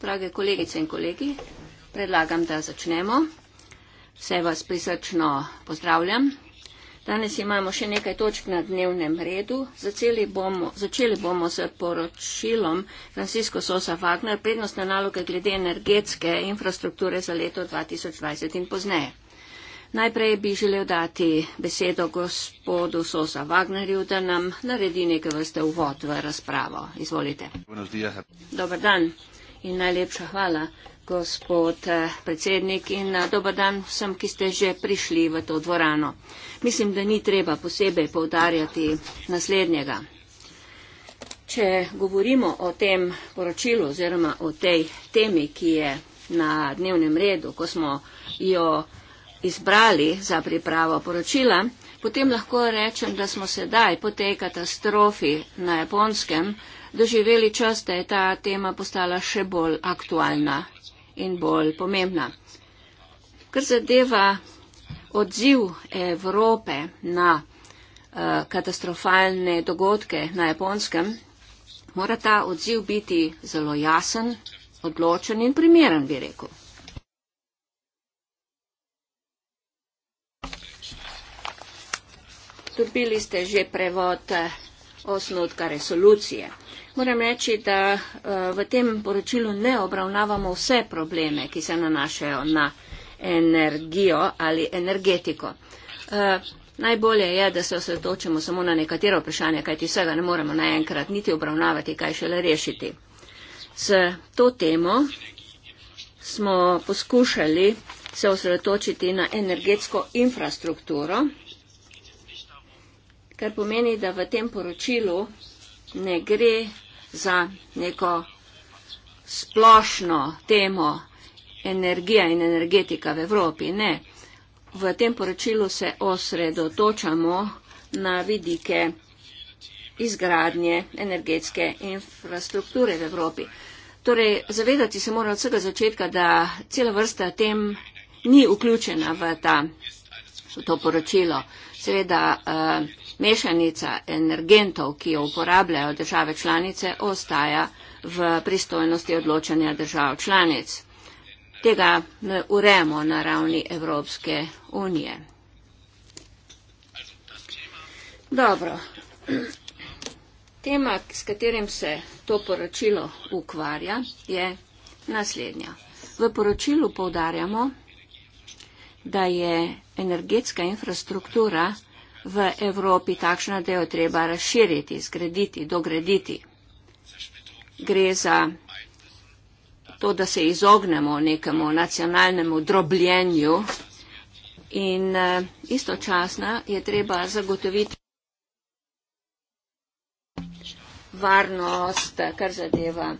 Drage kolegice in kolegi, predlagam, da začnemo. Vse vas prisrčno pozdravljam. Danes imamo še nekaj točk na dnevnem redu. Bomo, začeli bomo s poročilom Francisco Sosa Wagner, prednostne naloge glede energetske infrastrukture za leto 2020 in pozneje. Najprej bi želel dati besedo gospodu Sosa Wagnerju, da nam naredi nekaj vrste uvod v razpravo. Izvolite. Dobar dan in najlepša hvala, gospod eh, predsednik in eh, dobar dan vsem, ki ste že prišli v to dvorano. Mislim, da ni treba posebej povdarjati naslednjega. Če govorimo o tem poročilu oziroma o tej temi, ki je na dnevnem redu, ko smo jo izbrali za pripravo poročila, potem lahko rečem, da smo sedaj po tej katastrofi na japonskem doživeli čas, da je ta tema postala še bolj aktualna in bolj pomembna. Kar zadeva odziv Evrope na uh, katastrofalne dogodke na japonskem, mora ta odziv biti zelo jasen, odločen in primeren, bi rekel. dobili ste že prevod eh, osnotka resolucije. Moram reči, da eh, v tem poročilu ne obravnavamo vse probleme, ki se nanašajo na energijo ali energetiko. Eh, najbolje je, da se osredotočimo samo na nekatero vprašanje, kajti vsega ne moremo naenkrat niti obravnavati, kaj šele rešiti. S to temo smo poskušali se osredotočiti na energetsko infrastrukturo kar pomeni, da v tem poročilu ne gre za neko splošno temo energija in energetika v Evropi. Ne. V tem poročilu se osredotočamo na vidike izgradnje energetske infrastrukture v Evropi. Torej, zavedati se mora od vsega začetka, da cela vrsta tem ni vključena v, ta, v to poročilo. Seveda, uh, Mešanica energentov, ki jo uporabljajo države članice, ostaja v pristojnosti odločanja držav članic. Tega ne uremo na ravni Evropske unije. Dobro. Tema, s katerim se to poročilo ukvarja, je naslednja. V poročilu povdarjamo, da je energetska infrastruktura v Evropi takšna, da jo treba razširiti, zgraditi, dograditi. Gre za to, da se izognemo nekemu nacionalnemu drobljenju in eh, istočasno je treba zagotoviti varnost, kar zadeva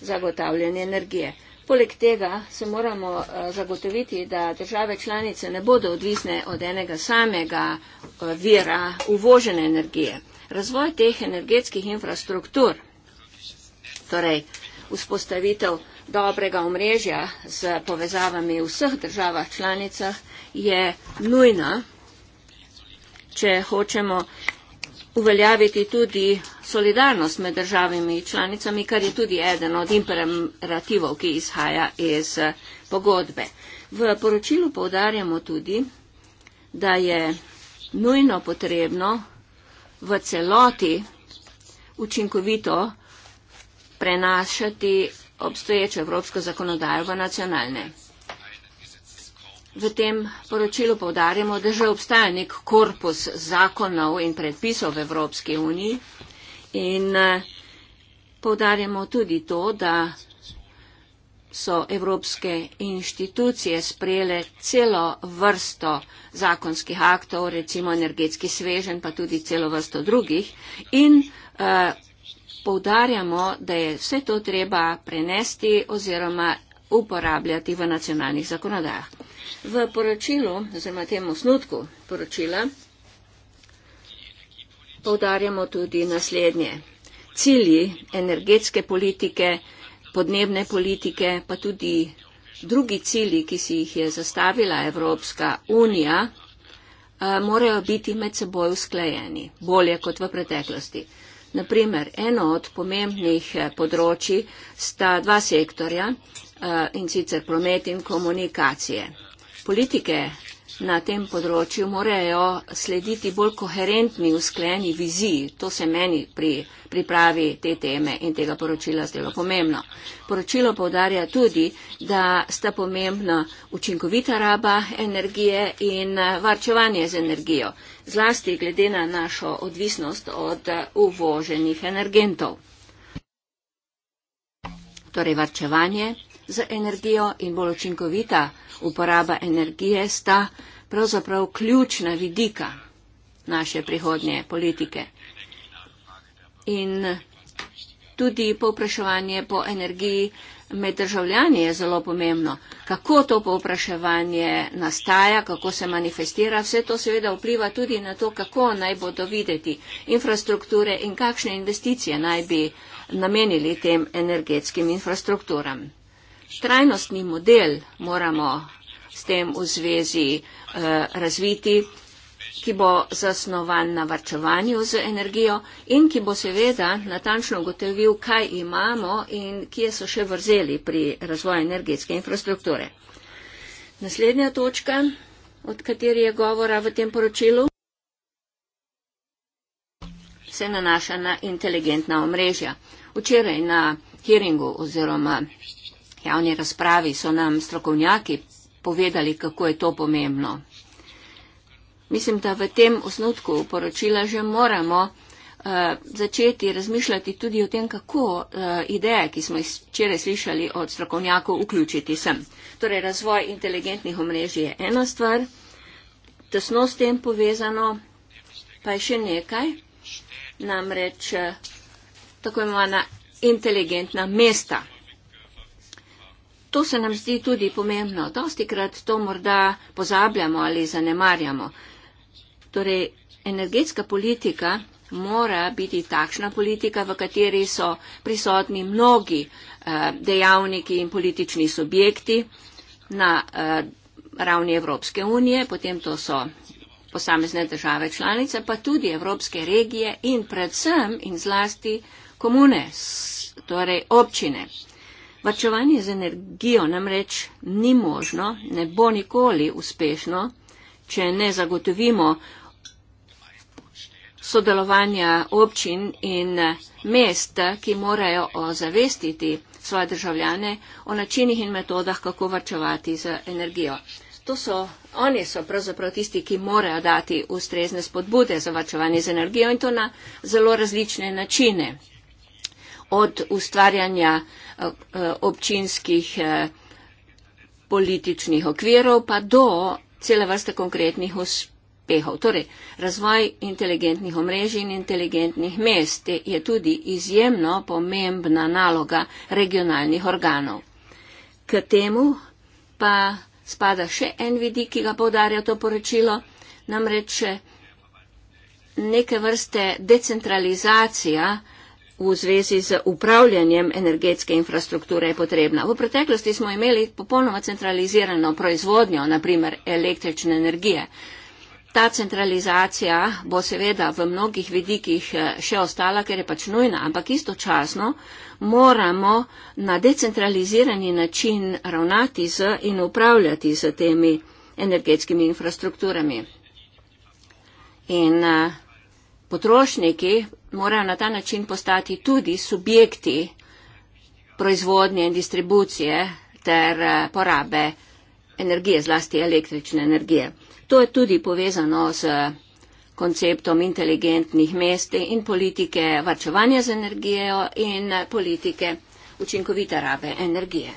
zagotavljanje energije. Poleg tega se moramo eh, zagotoviti, da države članice ne bodo odvisne od enega samega eh, vira uvožene energije. Razvoj teh energetskih infrastruktur, torej vzpostavitev dobrega omrežja z povezavami v vseh državah članicah, je nujna, če hočemo uveljaviti tudi solidarnost med državami in članicami, kar je tudi eden od imperativov, ki izhaja iz eh, pogodbe. V poročilu povdarjamo tudi, da je nujno potrebno v celoti učinkovito prenašati obstoječo evropsko zakonodajo v nacionalne V tem poročilu povdarjamo, da že obstaja nek korpus zakonov in predpisov v Evropski uniji in eh, povdarjamo tudi to, da so evropske inštitucije sprejele celo vrsto zakonskih aktov, recimo energetski svežen, pa tudi celo vrsto drugih. In uh, eh, povdarjamo, da je vse to treba prenesti oziroma uporabljati v nacionalnih zakonodajah. V poročilu, oziroma tem osnutku poročila, povdarjamo tudi naslednje. Cilji energetske politike, podnebne politike, pa tudi drugi cilji, ki si jih je zastavila Evropska unija, eh, morajo biti med seboj usklajeni, bolje kot v preteklosti. Naprimer, eno od pomembnih eh, področji sta dva sektorja eh, in sicer promet in komunikacije politike na tem področju morajo slediti bolj koherentni, uskleni viziji. To se meni pri pripravi te teme in tega poročila zdelo pomembno. Poročilo povdarja tudi, da sta pomembna učinkovita raba energije in varčevanje z energijo, zlasti glede na našo odvisnost od uvoženih energentov. Torej, varčevanje za energijo in bolj učinkovita uporaba energije sta pravzaprav ključna vidika naše prihodnje politike. In tudi povpraševanje po energiji med državljani je zelo pomembno. Kako to povpraševanje nastaja, kako se manifestira, vse to seveda vpliva tudi na to, kako naj bodo videti infrastrukture in kakšne investicije naj bi namenili tem energetskim infrastrukturam trajnostni model moramo s tem v zvezi eh, razviti, ki bo zasnovan na varčevanju z energijo in ki bo seveda natančno ugotovil, kaj imamo in kje so še vrzeli pri razvoju energetske infrastrukture. Naslednja točka, od kateri je govora v tem poročilu, se nanaša na inteligentna omrežja. Včeraj na hearingu oziroma javni razpravi so nam strokovnjaki povedali, kako je to pomembno. Mislim, da v tem osnutku poročila že moramo uh, začeti razmišljati tudi o tem, kako uh, ideje, ki smo jih včeraj slišali od strokovnjakov, vključiti sem. Torej, razvoj inteligentnih omrežij je ena stvar, tesno s tem povezano pa je še nekaj, namreč eh, tako imenovana inteligentna mesta. To se nam zdi tudi pomembno. Dosti krat to morda pozabljamo ali zanemarjamo. Torej, energetska politika mora biti takšna politika, v kateri so prisotni mnogi eh, dejavniki in politični subjekti na eh, ravni Evropske unije, potem to so posamezne države članice, pa tudi Evropske regije in predvsem in zlasti komune, torej občine. Varčevanje z energijo namreč ni možno, ne bo nikoli uspešno, če ne zagotovimo sodelovanja občin in mest, ki morajo ozavestiti svoje državljane o načinih in metodah, kako varčevati z energijo. To so, oni so pravzaprav tisti, ki morajo dati ustrezne spodbude za varčevanje z energijo in to na zelo različne načine od ustvarjanja eh, eh, občinskih eh, političnih okvirov pa do cele vrste konkretnih uspehov. Torej, razvoj inteligentnih omrežij in inteligentnih mest je tudi izjemno pomembna naloga regionalnih organov. K temu pa spada še en vidik, ki ga povdarja to poročilo, namreč neke vrste decentralizacija, v zvezi z upravljanjem energetske infrastrukture je potrebna. V preteklosti smo imeli popolnoma centralizirano proizvodnjo, naprimer električne energije. Ta centralizacija bo seveda v mnogih vidikih eh, še ostala, ker je pač nujna, ampak istočasno moramo na decentralizirani način ravnati z in upravljati z temi energetskimi infrastrukturami. In eh, potrošniki morajo na ta način postati tudi subjekti proizvodnje in distribucije ter eh, porabe energije, zlasti električne energije. To je tudi povezano z konceptom inteligentnih mest in politike varčevanja z energijo in eh, politike učinkovite rabe energije.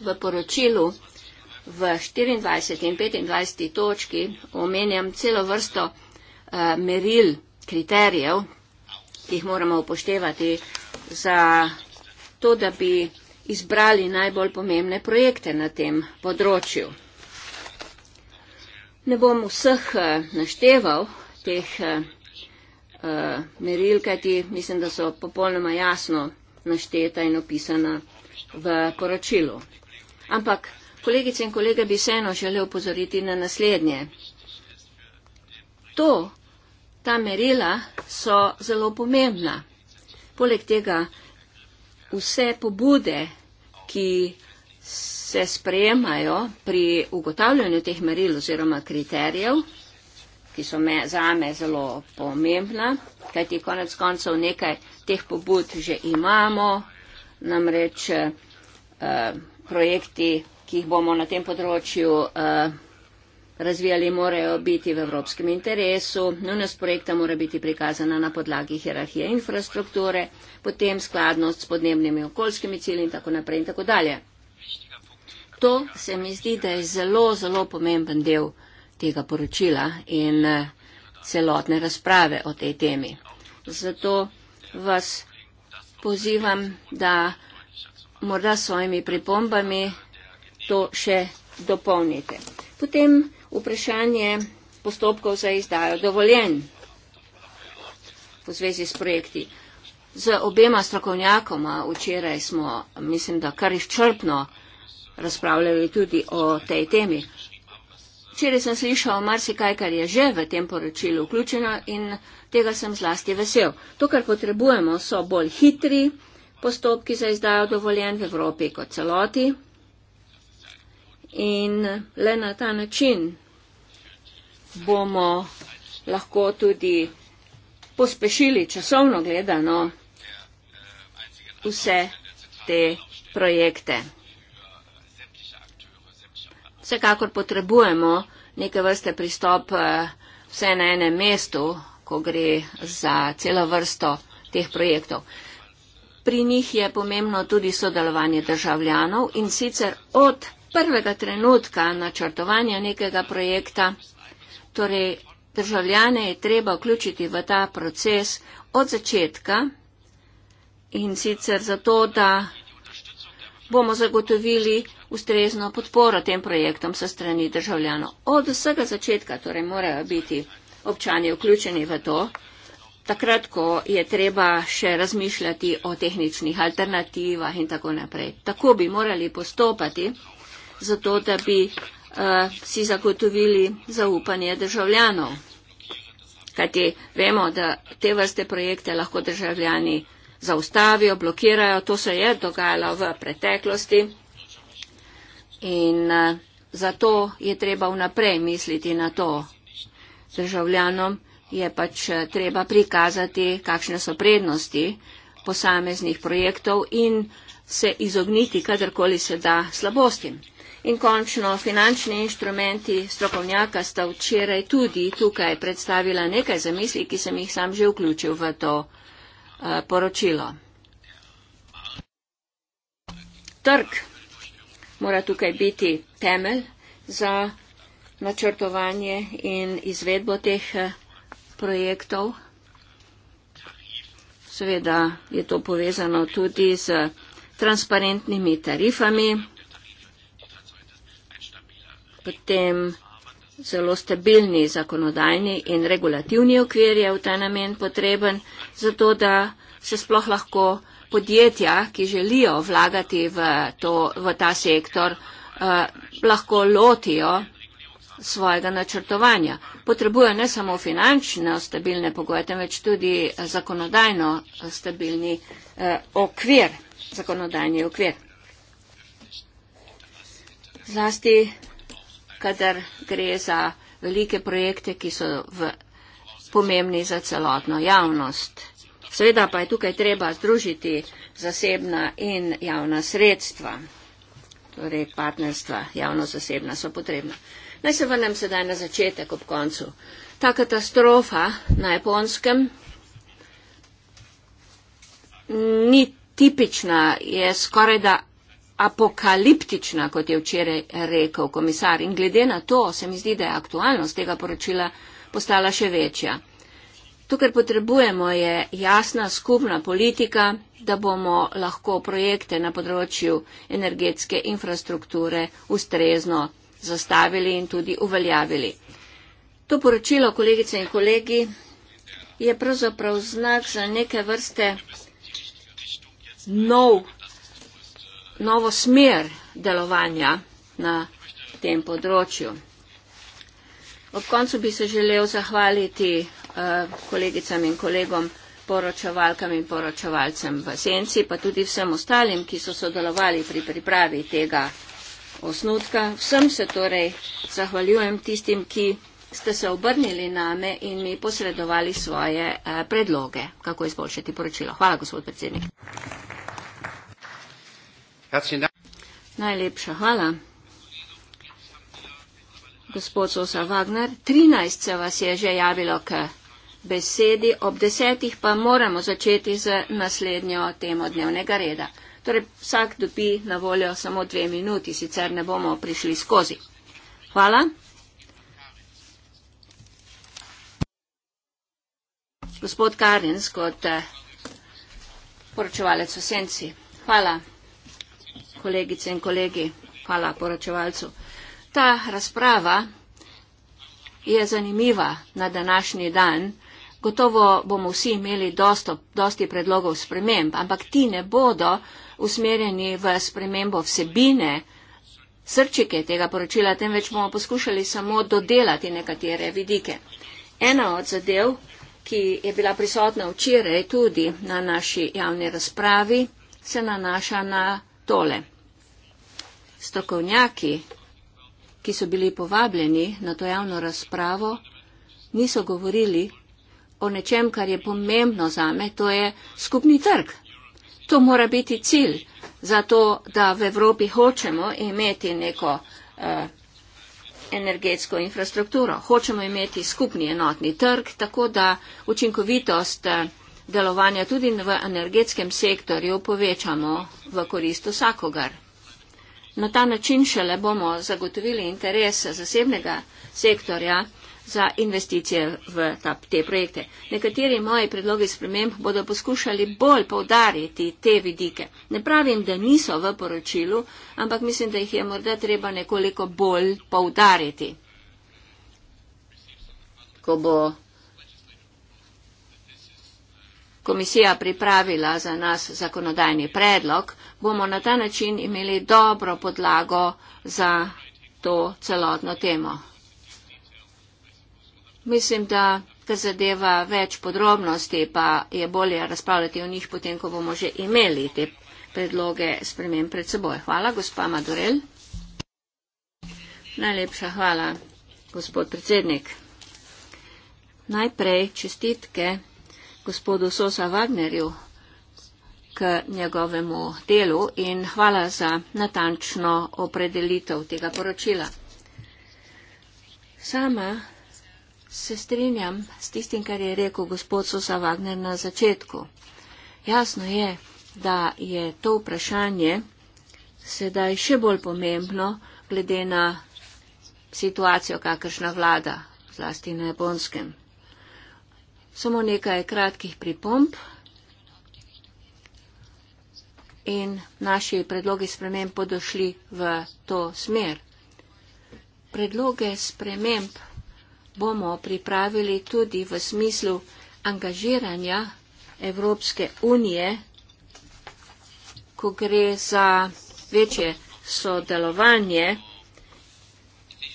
V poročilu v 24 in 25 točki omenjam celo vrsto eh, meril, kriterijev, ki jih moramo upoštevati za to, da bi izbrali najbolj pomembne projekte na tem področju. Ne bom vseh eh, našteval teh eh, meril, kajti mislim, da so popolnoma jasno našteta in opisana v poročilu. Ampak Kolegice in kolege, bi se eno želel upozoriti na naslednje. To, ta merila so zelo pomembna. Poleg tega vse pobude, ki se sprejemajo pri ugotavljanju teh meril oziroma kriterijev, ki so me, zame zelo pomembna, kajti konec koncev nekaj teh pobud že imamo, namreč eh, projekti ki jih bomo na tem področju eh, razvijali, morajo biti v evropskem interesu. Nujnost projekta mora biti prikazana na podlagi hierarhije infrastrukture, potem skladnost s podnebnimi okoljskimi cilji in tako naprej in tako dalje. To se mi zdi, da je zelo, zelo pomemben del tega poročila in eh, celotne razprave o tej temi. Zato vas pozivam, da morda s svojimi pripombami to še dopolnite. Potem vprašanje postopkov za izdajo dovoljen v zvezi s projekti. Z obema strokovnjakoma včeraj smo, mislim, da kar izčrpno razpravljali tudi o tej temi. Včeraj sem slišal marsikaj, kar je že v tem poročilu vključeno in tega sem zlasti vesel. To, kar potrebujemo, so bolj hitri postopki za izdajo dovoljen v Evropi kot celoti, in le na ta način bomo lahko tudi pospešili časovno gledano vse te projekte. Vsekakor potrebujemo neke vrste pristop eh, vse na enem mestu, ko gre za celo vrsto teh projektov. Pri njih je pomembno tudi sodelovanje državljanov in sicer od prvega trenutka načrtovanja nekega projekta, torej državljane je treba vključiti v ta proces od začetka in sicer zato, da bomo zagotovili ustrezno podporo tem projektom so strani državljano. Od vsega začetka torej morajo biti občani vključeni v to, takrat, ko je treba še razmišljati o tehničnih alternativah in tako naprej. Tako bi morali postopati zato, da bi uh, si zagotovili zaupanje državljanov. Kajti vemo, da te vrste projekte lahko državljani zaustavijo, blokirajo, to se je dogajalo v preteklosti. In uh, zato je treba vnaprej misliti na to državljanom, je pač eh, treba prikazati, kakšne so prednosti posameznih projektov in se izogniti, kadarkoli se da, slabostim. In končno, finančni inštrumenti strokovnjaka sta včeraj tudi tukaj predstavila nekaj zamisli, ki sem jih sam že vključil v to uh, poročilo. Trg mora tukaj biti temelj za načrtovanje in izvedbo teh eh, projektov. Seveda je to povezano tudi z transparentnimi tarifami potem zelo stabilni zakonodajni in regulativni okvir je v ta namen potreben, zato da se sploh lahko podjetja, ki želijo vlagati v, to, v ta sektor, eh, lahko lotijo svojega načrtovanja. Potrebujo ne samo finančno stabilne pogoje, temveč tudi zakonodajno stabilni eh, okvir, zakonodajni okvir. Zlasti kadar gre za velike projekte, ki so v, pomembni za celotno javnost. Seveda pa je tukaj treba združiti zasebna in javna sredstva. Torej, partnerstva javno-zasebna so potrebna. Naj se vrnem sedaj na začetek ob koncu. Ta katastrofa na japonskem ni tipična, je skoraj da apokaliptična, kot je včeraj rekel komisar. In glede na to se mi zdi, da je aktualnost tega poročila postala še večja. To, kar potrebujemo, je jasna skupna politika, da bomo lahko projekte na področju energetske infrastrukture ustrezno zastavili in tudi uveljavili. To poročilo, kolegice in kolegi, je pravzaprav znak za neke vrste nov novo smer delovanja na tem področju. Ob koncu bi se želel zahvaliti uh, kolegicam in kolegom, poročevalkam in poročevalcem v Senci, pa tudi vsem ostalim, ki so sodelovali pri pripravi tega osnutka. Vsem se torej zahvaljujem tistim, ki ste se obrnili name in mi posredovali svoje uh, predloge, kako izboljšati poročilo. Hvala, gospod predsednik. Najlepša hvala. Gospod Sosa Wagner, 13 se vas je že javilo k besedi, ob desetih pa moramo začeti z naslednjo temo dnevnega reda. Torej vsak dobi na voljo samo dve minuti, sicer ne bomo prišli skozi. Hvala. Gospod Karins kot eh, poročevalec v senci. Hvala kolegice in kolegi, hvala poročevalcu. Ta razprava je zanimiva na današnji dan. Gotovo bomo vsi imeli dostop, dosti predlogov sprememb, ampak ti ne bodo usmerjeni v spremembo vsebine srčike tega poročila, temveč bomo poskušali samo dodelati nekatere vidike. Ena od zadev, ki je bila prisotna včeraj tudi na naši javni razpravi, se nanaša na tole strokovnjaki, ki so bili povabljeni na to javno razpravo, niso govorili o nečem, kar je pomembno za me, to je skupni trg. To mora biti cilj, zato da v Evropi hočemo imeti neko eh, energetsko infrastrukturo. Hočemo imeti skupni enotni trg, tako da učinkovitost eh, delovanja tudi v energetskem sektorju povečamo v korist vsakogar. Na ta način šele bomo zagotovili interes zasebnega sektorja za investicije v ta, te projekte. Nekateri moji predlogi sprememb bodo poskušali bolj povdariti te vidike. Ne pravim, da niso v poročilu, ampak mislim, da jih je morda treba nekoliko bolj povdariti. Ko bo komisija pripravila za nas zakonodajni predlog, bomo na ta način imeli dobro podlago za to celotno temo. Mislim, da kar zadeva več podrobnosti, pa je bolje razpravljati o njih potem, ko bomo že imeli te predloge spremem pred seboj. Hvala, gospa Madurel. Najlepša hvala, gospod predsednik. Najprej čestitke gospodu Sosa Wagnerju k njegovemu delu in hvala za natančno opredelitev tega poročila. Sama se strinjam s tistim, kar je rekel gospod Sosa Wagner na začetku. Jasno je, da je to vprašanje sedaj še bolj pomembno glede na situacijo, kakršna vlada, zlasti na japonskem samo nekaj kratkih pripomp in naši predlogi sprememb bodo šli v to smer. Predloge sprememb bomo pripravili tudi v smislu angažiranja Evropske unije, ko gre za večje sodelovanje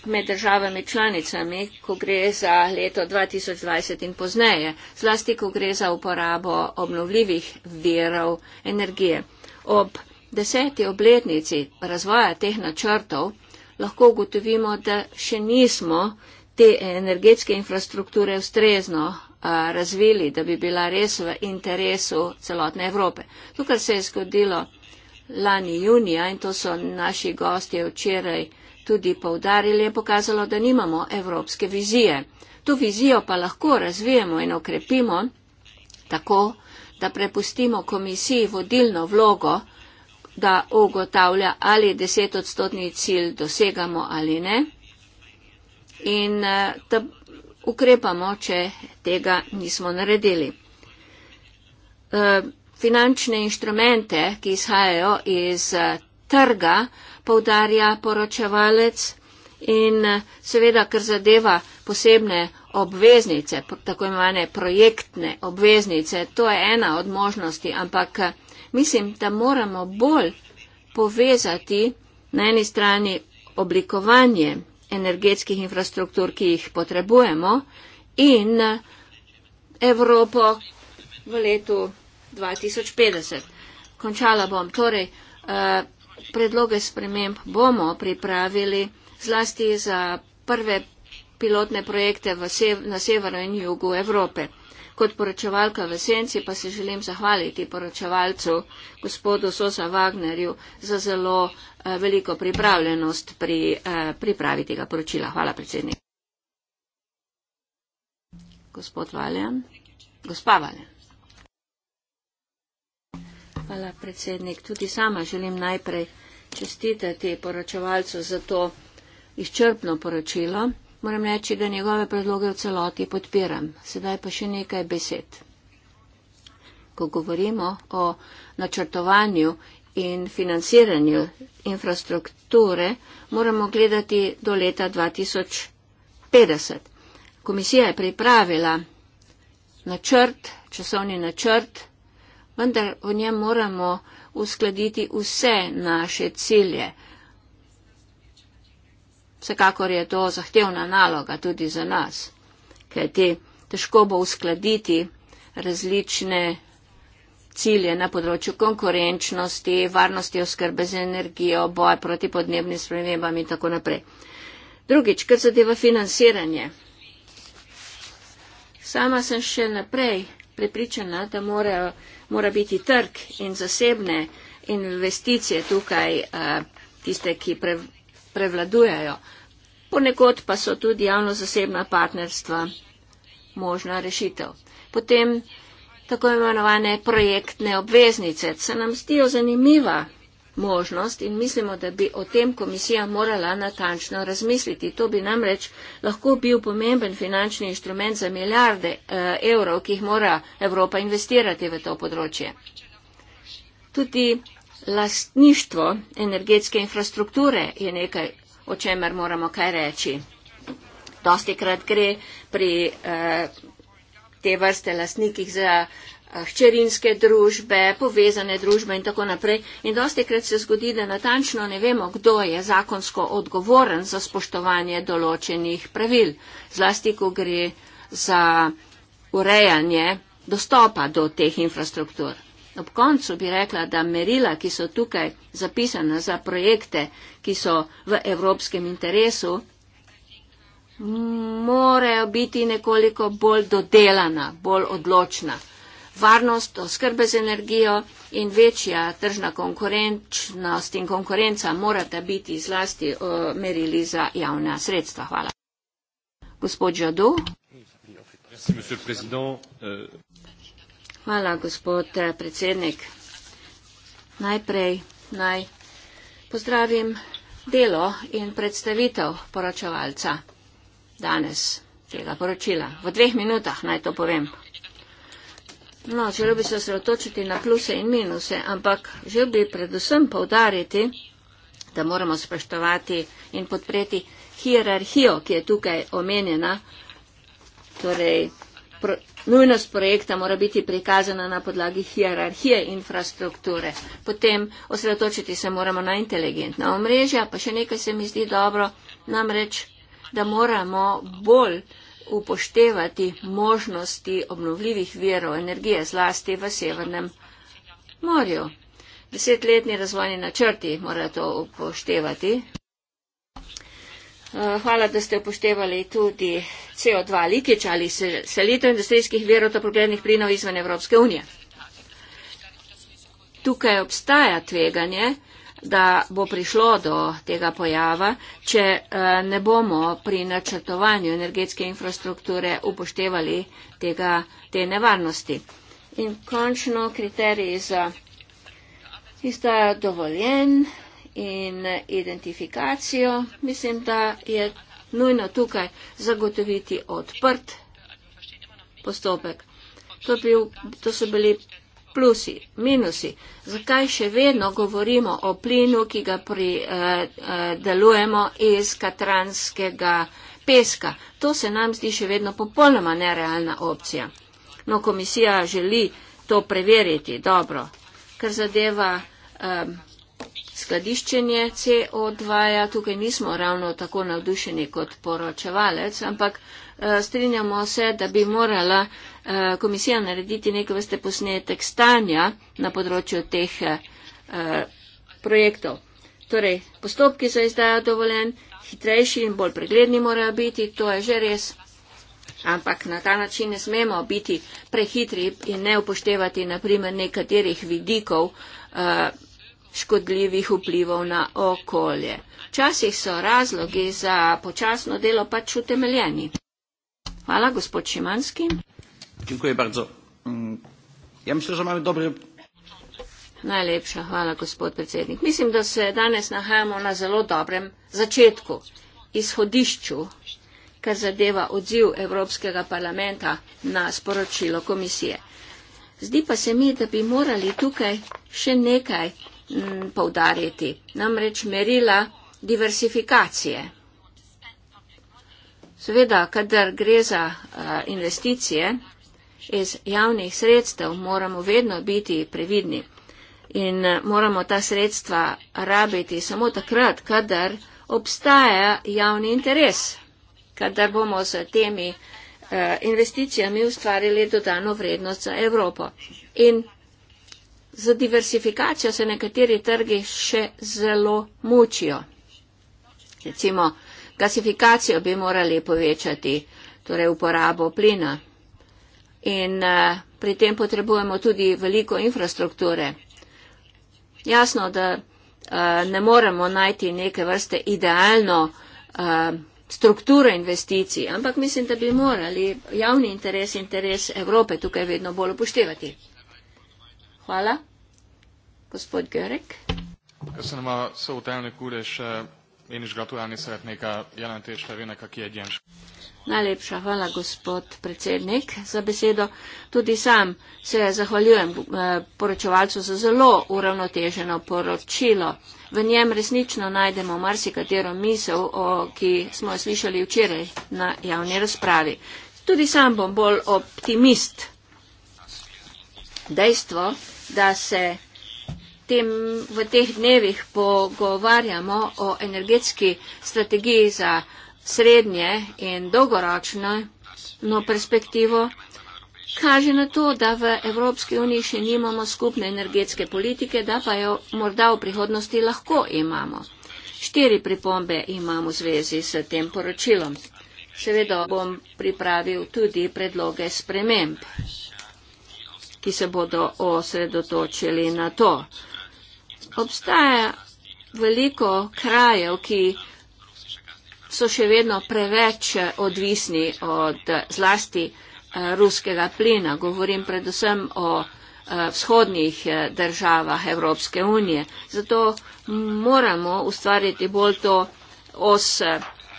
med državami članicami, ko gre za leto 2020 in pozneje, zlasti ko gre za uporabo obnovljivih virov energije. Ob deseti obletnici razvoja teh načrtov lahko ugotovimo, da še nismo te energetske infrastrukture ustrezno razvili, da bi bila res v interesu celotne Evrope. Tukaj se je zgodilo lani junija in to so naši gosti včeraj tudi povdarili, je pokazalo, da nimamo evropske vizije. To vizijo pa lahko razvijemo in okrepimo tako, da prepustimo komisiji vodilno vlogo, da ugotavlja, ali desetodstotni cilj dosegamo ali ne. In da eh, ukrepamo, če tega nismo naredili. Eh, finančne inštrumente, ki izhajajo iz eh, trga, povdarja poročevalec. In seveda, ker zadeva posebne obveznice, tako imenovane projektne obveznice, to je ena od možnosti, ampak mislim, da moramo bolj povezati na eni strani oblikovanje energetskih infrastruktur, ki jih potrebujemo, in Evropo v letu 2050. Končala bom. Torej, uh, predloge sprememb bomo pripravili zlasti za prve pilotne projekte sev, na severu in jugu Evrope. Kot poročevalka v Senci pa se želim zahvaliti poročevalcu gospodu Sosa Wagnerju za zelo eh, veliko pripravljenost pri eh, pripravi tega poročila. Hvala predsednik. Gospod Valjan. Gospa Valjan. Hvala, predsednik. Tudi sama želim najprej čestitati poročevalcu za to izčrpno poročilo. Moram reči, da njegove predloge v celoti podpiram. Sedaj pa še nekaj besed. Ko govorimo o načrtovanju in financiranju infrastrukture, moramo gledati do leta 2050. Komisija je pripravila načrt, časovni načrt 2050 vendar v njem moramo uskladiti vse naše cilje. Vsekakor je to zahtevna naloga tudi za nas, kajti težko bo uskladiti različne cilje na področju konkurenčnosti, varnosti oskrbe z energijo, boja proti podnebnim spremembam in tako naprej. Drugič, kar zadeva financiranje. Sama sem še naprej prepričana, da mora, mora biti trg in zasebne investicije tukaj eh, tiste, ki pre, prevladujajo. Ponekod pa so tudi javno-zasebna partnerstva možna rešitev. Potem tako imenovane projektne obveznice se nam zdijo zanimiva možnost in mislimo, da bi o tem komisija morala natančno razmisliti. To bi namreč lahko bil pomemben finančni inštrument za milijarde eh, evrov, ki jih mora Evropa investirati v to področje. Tudi lastništvo energetske infrastrukture je nekaj, o čemer moramo kaj reči. Dosti krat gre pri eh, te vrste lastnikih za eh, Eh, hčerinske družbe, povezane družbe in tako naprej. In dosti krat se zgodi, da natančno ne vemo, kdo je zakonsko odgovoren za spoštovanje določenih pravil, zlasti, ko gre za urejanje dostopa do teh infrastruktur. Ob koncu bi rekla, da merila, ki so tukaj zapisana za projekte, ki so v evropskem interesu, morajo biti nekoliko bolj dodelana, bolj odločna varnost oskrbe z energijo in večja tržna konkurenčnost in konkurenca morata biti zlasti uh, merili za javna sredstva. Hvala. Gospod Žadu. Euh, Hvala, gospod eh, predsednik. Najprej naj pozdravim delo in predstavitev poročevalca danes tega poročila. V dveh minutah naj to povem. No, želel bi se osredotočiti na pluse in minuse, ampak želel bi predvsem povdariti, da moramo spoštovati in podpreti hierarhijo, ki je tukaj omenjena. Torej, pro, nujnost projekta mora biti prikazana na podlagi hierarhije infrastrukture. Potem osredotočiti se moramo na inteligentna omrežja, pa še nekaj se mi zdi dobro, namreč, da moramo bolj upoštevati možnosti obnovljivih verov energije, zlasti v Severnem morju. Desetletni razvojni načrti morajo to upoštevati. Eh, hvala, da ste upoštevali tudi CO2 litič ali selitev industrijskih verov toplogrednih plinov izven Evropske unije. Tukaj obstaja tveganje, da bo prišlo do tega pojava, če eh, ne bomo pri načrtovanju energetske infrastrukture upoštevali tega, te nevarnosti. In končno kriteriji za ista dovoljen in identifikacijo, mislim, da je nujno tukaj zagotoviti odprt postopek. To, bil, to so bili plusi, minusi. Zakaj še vedno govorimo o plinu, ki ga pri, eh, eh, delujemo iz katranskega peska? To se nam zdi še vedno popolnoma nerealna opcija. No, komisija želi to preveriti dobro, kar zadeva eh, skladiščenje CO2. -ja. Tukaj nismo ravno tako navdušeni kot poročevalec, ampak. Eh, Eh, strinjamo se, da bi morala eh, komisija narediti neko vrste posnetek stanja na področju teh eh, projektov. Torej, postopki za izdajo dovolen, hitrejši in bolj pregledni morajo biti, to je že res. Ampak na ta način ne smemo biti prehitri in ne upoštevati naprimer nekaterih vidikov škodljivih vplivov na okolje. Včasih so razlogi za počasno delo pač utemeljeni. Hvala. Gospod Šimanski. Dziękuję bardzo. Mm, ja myślę, że mamy dobry... Najlepša hvala, gospod predsednik. Mislim, da se danes nahajamo na zelo dobrem začetku, izhodišču, kar zadeva odziv Evropskega parlamenta na sporočilo komisije. Zdi pa se mi, da bi morali tukaj še nekaj m, mm, povdariti, namreč merila diversifikacije. Seveda, kadar gre za eh, investicije iz javnih sredstev, moramo vedno biti previdni in eh, moramo ta sredstva rabiti samo takrat, kadar obstaja javni interes, kadar bomo z temi eh, investicijami ustvarili dodano vrednost za Evropo. In za diversifikacijo se nekateri trgi še zelo mučijo. Recimo, gasifikacijo bi morali povečati, torej uporabo plina. In eh, pri tem potrebujemo tudi veliko infrastrukture. Jasno, da eh, ne moremo najti neke vrste idealno eh, strukture investicij, ampak mislim, da bi morali javni interes, interes Evrope tukaj vedno bolj upoštevati. Hvala. Gospod Görek. Jaz sem imel sovotelne kure še Én is gratulálni szeretnék a jelentéstevének, aki egyensúly. Najlepša hvala, gospod predsednik, za besedo. Tudi sam se zahvaljujem eh, poročevalcu za zelo uravnoteženo poročilo. V njem resnično najdemo marsikatero misel, o, ki smo jo slišali včeraj na javni razpravi. Tudi sam bom bolj optimist. Dejstvo, da se tem, v teh dnevih pogovarjamo o energetski strategiji za srednje in dolgoročno no perspektivo, kaže na to, da v Evropski uniji še nimamo skupne energetske politike, da pa jo morda v prihodnosti lahko imamo. Štiri pripombe imamo v zvezi s tem poročilom. Seveda bom pripravil tudi predloge sprememb, ki se bodo osredotočili na to obstaja veliko krajev, ki so še vedno preveč odvisni od zlasti eh, ruskega plina. Govorim predvsem o eh, vzhodnih eh, državah Evropske unije. Zato moramo ustvariti bolj to os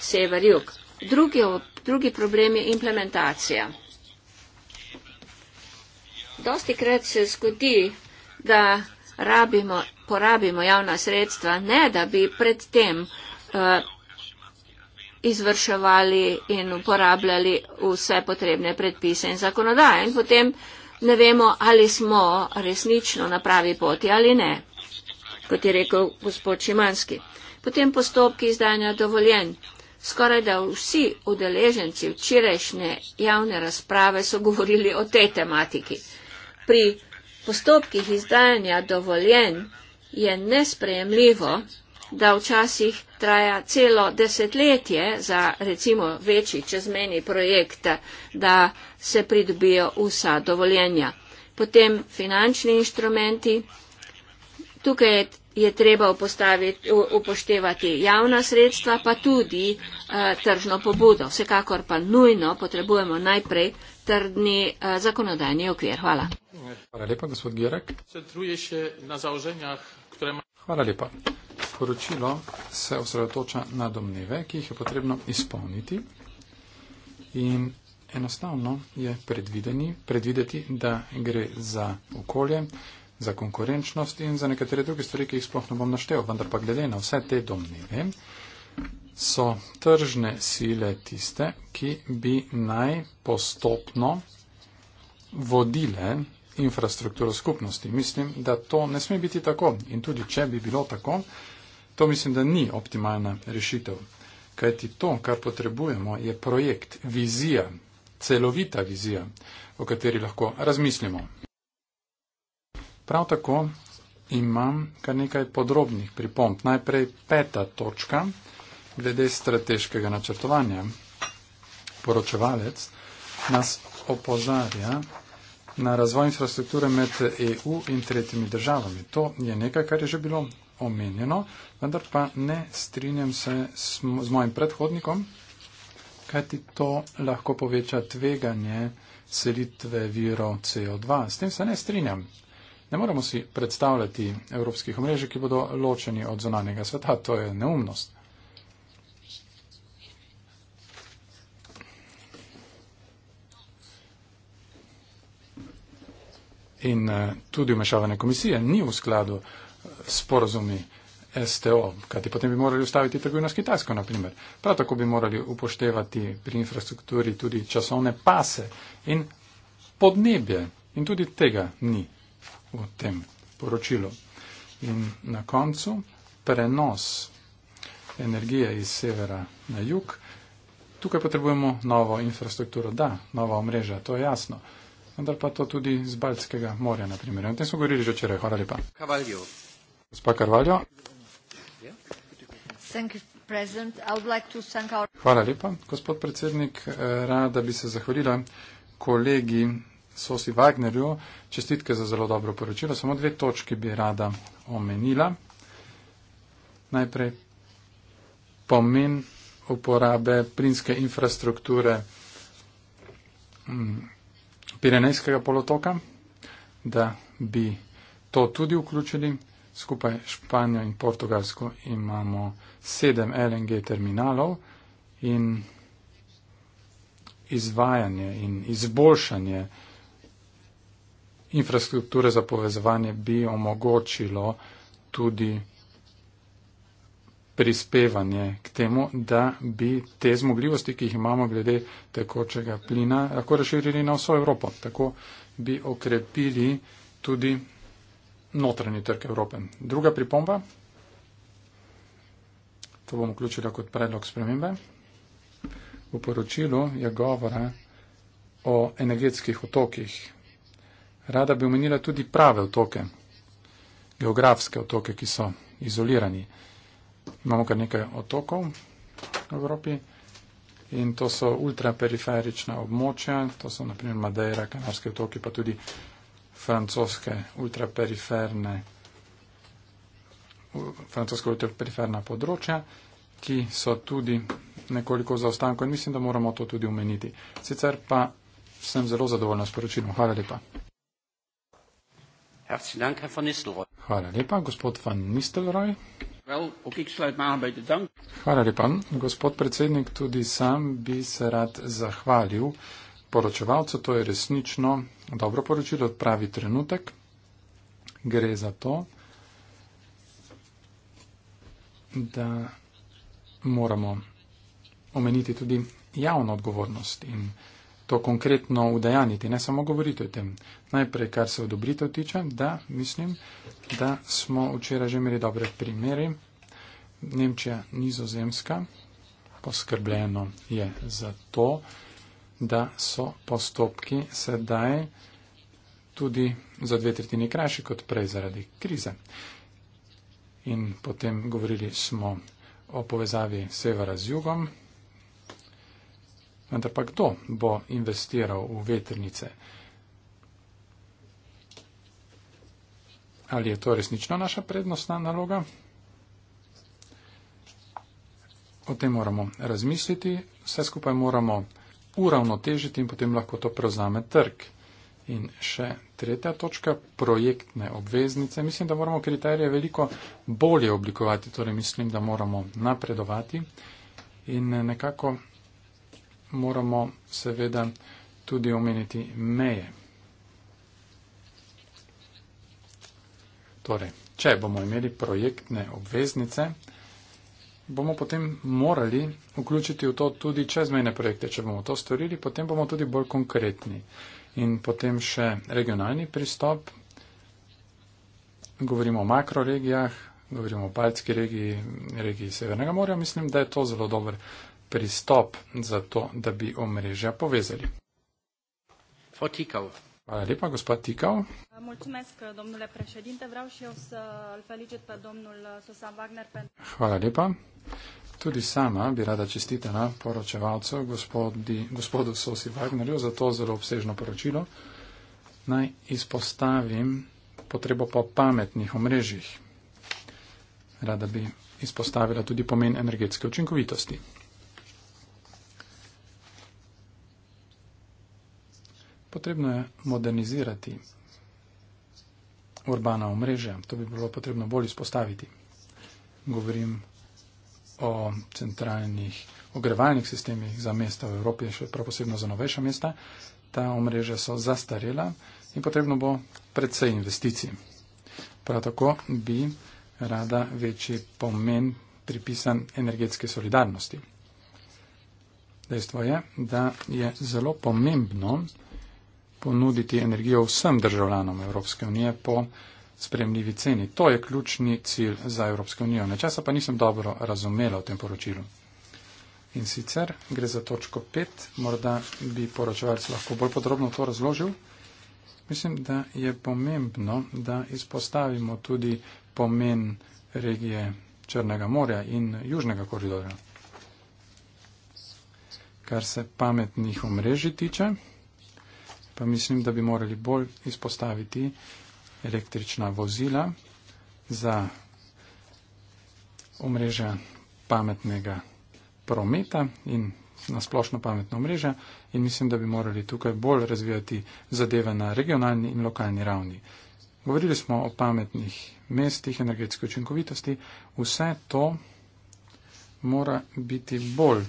sever-jug. Drugi, drugi problem je implementacija. Dosti krat se zgodi, da rabimo porabimo javna sredstva, ne da bi predtem uh, eh, izvrševali in uporabljali vse potrebne predpise in zakonodaje. In potem ne vemo, ali smo resnično na pravi poti ali ne, kot je rekel gospod Šimanski. Potem postopki izdanja dovoljen. Skoraj da vsi udeleženci včerajšnje javne razprave so govorili o tej tematiki. Pri postopkih izdanja dovoljen je nesprejemljivo, da včasih traja celo desetletje za recimo večji čezmeni projekt, da se pridobijo vsa dovoljenja. Potem finančni inštrumenti. Tukaj je je treba upoštevati javna sredstva, pa tudi eh, tržno pobudo. Vsekakor pa nujno potrebujemo najprej trdni eh, zakonodajni okvir. Hvala. Hvala lepa, gospod Girek. Centruje se na zauženjah sprejema. Hvala lepa. Sporočilo se osredotoča na domneve, ki jih je potrebno izpolniti. In enostavno je predvideni, predvideti, da gre za okolje, za konkurenčnost in za nekatere druge stvari, ki jih sploh ne bom naštel. Vendar pa glede na vse te domneve, so tržne sile tiste, ki bi naj postopno vodile infrastrukturo skupnosti. Mislim, da to ne sme biti tako in tudi če bi bilo tako, to mislim, da ni optimalna rešitev. Kajti to, kar potrebujemo, je projekt, vizija, celovita vizija, o kateri lahko razmislimo. Prav tako imam kar nekaj podrobnih pripomp. Najprej peta točka glede strateškega načrtovanja. Poročevalec nas opozarja, na razvoj infrastrukture med EU in tretjimi državami. To je nekaj, kar je že bilo omenjeno, vendar pa ne strinjam se s, z mojim predhodnikom, kajti to lahko poveča tveganje selitve viro CO2. S tem se ne strinjam. Ne moremo si predstavljati evropskih omrežij, ki bodo ločeni od zonanega sveta. To je neumnost. in eh, tudi vmešavanje komisije ni v skladu s porozumi STO, kajti potem bi morali ustaviti trgovino s Kitajsko, naprimer. Prav tako bi morali upoštevati pri infrastrukturi tudi časovne pase in podnebje in tudi tega ni v tem poročilu. In na koncu prenos energije iz severa na jug. Tukaj potrebujemo novo infrastrukturo, da, nova omrežja, to je jasno vendar pa to tudi z Baltskega morja, na primer. O tem smo govorili že včeraj. Hvala lepa. Kavaljo. Gospa Karvaljo. Hvala lepa, gospod predsednik. Eh, rada bi se zahvalila kolegi Sosi Wagnerju. Čestitke za zelo dobro poročilo. Samo dve točke bi rada omenila. Najprej pomen uporabe plinske infrastrukture mm, Pirenejskega polotoka, da bi to tudi vključili. Skupaj Španijo in Portugalsko imamo sedem LNG terminalov in izvajanje in izboljšanje infrastrukture za povezovanje bi omogočilo tudi prispevanje k temu, da bi te zmogljivosti, ki jih imamo glede tekočega plina, lahko razširili na vso Evropo. Tako bi okrepili tudi notranji trg Evrope. Druga pripomba, to bom vključila kot predlog spremembe, v poročilu je govora o energetskih otokih. Rada bi omenila tudi prave otoke, geografske otoke, ki so izolirani imamo kar nekaj otokov v Evropi in to so ultraperiferična območja, to so naprimer Madeira, Kanarske otoki, pa tudi francoske ultraperiferne, francoske ultraperiferna področja, ki so tudi nekoliko zaostanko in mislim, da moramo to tudi umeniti. Sicer pa sem zelo zadovoljna s poročilom. Hvala lepa. Hvala lepa, gospod van Nistelrooy. Prav, ok, Hvala lepa. Gospod predsednik, tudi sam bi se rad zahvalil poročevalcu. To je resnično dobro poročilo, pravi trenutek. Gre za to, da moramo omeniti tudi javno odgovornost in to konkretno udejaniti, ne samo govoriti o tem. Najprej, kar se odobritev tiče, da mislim, da smo včeraj že imeli dobre primere. Nemčija, nizozemska, poskrbljeno je za to, da so postopki sedaj tudi za dve tretjini krajši kot prej zaradi krize. In potem govorili smo o povezavi severa z jugom. Vendar pa kdo bo investiral v veternice? ali je to resnično naša prednostna naloga. O tem moramo razmisliti, vse skupaj moramo uravnotežiti in potem lahko to prevzame trg. In še tretja točka, projektne obveznice. Mislim, da moramo kriterije veliko bolje oblikovati, torej mislim, da moramo napredovati in nekako moramo seveda tudi omeniti meje. Torej, če bomo imeli projektne obveznice, bomo potem morali vključiti v to tudi čezmejne projekte. Če bomo to storili, potem bomo tudi bolj konkretni. In potem še regionalni pristop. Govorimo o makroregijah, govorimo o Baltski regiji, regiji Severnega morja. Mislim, da je to zelo dober pristop za to, da bi omrežja povezali. Fotikal. Hvala lepa, gospod Tikal. Mulțumesc, domnule președinte. Vreau și eu să îl felicit pe domnul Susan Wagner pentru... Hvala lepa. Tudi sama bi rada čestitela poročevalcu gospodi, gospodu Sosi Wagnerju za to zelo obsežno poročilo. Naj izpostavim potrebo po pametnih omrežjih. Rada bi izpostavila tudi pomen energetske učinkovitosti. potrebno je modernizirati urbana omrežja. To bi bilo potrebno bolj izpostaviti. Govorim o centralnih ogrevalnih sistemih za mesta v Evropi, še prav posebno za novejša mesta. Ta omrežja so zastarela in potrebno bo predvsej investicij. Prav tako bi rada večji pomen pripisan energetske solidarnosti. Dejstvo je, da je zelo pomembno, ponuditi energijo vsem državljanom Evropske unije po spremljivi ceni. To je ključni cilj za Evropsko unijo. Nečesa pa nisem dobro razumela v tem poročilu. In sicer gre za točko 5, morda bi poročevalc lahko bolj podrobno to razložil. Mislim, da je pomembno, da izpostavimo tudi pomen regije Črnega morja in Južnega koridorja. Kar se pametnih omrežij tiče, pa mislim, da bi morali bolj izpostaviti električna vozila za omrežja pametnega prometa in na splošno pametno omrežje in mislim, da bi morali tukaj bolj razvijati zadeve na regionalni in lokalni ravni. Govorili smo o pametnih mestih, energetske učinkovitosti. Vse to mora biti bolj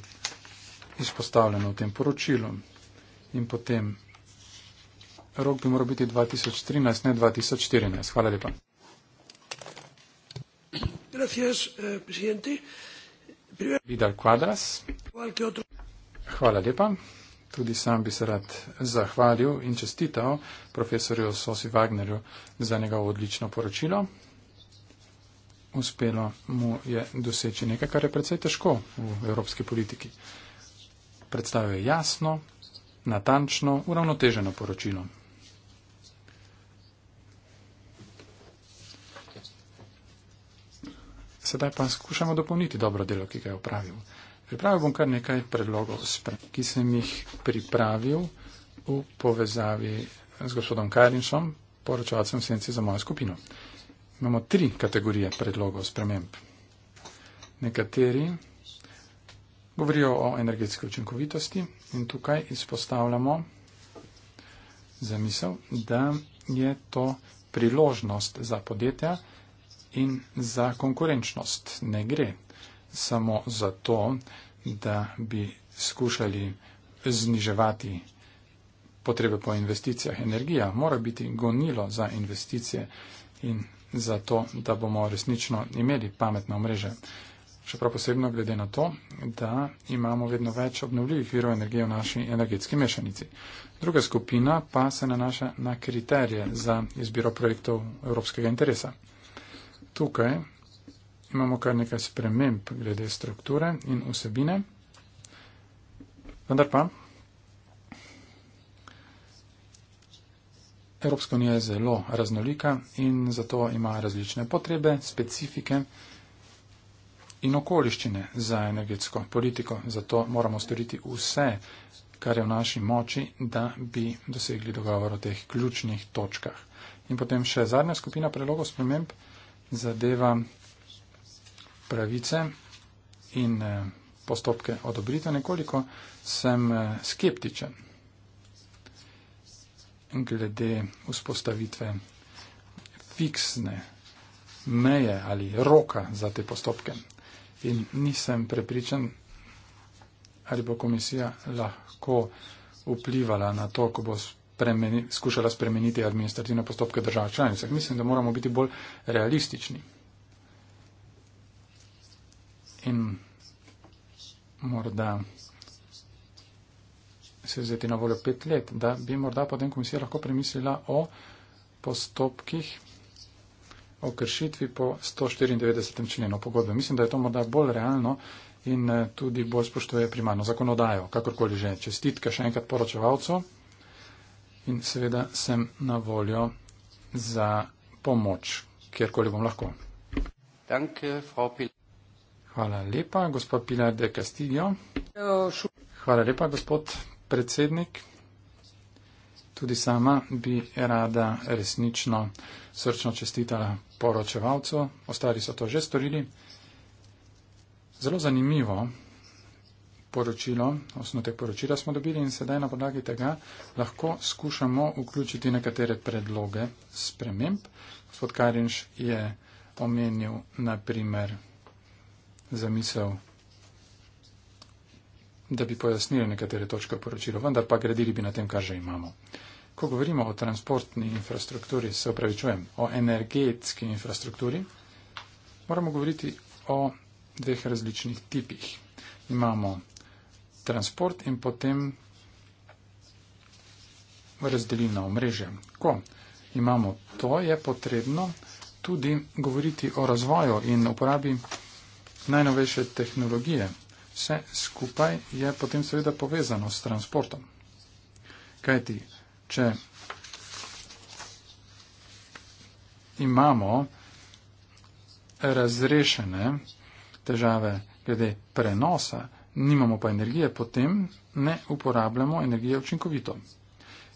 izpostavljeno v tem poročilu in potem rok bi moral biti 2013, ne 2014. Hvala lepa. Gracias, eh, Vidal Quadras. Hvala lepa. Tudi sam bi se rad zahvalil in čestital profesorju Sosi Wagnerju za njegovo odlično poročilo. Uspelo mu je doseči nekaj, kar je predvsej težko v evropski politiki. Predstavljajo jasno, natančno, uravnoteženo poročilo. sedaj pa skušamo dopolniti dobro delo, ki ga je upravil. Pripravil bom kar nekaj predlogov, ki sem jih pripravil v povezavi z gospodom Karinšom, poročevalcem senci za mojo skupino. Imamo tri kategorije predlogov sprememb. Nekateri govorijo o energetski učinkovitosti in tukaj izpostavljamo zamisel, da je to priložnost za podjetja, in za konkurenčnost. Ne gre samo za to, da bi skušali zniževati potrebe po investicijah. Energija mora biti gonilo za investicije in za to, da bomo resnično imeli pametne omreže. Še prav posebno glede na to, da imamo vedno več obnovljivih virov energije v naši energetski mešanici. Druga skupina pa se nanaša na kriterije za izbiro projektov evropskega interesa tukaj imamo kar nekaj sprememb glede strukture in vsebine. Vendar pa, Evropska unija je zelo raznolika in zato ima različne potrebe, specifike in okoliščine za energetsko politiko. Zato moramo storiti vse, kar je v naši moči, da bi dosegli dogovor o teh ključnih točkah. In potem še zadnja skupina predlogov sprememb zadeva pravice in eh, postopke odobritve, nekoliko sem eh, skeptičen glede vzpostavitve fiksne meje ali roka za te postopke. In nisem prepričan, ali bo komisija lahko vplivala na to, ko bo premeni, skušala spremeniti administrativne postopke držav članic. Mislim, da moramo biti bolj realistični. In morda se vzeti na voljo pet let, da bi morda potem komisija lahko premislila o postopkih o kršitvi po 194. členu pogodbe. Mislim, da je to morda bolj realno in eh, tudi bolj spoštuje primarno zakonodajo, kakorkoli že. Čestitke še enkrat poročevalcu in seveda sem na voljo za pomoč, kjerkoli bom lahko. Hvala lepa, gospod Pilar de Castillo. Hvala lepa, gospod predsednik. Tudi sama bi rada resnično srčno čestitala poročevalcu. Ostali so to že storili. Zelo zanimivo, poročilo, osnotek poročila smo dobili in sedaj na podlagi tega lahko skušamo vključiti nekatere predloge sprememb. Gospod Karinš je omenil na primer zamisel, da bi pojasnili nekatere točke poročila, vendar pa gradili bi na tem, kar že imamo. Ko govorimo o transportni infrastrukturi, se upravičujem, o energetski infrastrukturi, moramo govoriti o dveh različnih tipih. Imamo transport in potem razdeli na omrežje. Ko imamo to, je potrebno tudi govoriti o razvoju in uporabi najnovejše tehnologije. Vse skupaj je potem seveda povezano s transportom. Kaj ti, če imamo razrešene težave glede prenosa nimamo pa energije, potem ne uporabljamo energije učinkovito.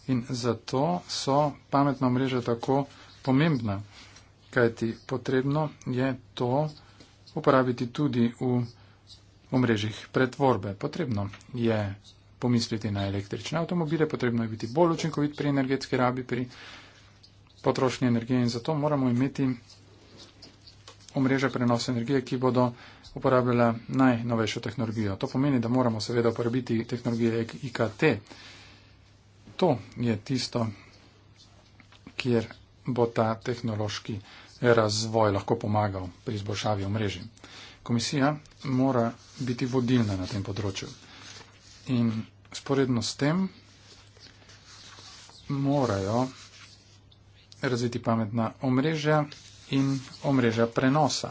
In zato so pametna mreža tako pomembna, kajti potrebno je to uporabiti tudi v omrežjih pretvorbe. Potrebno je pomisliti na električne avtomobile, potrebno je biti bolj učinkovit pri energetski rabi, pri potrošnji energije in zato moramo imeti omrežja prenosa energije, ki bodo uporabljala najnovejšo tehnologijo. To pomeni, da moramo seveda uporabiti tehnologije IKT. To je tisto, kjer bo ta tehnološki razvoj lahko pomagal pri izboljšavi omrežja. Komisija mora biti vodilna na tem področju. In sporedno s tem morajo razviti pametna omrežja, in omrežja prenosa.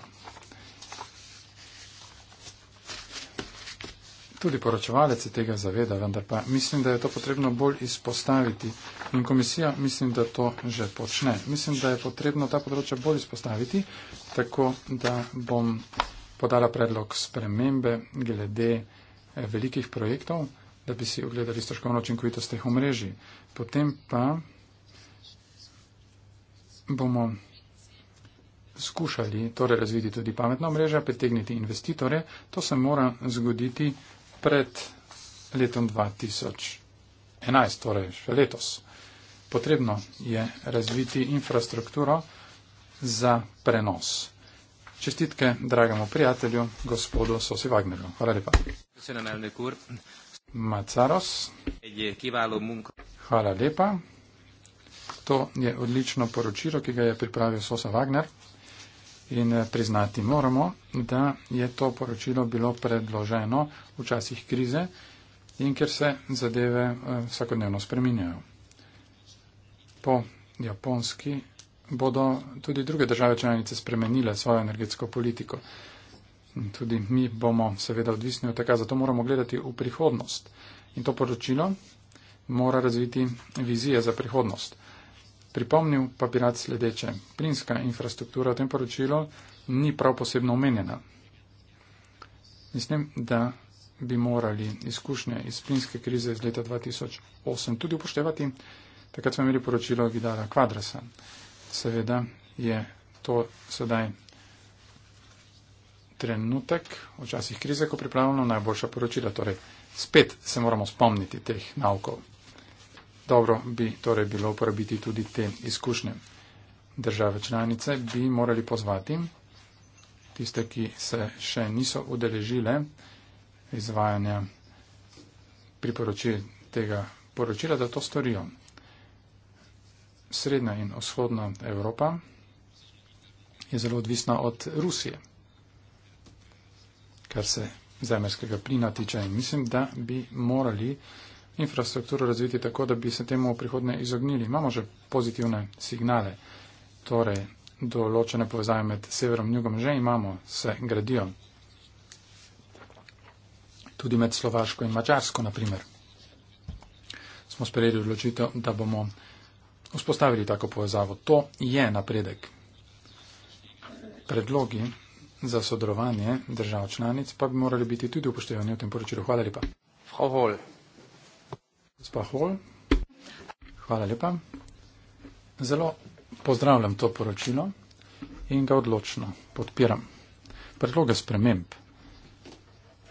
Tudi poročevalec se tega zaveda, vendar pa mislim, da je to potrebno bolj izpostaviti in komisija mislim, da to že počne. Mislim, da je potrebno ta področja bolj izpostaviti, tako da bom podala predlog spremembe glede eh, velikih projektov, da bi si ogledali stroškovno učinkovitost teh omrežij. Potem pa bomo skušali torej razviti tudi pametna mreža, pritegniti investitore, to se mora zgoditi pred letom 2011, torej še letos. Potrebno je razviti infrastrukturo za prenos. Čestitke dragemu prijatelju, gospodu Sosi Wagnerju. Hvala lepa. Macaros. Hvala lepa. To je odlično poročilo, ki ga je pripravil Sosa Wagner. In eh, priznati moramo, da je to poročilo bilo predloženo v časih krize in ker se zadeve eh, vsakodnevno spreminjajo. Po japonski bodo tudi druge države članice spremenile svojo energetsko politiko. Tudi mi bomo seveda odvisni od tega, zato moramo gledati v prihodnost. In to poročilo mora razviti vizije za prihodnost. Pripomnil pa bi rad sledeče. Plinska infrastruktura v tem poročilu ni prav posebno omenjena. Mislim, da bi morali izkušnje iz plinske krize iz leta 2008 tudi upoštevati. Takrat smo imeli poročilo Vidala Kvadrasa. Seveda je to sedaj trenutek, včasih krize, ko pripravljamo najboljša poročila. Torej, spet se moramo spomniti teh naukov. Dobro bi torej bilo uporabiti tudi te izkušnje. Države članice bi morali pozvati tiste, ki se še niso udeležile izvajanja priporočil tega poročila, da to storijo. Srednja in vzhodna Evropa je zelo odvisna od Rusije, kar se zemljskega plina tiče. In mislim, da bi morali infrastrukturo razviti tako, da bi se temu v prihodne izognili. Imamo že pozitivne signale, torej določene povezave med severom in jugom že imamo, se gradijo. Tudi med Slovaško in Mačarsko, naprimer, smo sprejeli odločitev, da bomo vzpostavili tako povezavo. To je napredek. Predlogi za sodelovanje držav članic pa bi morali biti tudi upoštevani v tem poročilu. Hvala lepa. Frau Hohl. Gospa Hol. Hvala lepa. Zelo pozdravljam to poročilo in ga odločno podpiram. Predloge sprememb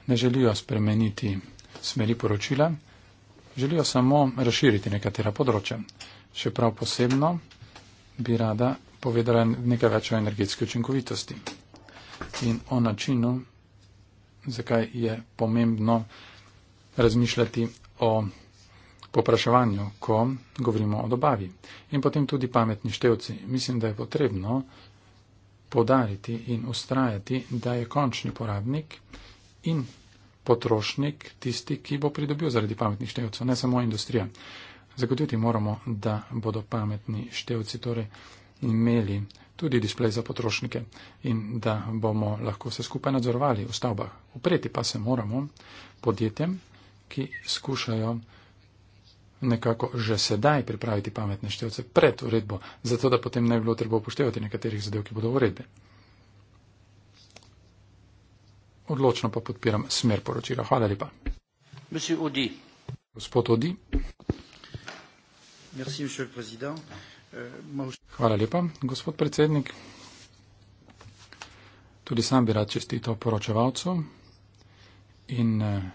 ne želijo spremeniti smeri poročila, želijo samo razširiti nekatera področja. Še prav posebno bi rada povedala nekaj več o energetski učinkovitosti in o načinu, zakaj je pomembno razmišljati o popraševanju, ko govorimo o dobavi. In potem tudi pametni števci. Mislim, da je potrebno podariti in ustrajati, da je končni porabnik in potrošnik tisti, ki bo pridobil zaradi pametnih števcev, ne samo industrija. Zagotoviti moramo, da bodo pametni števci torej imeli tudi displej za potrošnike in da bomo lahko vse skupaj nadzorovali v stavbah. Upreti pa se moramo podjetjem, ki skušajo nekako že sedaj pripraviti pametne števce pred uredbo, zato da potem ne bi bilo treba upoštevati nekaterih zadev, ki bodo uredbe. Odločno pa podpiram smer poročila. Hvala lepa. Odi. Gospod Odi. Merci, euh, Hvala lepa, gospod predsednik. Tudi sam bi rad čestito poročevalcu in eh,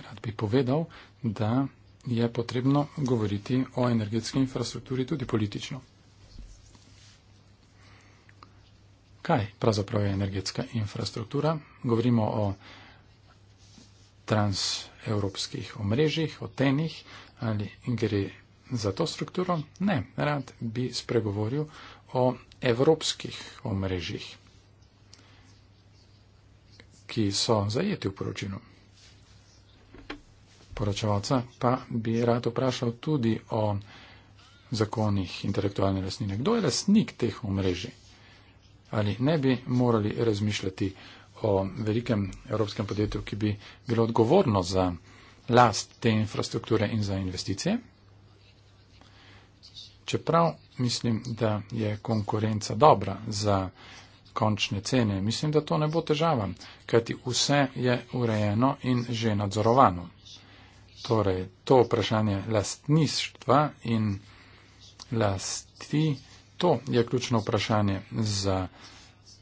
rad bi povedal, da je potrebno govoriti o energetski infrastrukturi tudi politično. Kaj pravzaprav je energetska infrastruktura? Govorimo o transevropskih omrežjih, o tenih ali gre za to strukturo? Ne, rad bi spregovoril o evropskih omrežjih, ki so zajeti v poročilu poročevalca, pa bi rad vprašal tudi o zakonih intelektualne lasnine. Kdo je lasnik teh omrežij? Ali ne bi morali razmišljati o velikem evropskem podjetju, ki bi bilo odgovorno za last te infrastrukture in za investicije? Čeprav mislim, da je konkurenca dobra za končne cene, mislim, da to ne bo težava, kajti vse je urejeno in že nadzorovano. Torej, to vprašanje lastništva in lasti, to je ključno vprašanje za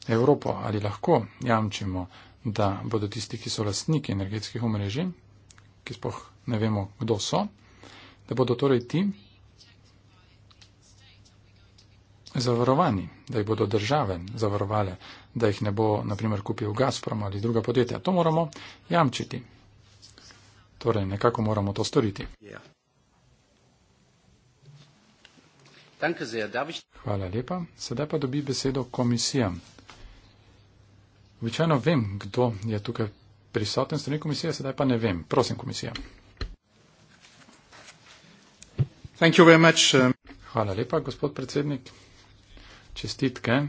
Evropo. Ali lahko jamčimo, da bodo tisti, ki so lastniki energetskih omrežij, ki spoh ne vemo, kdo so, da bodo torej ti zavarovani, da jih bodo države zavarovale, da jih ne bo, naprimer, kupil Gazprom ali druga podjetja. To moramo jamčiti. Torej, nekako moramo to storiti. Ja. Hvala lepa. Sedaj pa dobi besedo komisija. Običajno vem, kdo je tukaj prisoten strani komisije, sedaj pa ne vem. Prosim, komisija. Much, um. Hvala lepa, gospod predsednik. Čestitke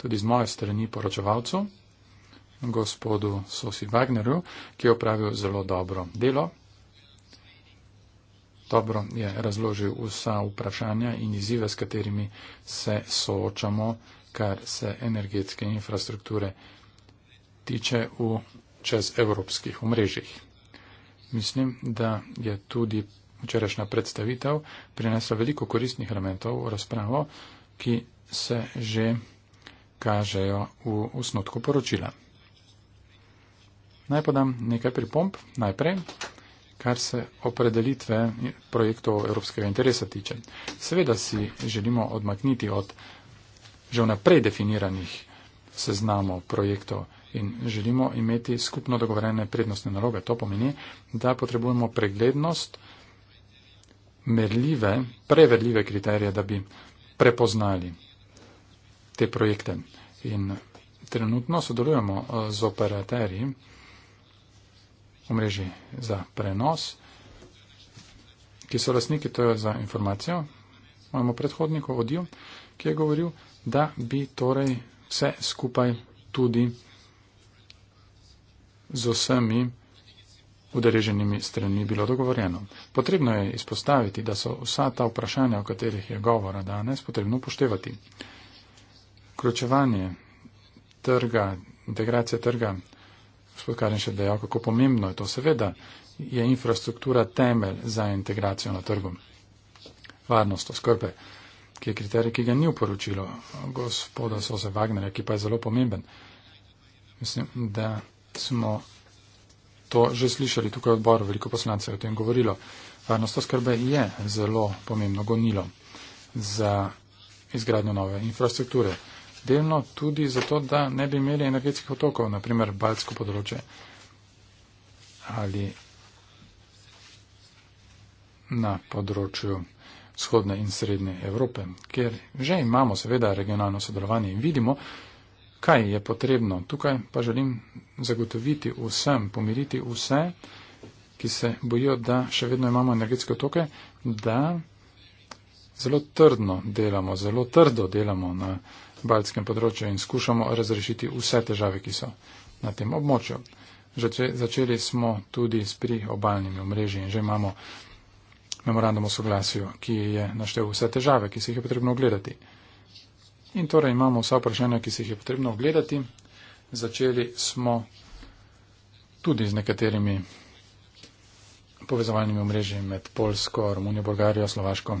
tudi z moje strani poročevalcu gospodu Sosi Wagneru, ki je opravil zelo dobro delo. Dobro je razložil vsa vprašanja in izzive, s katerimi se soočamo, kar se energetske infrastrukture tiče v čezevropskih omrežjih. Mislim, da je tudi včerajšnja predstavitev prinesla veliko koristnih elementov v razpravo, ki se že kažejo v osnotku poročila. Naj podam nekaj pripomp najprej, kar se opredelitve projektov evropskega interesa tiče. Seveda si želimo odmakniti od že vnaprej definiranih seznamov projektov in želimo imeti skupno dogovorene prednostne naloge. To pomeni, da potrebujemo preglednost, merljive, preverljive kriterije, da bi prepoznali te projekte. In trenutno sodelujemo eh, z operaterji, omrežji za prenos, ki so lasniki, to je za informacijo, imamo predhodniko odijo, ki je govoril, da bi torej vse skupaj tudi z vsemi udeleženimi strani bilo dogovorjeno. Potrebno je izpostaviti, da so vsa ta vprašanja, o katerih je govora danes, potrebno upoštevati. Ključevanje trga, integracija trga gospod Karin še dejal, kako pomembno je to. Seveda je infrastruktura temelj za integracijo na trgu. Varnost oskrbe, ki je kriterij, ki ga ni uporočilo gospoda Soze Wagnerja, ki pa je zelo pomemben. Mislim, da smo to že slišali tukaj odbor, veliko poslancev je o tem govorilo. Varnost oskrbe je zelo pomembno gonilo za izgradnjo nove infrastrukture delno tudi zato, da ne bi imeli energetskih otokov, naprimer Balsko področje ali na področju vzhodne in srednje Evrope, ker že imamo seveda regionalno sodelovanje in vidimo, kaj je potrebno. Tukaj pa želim zagotoviti vsem, pomiriti vse, ki se bojijo, da še vedno imamo energetske otoke, da zelo trdno delamo, zelo trdo delamo na baltskem področju in skušamo razrešiti vse težave, ki so na tem območju. Začeli smo tudi s priobaljnimi omrežji in že imamo memorandum o soglasju, ki je naštel vse težave, ki se jih je potrebno ogledati. In torej imamo vsa vprašanja, ki se jih je potrebno ogledati. Začeli smo tudi z nekaterimi povezovalnimi omrežji med Polsko, Romunijo, Bolgarijo, Slovaško,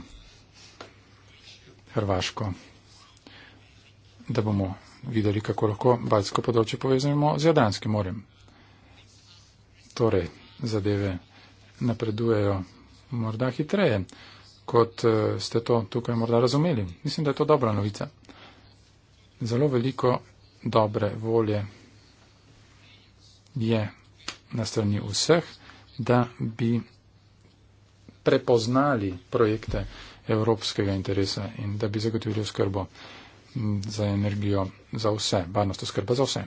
Hrvaško da bomo videli, kako lahko Baltsko področje povezujemo z Jadranskim morjem. Torej, zadeve napredujejo morda hitreje, kot eh, ste to tukaj morda razumeli. Mislim, da je to dobra novica. Zelo veliko dobre volje je na strani vseh, da bi prepoznali projekte evropskega interesa in da bi zagotovili oskrbo za energijo za vse, varnost oskrba za vse.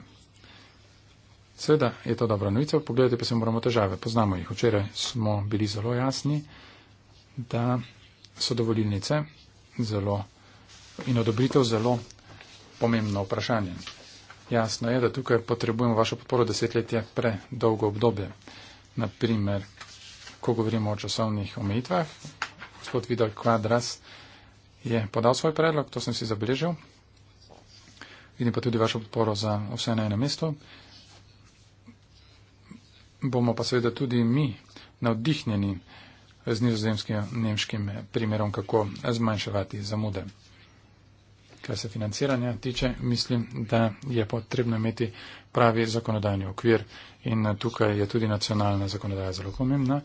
Seveda je to dobra novica, pogledajte pa se moramo težave, poznamo jih. Včeraj smo bili zelo jasni, da so dovolilnice zelo in odobritev zelo pomembno vprašanje. Jasno je, da tukaj potrebujemo vašo podporo desetletje predolgo obdobje. Naprimer, ko govorimo o časovnih omejitvah, gospod Vidal Kvadras je podal svoj predlog, to sem si zabeležil, vidim pa tudi vašo podporo za vse na enem mestu. Bomo pa seveda tudi mi navdihnjeni z nizozemskim nemškim primerom, kako zmanjševati zamude. Kar se financiranja tiče, mislim, da je potrebno imeti pravi zakonodajni okvir in tukaj je tudi nacionalna zakonodaja zelo pomembna,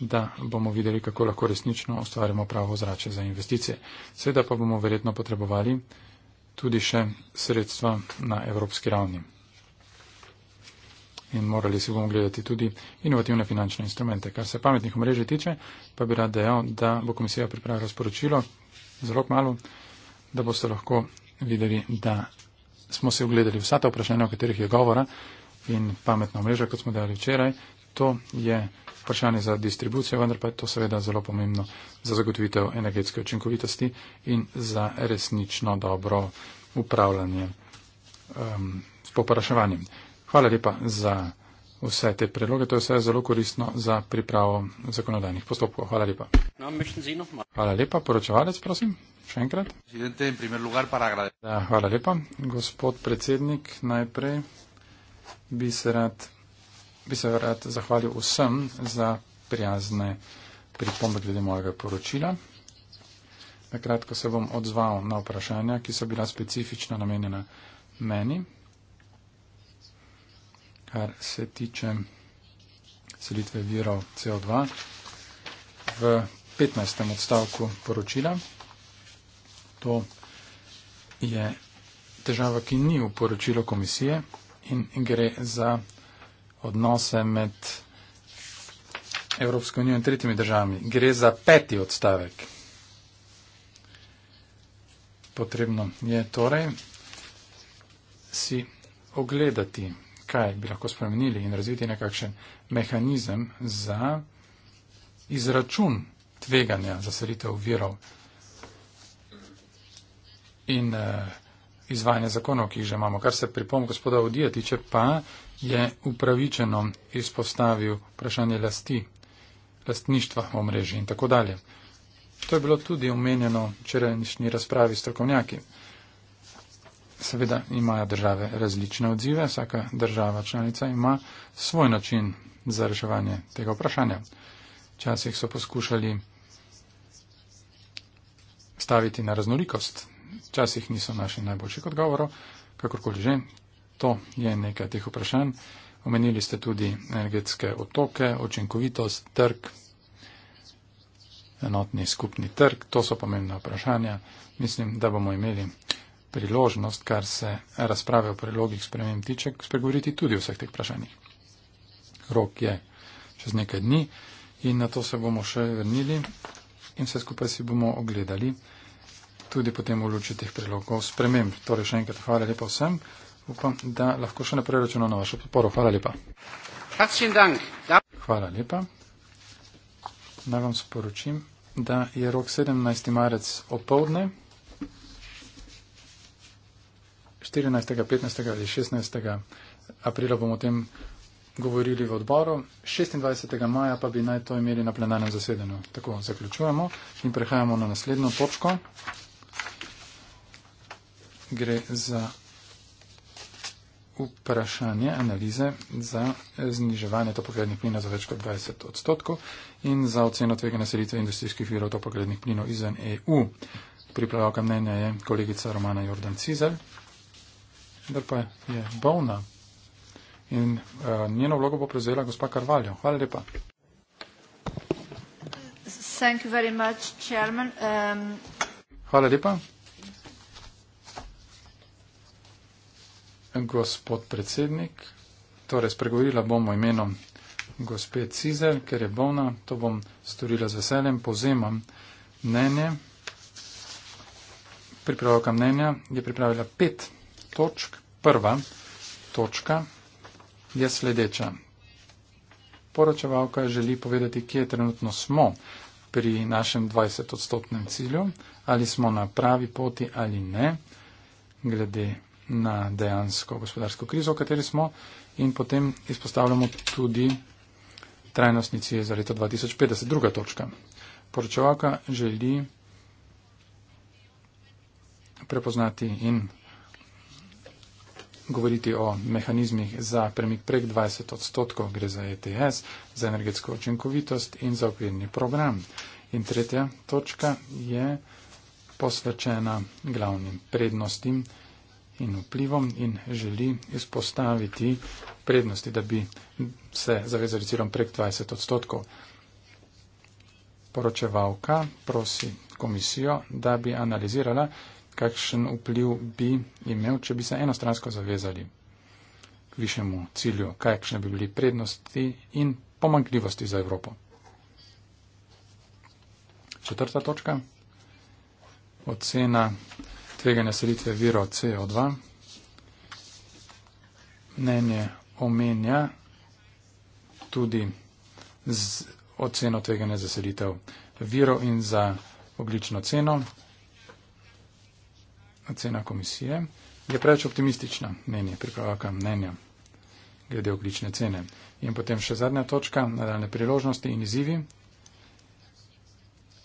da bomo videli, kako lahko resnično ustvarjamo pravo zrače za investicije. Seveda pa bomo verjetno potrebovali tudi še sredstva na evropski ravni. In morali si bomo gledati tudi inovativne finančne instrumente. Kar se pametnih omrežij tiče, pa bi rad dejal, da bo komisija pripravila sporočilo, zelo malo, da boste lahko videli, da smo se ogledali vsa ta vprašanja, o katerih je govora in pametna omrežja, kot smo dali včeraj, to je vprašanje za distribucijo, vendar pa je to seveda zelo pomembno za zagotovitev energetske učinkovitosti in za resnično dobro upravljanje um, s popraševanjem. Hvala lepa za vse te predloge. To je vse zelo koristno za pripravo zakonodajnih postopkov. Hvala lepa. No, no, hvala lepa. Poročevalec, prosim. Še enkrat. Da, ja, hvala lepa. Gospod predsednik, najprej bi se rad bi se rad zahvalil vsem za prijazne pripombe glede mojega poročila. Na kratko se bom odzval na vprašanja, ki so bila specifično namenjena meni, kar se tiče selitve virov CO2 v 15. odstavku poročila. To je težava, ki ni v poročilu komisije in gre za odnose med Evropsko unijo in tretjimi državami. Gre za peti odstavek. Potrebno je torej si ogledati, kaj bi lahko spremenili in razviti nekakšen mehanizem za izračun tveganja za selitev virov in uh, izvajanje zakonov, ki jih že imamo. Kar se pripom gospoda Odija tiče, pa je upravičeno izpostavil vprašanje lasti, lastništva omrežja in tako dalje. To je bilo tudi omenjeno včerajšnji razpravi strokovnjaki. Seveda imajo države različne odzive, vsaka država članica ima svoj način za reševanje tega vprašanja. Včasih so poskušali staviti na raznolikost, včasih niso našli najboljših odgovorov, kakorkoli že, To je nekaj teh vprašanj. Omenili ste tudi energetske otoke, očinkovitost, trg, enotni skupni trg. To so pomembna vprašanja. Mislim, da bomo imeli priložnost, kar se razprave o prilogih sprememb tiče, spregovoriti tudi o vseh teh vprašanjih. Rok je čez nekaj dni in na to se bomo še vrnili in vse skupaj si bomo ogledali tudi potem v luči teh prilogov sprememb. Torej še enkrat hvala lepa vsem upam, da lahko še naprej računam na vašo podporo. Hvala lepa. Hvala lepa. Naj vam sporočim, da je rok 17. marec opovdne, 14., 15. ali 16. aprila bomo o tem govorili v odboru, 26. maja pa bi naj to imeli na plenarnem zasedanju. Tako zaključujemo in prehajamo na naslednjo točko. Gre za vprašanje analize za zniževanje topogrednih plinov za več kot 20 odstotkov in za oceno tvega naselitve industrijskih virov topogrednih plinov izven EU. Pripravljavka mnenja je kolegica Romana Jordan Cizel, da pa je bolna in uh, njeno vlogo bo prevzela gospa Karvaljo. Hvala lepa. Um, Hvala lepa. gospod predsednik. Torej, spregovorila bom o imenu gospe Cizel, ker je bolna. To bom storila z veseljem. Povzemam mnenje. Pripravljaka mnenja je pripravila pet točk. Prva točka je sledeča. Poročevalka želi povedati, kje trenutno smo pri našem 20-odstotnem cilju, ali smo na pravi poti ali ne, glede na dejansko gospodarsko krizo, v kateri smo, in potem izpostavljamo tudi trajnostni cilj za leto 2050. Druga točka. Poročevalka želi prepoznati in govoriti o mehanizmih za premik prek 20 odstotkov, gre za ETS, za energetsko očinkovitost in za okvirni program. In tretja točka je posvečena glavnim prednostim in vplivom in želi izpostaviti prednosti, da bi se zavezali cilom prek 20 odstotkov. Poročevalka prosi komisijo, da bi analizirala, kakšen vpliv bi imel, če bi se enostransko zavezali k višjemu cilju, kakšne bi bili prednosti in pomankljivosti za Evropo. Četrta točka. Ocena tveganja selitve viro CO2. Mnenje omenja tudi z oceno tveganja za selitev viro in za oglično ceno. Ocena komisije je preveč optimistična, meni pripravljaka mnenja glede oglične cene. In potem še zadnja točka, nadaljne priložnosti in izzivi.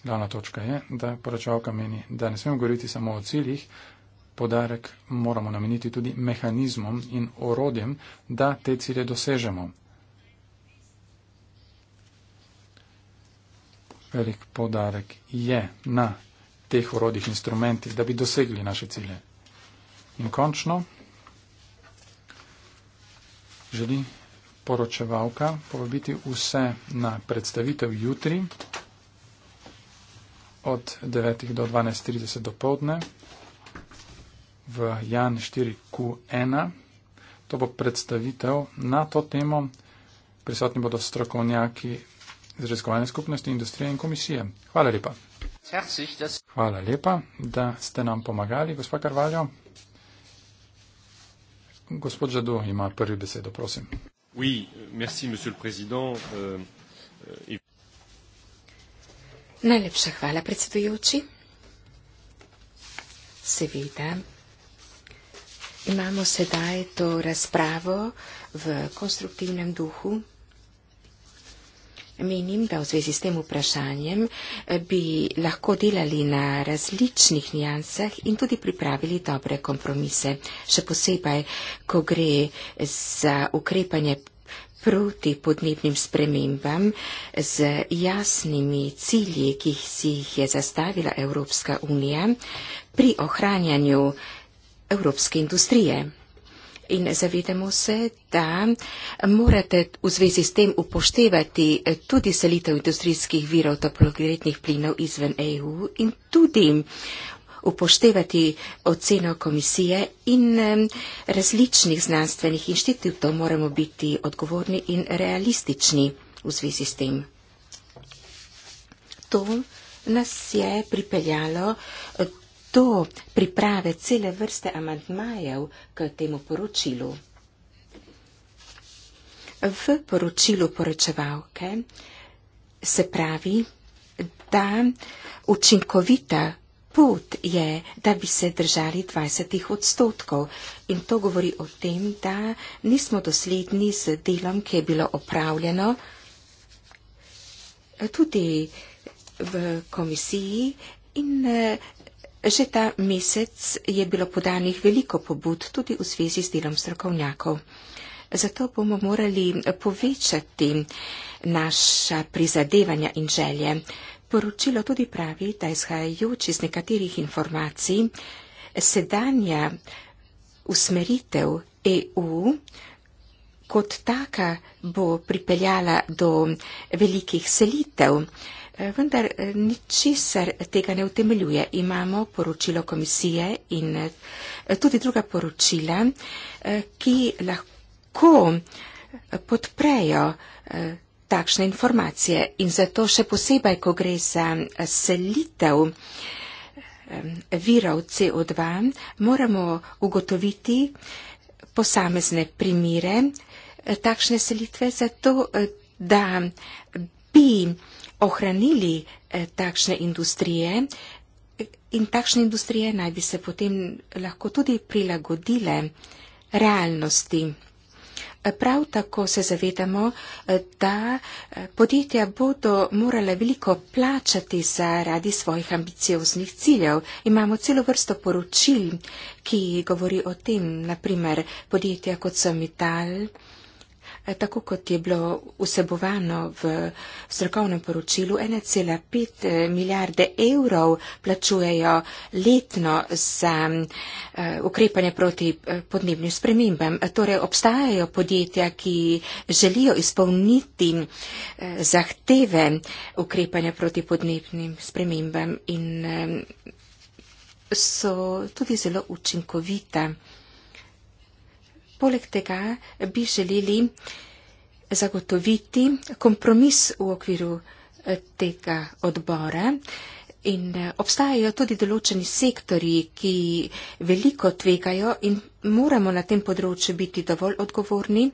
Glavna točka je, da poročavka meni, da ne smemo govoriti samo o ciljih, podarek moramo nameniti tudi mehanizmom in orodjem, da te cilje dosežemo. Velik podarek je na teh orodjih instrumentih, da bi dosegli naše cilje. In končno želi poročevalka povabiti vse na predstavitev jutri od 9. do 12.30 do povdne v Jan 4Q1. To bo predstavitev na to temo. Prisotni bodo strokovnjaki iz raziskovalne skupnosti, industrije in komisije. Hvala lepa. Hvala lepa, da ste nam pomagali, gospod Karvaljo. Gospod Žadu ima prvi besedo, prosim. Oui, merci, monsieur le président. Uh, uh, et... Euh, Najlepša hvala, predsedujoči. Seveda. Imamo sedaj to razpravo v konstruktivnem duhu. Menim, da v zvezi s tem vprašanjem eh, bi lahko delali na različnih nijansah in tudi pripravili dobre kompromise. Še posebej, ko gre za ukrepanje proti podnebnim spremembam z jasnimi cilji, ki si jih je zastavila Evropska unija pri ohranjanju Evropske industrije. In zavedamo se, da morate v zvezi s tem upoštevati tudi selitev industrijskih virov toplogrednih plinov izven EU in tudi upoštevati oceno komisije in različnih znanstvenih inštitutov moramo biti odgovorni in realistični v zvezi s tem. To nas je pripeljalo eh, do priprave cele vrste amantmajev k temu poročilu. V poročilu poročevalke se pravi, da učinkovita Put je, da bi se držali 20 odstotkov in to govori o tem, da nismo dosledni z delom, ki je bilo opravljeno. Tudi v komisiji in eh, že ta mesec je bilo podanih veliko pobud tudi v zvezi s delom strokovnjakov. Zato bomo morali povečati naša prizadevanja in želje. Poročilo tudi pravi, da izhajajoč iz nekaterih informacij, sedanja usmeritev EU kot taka bo pripeljala do velikih selitev. Vendar ničesar tega ne utemeljuje. Imamo poročilo komisije in tudi druga poročila, ki lahko podprejo takšne informacije in zato še posebej, ko gre za selitev virov CO2, moramo ugotoviti posamezne primire eh, takšne selitve, zato eh, da bi ohranili eh, takšne industrije in takšne industrije naj bi se potem lahko tudi prilagodile realnosti. Prav tako se zavedamo, da eh, podjetja bodo morala veliko plačati zaradi svojih ambicioznih ciljev. Imamo celo vrsto poročil, ki govori o tem, naprimer podjetja kot so Mital, tako kot je bilo vsebovano v strokovnem poročilu, 1,5 eh, milijarde evrov plačujejo letno za eh, ukrepanje proti eh, podnebnim spremembam. Torej obstajajo podjetja, ki želijo izpolniti zahteve ukrepanja proti podnebnim spremembam in so tudi zelo učinkovita. Poleg tega bi želeli zagotoviti kompromis v okviru eh, tega odbora. In eh, obstajajo tudi določeni sektori, ki veliko tvegajo in moramo na tem področju biti dovolj odgovorni,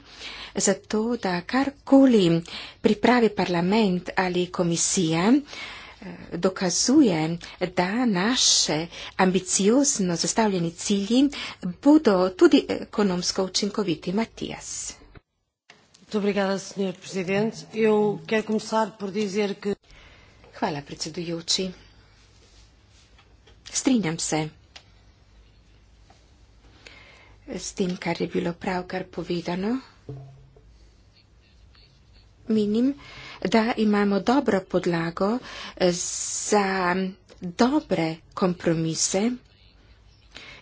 zato da karkoli pripravi parlament ali komisija, eh, dokazuje, da naše ambiciozno zastavljeni cilji bodo tudi ekonomsko učinkoviti. Matijas. Hvala, predsedujoči. Strinjam se s tem, kar je bilo pravkar povedano menim, da imamo dobro podlago eh, za dobre kompromise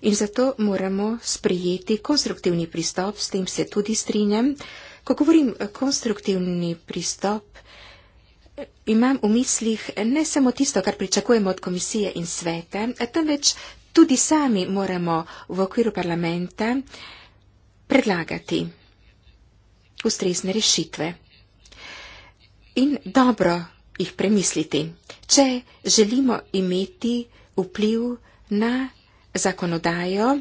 in zato moramo sprijeti konstruktivni pristop, s tem se tudi strinjam. Ko govorim eh, konstruktivni pristop, eh, imam v mislih ne samo tisto, kar pričakujemo od komisije in sveta, temveč tudi sami moramo v okviru parlamenta predlagati ustrezne rešitve in dobro jih premisliti, če želimo imeti vpliv na zakonodajo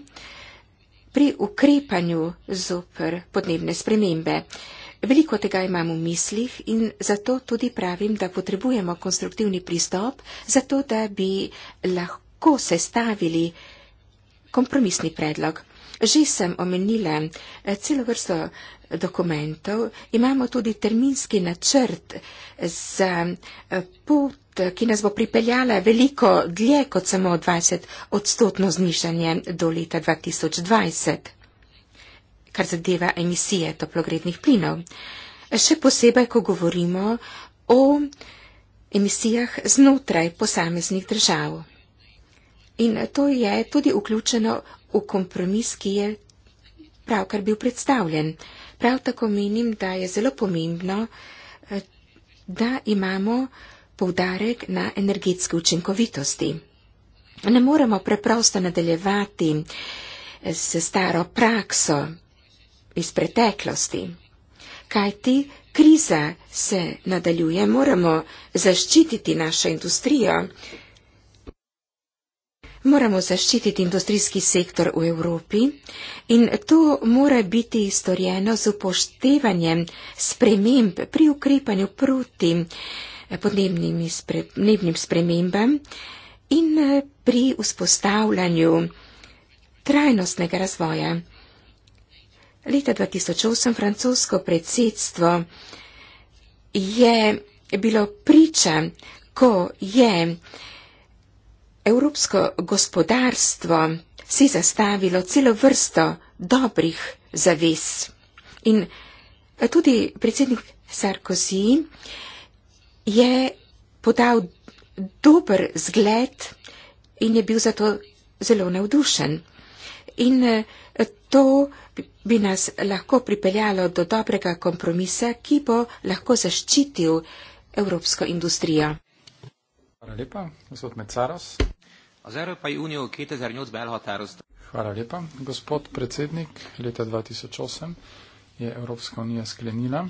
pri ukrepanju zoper podnebne spremembe. Veliko tega imam v mislih in zato tudi pravim, da potrebujemo konstruktivni pristop, zato da bi lahko sestavili kompromisni predlog. Že sem omenila celo vrsto dokumentov imamo tudi terminski načrt za eh, pot ki nas bo pripeljala veliko dlje kot samo 20 odstotno znižanje do leta 2020, kar zadeva emisije toplogrednih plinov. Še posebej, ko govorimo o emisijah znotraj posameznih držav. In to je tudi vključeno v kompromis, ki je pravkar bil predstavljen. Prav tako menim, da je zelo pomembno, eh, da imamo povdarek na energetske učinkovitosti. Ne moremo preprosto nadaljevati eh, s staro prakso iz preteklosti, kajti kriza se nadaljuje, moramo zaščititi našo industrijo, Moramo zaščititi industrijski sektor v Evropi in to mora biti storjeno z upoštevanjem sprememb pri ukrepanju proti eh, podnebnim spremembam in eh, pri vzpostavljanju trajnostnega razvoja. Leta 2008 francosko predsedstvo je bilo priča, ko je Evropsko gospodarstvo si zastavilo celo vrsto dobrih zavez. In tudi predsednik Sarkozy je podal dober zgled in je bil zato zelo navdušen. In eh, to bi nas lahko pripeljalo do dobrega kompromisa, ki bo lahko zaščitil evropsko industrijo. Hvala lepa, gospod Mecaros. Az Európai Unió 2008-ben elhatározta. Hvala lepa, gospod predsednik, leta 2008 je Európska unija sklenila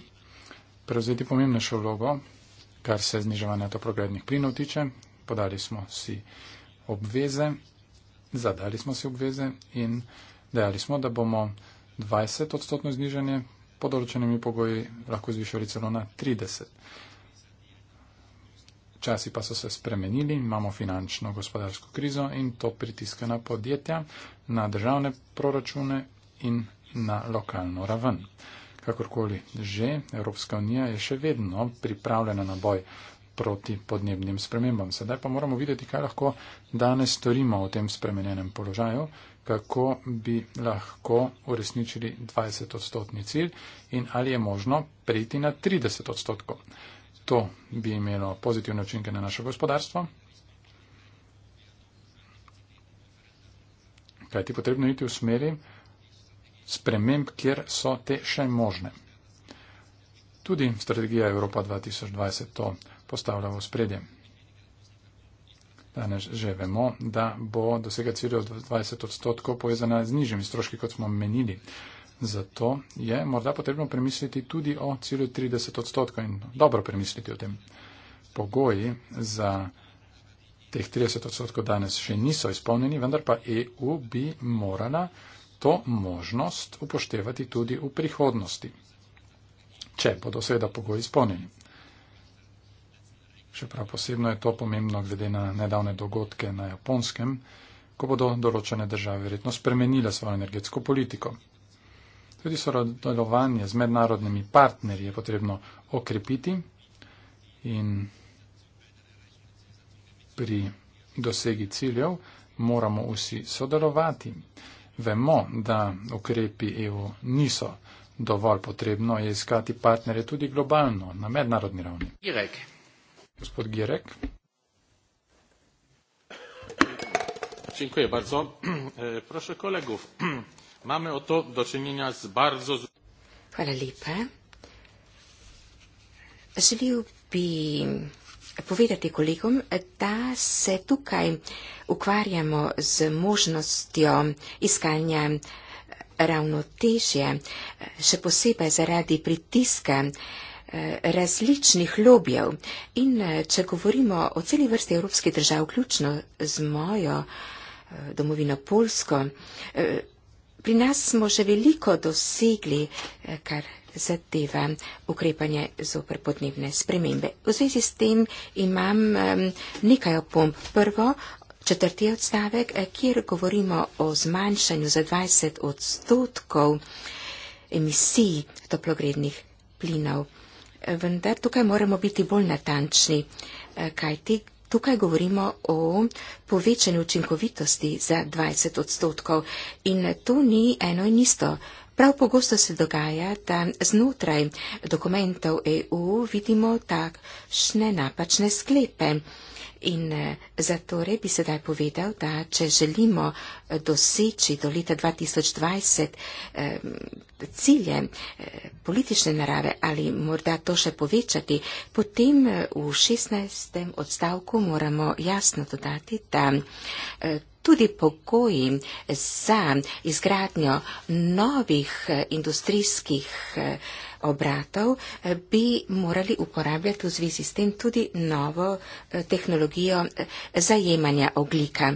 prevzeti pomembnejšo vlogo, kar se zniževanja toplogrednih plinov tiče. Podali smo si obveze, zadali smo si obveze in dejali smo, da bomo 20 odstotno zniženje pod določenimi pogoji lahko zvišali celo na 30 časi pa so se spremenili, imamo finančno gospodarsko krizo in to pritiska na podjetja, na državne proračune in na lokalno raven. Kakorkoli že, Evropska unija je še vedno pripravljena na boj proti podnebnim spremembam. Sedaj pa moramo videti, kaj lahko danes storimo v tem spremenjenem položaju, kako bi lahko uresničili 20-odstotni cilj in ali je možno priti na 30-odstotkov to bi imelo pozitivne učinke na naše gospodarstvo. Kaj ti potrebno iti v smeri sprememb, kjer so te še možne. Tudi strategija Evropa 2020 to postavlja v spredje. Danes že vemo, da bo dosega cilja 20 odstotkov povezana z nižjimi stroški, kot smo menili. Zato je morda potrebno premisliti tudi o cilju 30 odstotkov in dobro premisliti o tem. Pogoji za teh 30 odstotkov danes še niso izpolnjeni, vendar pa EU bi morala to možnost upoštevati tudi v prihodnosti, če bodo seveda pogoji izpolnjeni. Še prav posebno je to pomembno glede na nedavne dogodke na japonskem, ko bodo določene države verjetno spremenile svojo energetsko politiko. Tudi sodelovanje z mednarodnimi partnerji je potrebno okrepiti in pri dosegi ciljev moramo vsi sodelovati. Vemo, da ukrepi EU niso dovolj potrebno, je iskati partnere tudi globalno, na mednarodni ravni. Girek. Gospod Girek. Dziękuję bardzo. E, proszę kolegów, Mamy o to do czynienia z bardzo... Hvala lepa. Želil bi povedati kolegom, da se tukaj ukvarjamo z možnostjo iskanja ravnotežje, še posebej zaradi pritiska eh, različnih lobijev. In eh, če govorimo o celi vrsti evropskih držav, vključno z mojo eh, domovino Polsko, pri nas smo že veliko dosegli, eh, kar zadeva ukrepanje zoper podnebne spremembe. V zvezi s tem imam nekaj opomb. Prvo, četrti odstavek, eh, kjer govorimo o zmanjšanju za 20 odstotkov emisij toplogrednih plinov. Vendar tukaj moramo biti bolj natančni, eh, kaj ti Tukaj govorimo o povečanju učinkovitosti za 20 odstotkov in to ni eno in isto. Prav pogosto se dogaja, da znotraj dokumentov EU vidimo takšne napačne sklepe. In eh, zatorej bi sedaj povedal, da če želimo eh, doseči do leta 2020 eh, cilje politične narave ali morda to še povečati, potem v 16. odstavku moramo jasno dodati, da tudi pokoji za izgradnjo novih industrijskih obratov, eh, bi morali uporabljati v zvezi s tem tudi novo eh, tehnologijo eh, zajemanja oglika.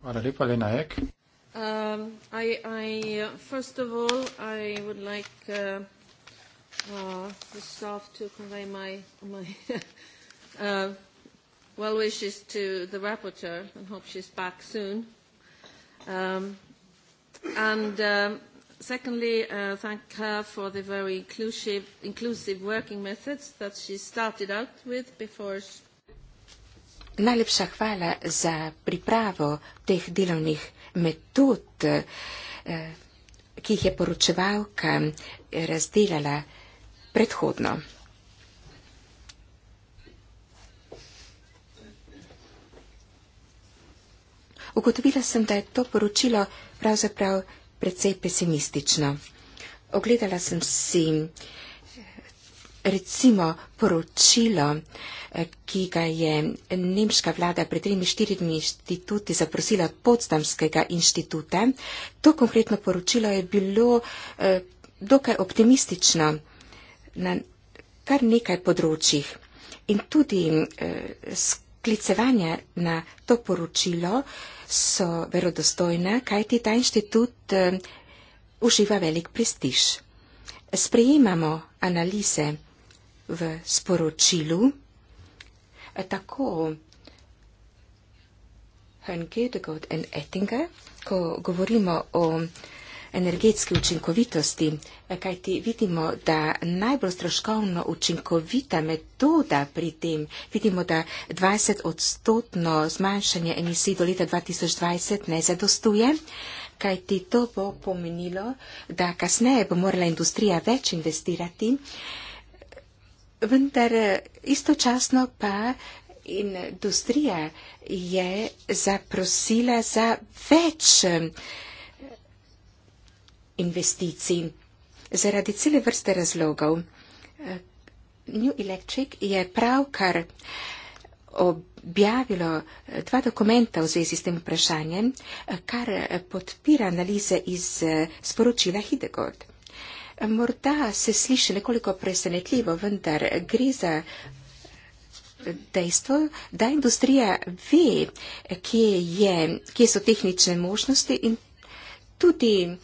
Hvala lepa, Lena Ek. Um, I, I, uh, first of all, I would like uh, uh, the staff to convey my, my uh, well wishes to the rapporteur and hope she's back soon. Um, and um, Secondly, uh, thank her for the very inclusive, inclusive working methods that she started out with before. Najlepša hvala za pripravo teh delovnih metod, eh, ki jih je poročevalka eh, razdelala predhodno. Ugotovila sem, da je to poročilo pravzaprav precej pesimistično. Ogledala sem si recimo poročilo, eh, ki ga je nemška vlada pred tremi štirimi inštituti zaprosila od Potsdamskega inštituta. To konkretno poročilo je bilo eh, dokaj optimistično na kar nekaj področjih. In tudi eh, klicevanja na to poročilo so verodostojna, kajti ta inštitut eh, uživa velik prestiž. Sprejemamo analize v sporočilu, eh, tako Hrn Gedegod in Ettinger, ko govorimo o energetske učinkovitosti, kajti vidimo, da najbolj stroškovno učinkovita metoda pri tem, vidimo, da 20 odstotno zmanjšanje emisij do leta 2020 ne zadostuje, kajti to bo pomenilo, da kasneje bo morala industrija več investirati, vendar istočasno pa. Industrija je zaprosila za več investicij. Zaradi cele vrste razlogov eh, New Electric je pravkar objavilo eh, dva dokumenta v zvezi s tem vprašanjem, eh, kar podpira analize iz sporočila Hidegord. Morda se sliši nekoliko presenetljivo, vendar gre za dejstvo, da industrija ve, kje, je, kje so tehnične možnosti in tudi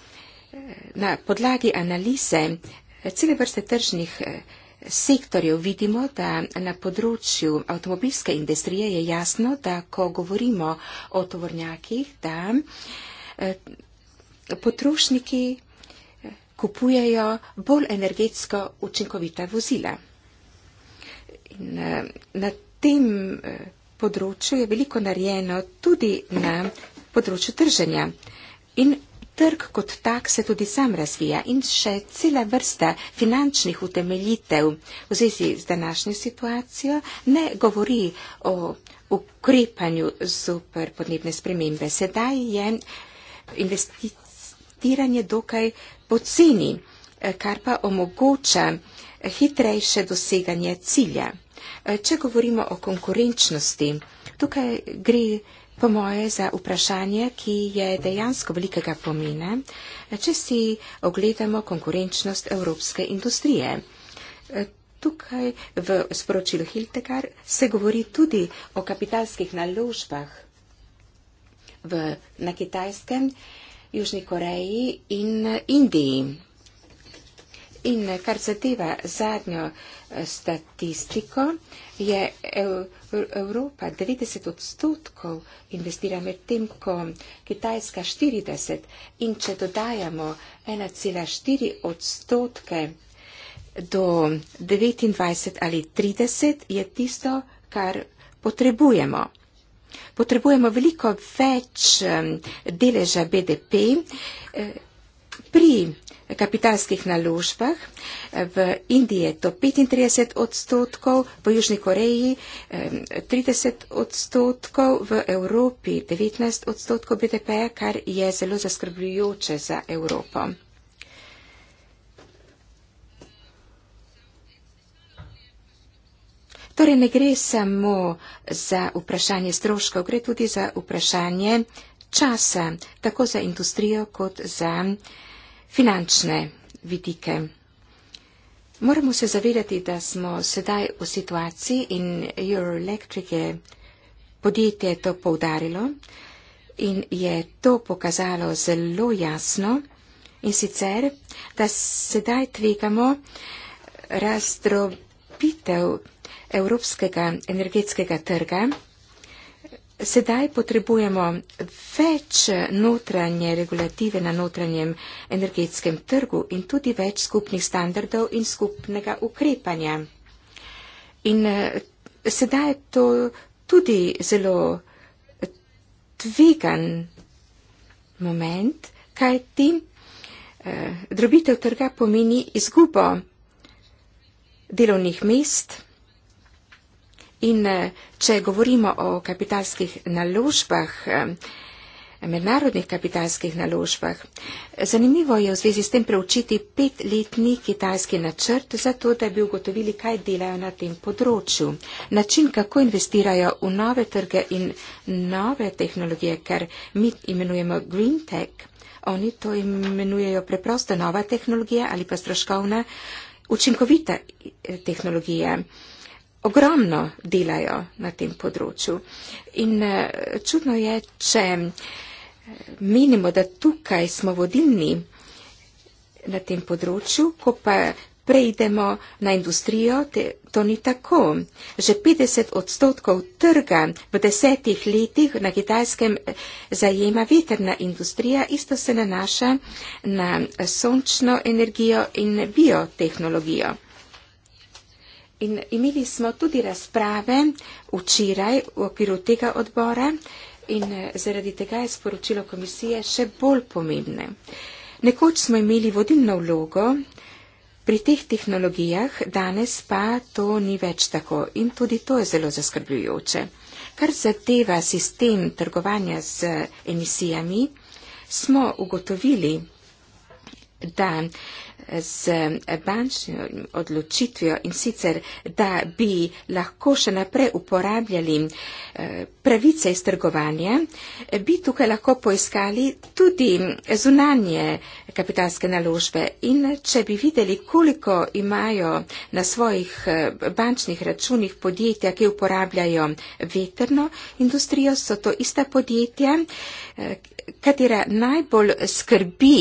na podlagi analize eh, cele vrste tržnih eh, sektorjev vidimo, da na področju avtomobilske industrije je jasno, da ko govorimo o tovornjakih, da eh, potrošniki kupujejo bolj energetsko učinkovita vozila. In na tem področju je veliko narejeno tudi na področju trženja. In Trg kot tak se tudi sam razvija in še cela vrsta finančnih utemeljitev v zvezi z današnjo situacijo ne govori o ukrepanju zoper podnebne spremembe. Sedaj je investiranje dokaj poceni, eh, kar pa omogoča hitrejše doseganje cilja. Eh, Če govorimo o konkurenčnosti, tukaj gre po moje za vprašanje, ki je dejansko velikega pomena, če si ogledamo konkurenčnost evropske industrije. Tukaj v sporočilu Hiltegar se govori tudi o kapitalskih naložbah v, na Kitajskem, Južni Koreji in Indiji. In eh, kar zadeva zadnjo eh, statistiko, je Evropa 90 odstotkov investira med tem, ko Kitajska 40 in če dodajamo 1,4 odstotke do 29 ali 30, je tisto, kar potrebujemo. Potrebujemo veliko več eh, deleža BDP. Pri kapitalskih naložbah, v Indiji je to 35 odstotkov, v Južni Koreji 30 odstotkov, v Evropi 19 odstotkov BDP, kar je zelo zaskrbljujoče za Evropo. Torej ne gre samo za vprašanje stroškov, gre tudi za vprašanje časa, tako za industrijo kot za. Eh, finančne vidike. Moramo se zavedati, da smo sedaj v situaciji in Euroelectric je podjetje to poudarilo in je to pokazalo zelo jasno in sicer, da sedaj tvegamo razdrobitev evropskega energetskega trga. Sedaj potrebujemo več notranje regulative na notranjem energetskem trgu in tudi več skupnih standardov in skupnega ukrepanja. In eh, sedaj je to tudi zelo tvegan moment, kaj ti eh, drobitev trga pomeni izgubo delovnih mest In eh, če govorimo o kapitalskih naložbah, eh, mednarodnih kapitalskih naložbah, zanimivo je v zvezi s tem preučiti petletni kitajski načrt za to, da bi ugotovili, kaj delajo na tem področju. Način, kako investirajo v nove trge in nove tehnologije, ker mi imenujemo Green Tech, oni to imenujejo preprosto nova tehnologija ali pa stroškovna učinkovita eh, tehnologija ogromno delajo na tem področju. In eh, čudno je, če eh, menimo, da tukaj smo vodilni na tem področju, ko pa preidemo na industrijo, te, to ni tako. Že 50 odstotkov trga v desetih letih na kitajskem eh, zajema veterna industrija, isto se nanaša na sončno energijo in biotehnologijo. In imeli smo tudi razprave včeraj v okviru tega odbora in eh, zaradi tega je sporočilo komisije še bolj pomembne. Nekoč smo imeli vodilno vlogo pri teh tehnologijah, danes pa to ni več tako in tudi to je zelo zaskrbljujoče. Kar zadeva sistem trgovanja z eh, emisijami, smo ugotovili, da z bančno odločitvijo in sicer, da bi lahko še naprej uporabljali eh, pravice iz trgovanja, bi tukaj lahko poiskali tudi zunanje kapitalske naložbe in če bi videli, koliko imajo na svojih eh, bančnih računih podjetja, ki uporabljajo veterno industrijo, so to ista podjetja, eh, katera najbolj skrbi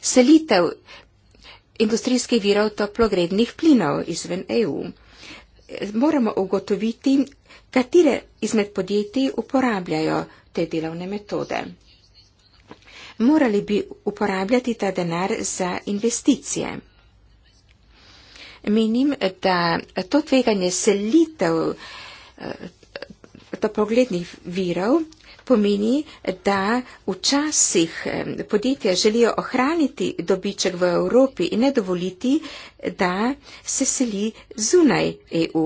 selitev industrijskih virov toplogrednih plinov izven EU. Moramo ugotoviti, katere izmed podjetij uporabljajo te delovne metode. Morali bi uporabljati ta denar za investicije. Menim, da to tveganje selitev eh, toplogrednih virov pomeni, da včasih podjetja želijo ohraniti dobiček v Evropi in ne dovoliti, da se seli zunaj EU.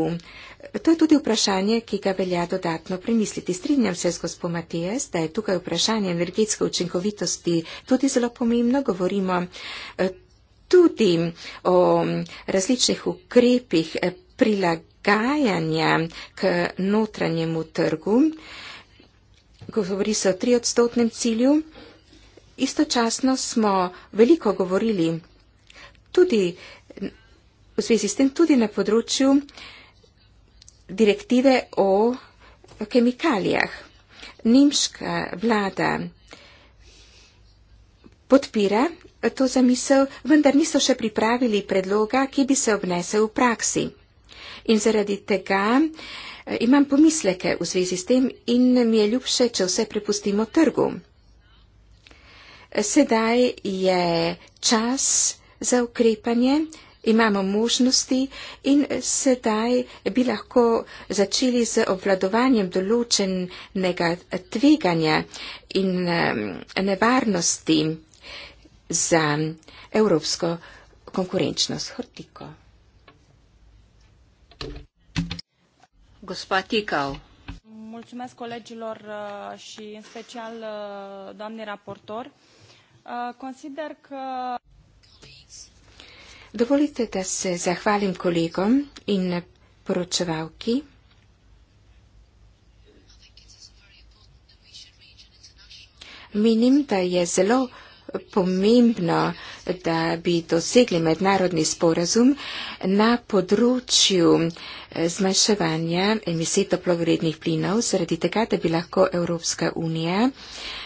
To je tudi vprašanje, ki ga velja dodatno premisliti. Strinjam se z gospod Matijas, da je tukaj vprašanje energetske učinkovitosti tudi zelo pomembno. Govorimo eh, tudi o različnih ukrepih eh, prilagajanja k notranjemu trgu govori se o triodstotnem cilju. Istočasno smo veliko govorili tudi v zvezi s tem, tudi na področju direktive o kemikalijah. Nemška vlada podpira to zamisel, vendar niso še pripravili predloga, ki bi se obnesel v praksi. In zaradi tega Eh, imam pomisleke v zvezi s tem in mi je ljubše, če vse prepustimo trgu. Eh, sedaj je čas za ukrepanje, imamo možnosti in eh, sedaj bi lahko začeli z obvladovanjem določenega tveganja in nevarnosti za evropsko konkurenčnost. Hrtiko gospa Tikal. Mulțumesc colegilor uh, și în special uh, doamnei raportor. Uh, consider că. Dovolite da se zahvalim kolegom in poročevalki. Menim, da je zelo pomembno, da bi dosegli mednarodni sporazum na področju eh, zmanjševanja emisij toplogrednih plinov, zaradi tega, da bi lahko Evropska unija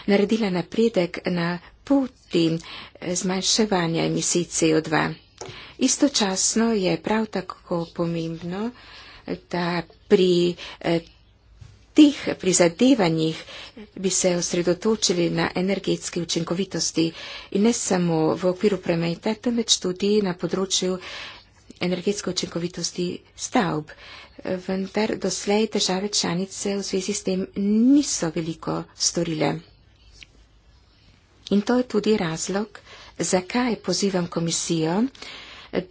naredila napredek na poti eh, zmanjševanja emisij CO2. Istočasno je prav tako pomembno, da pri eh, teh prizadevanjih bi se osredotočili na energetske učinkovitosti in ne samo v okviru premajta, temveč tudi na področju energetske učinkovitosti stavb. Vendar doslej države članice v zvezi s tem niso veliko storile. In to je tudi razlog, zakaj pozivam komisijo,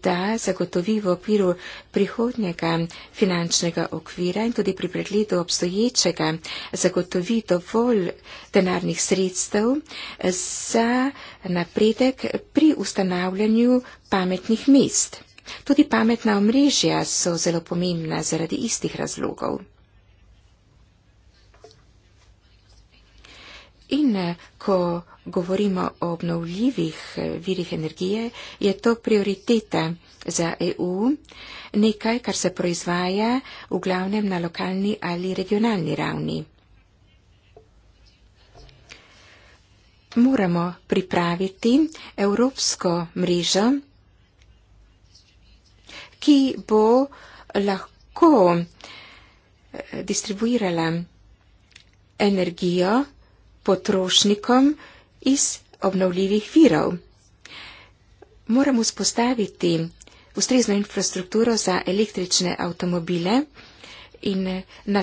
da zagotovi v okviru prihodnjega finančnega okvira in tudi pri pregledu obstoječega zagotovi dovolj denarnih sredstev za napredek pri ustanavljanju pametnih mest. Tudi pametna omrežja so zelo pomembna zaradi istih razlogov. In eh, ko govorimo o obnovljivih eh, virih energije, je to prioriteta za EU, nekaj, kar se proizvaja v glavnem na lokalni ali regionalni ravni. Moramo pripraviti evropsko mrežo, ki bo lahko eh, distribuirala energijo potrošnikom iz obnovljivih virov. Moramo spostaviti ustrezno infrastrukturo za električne avtomobile in na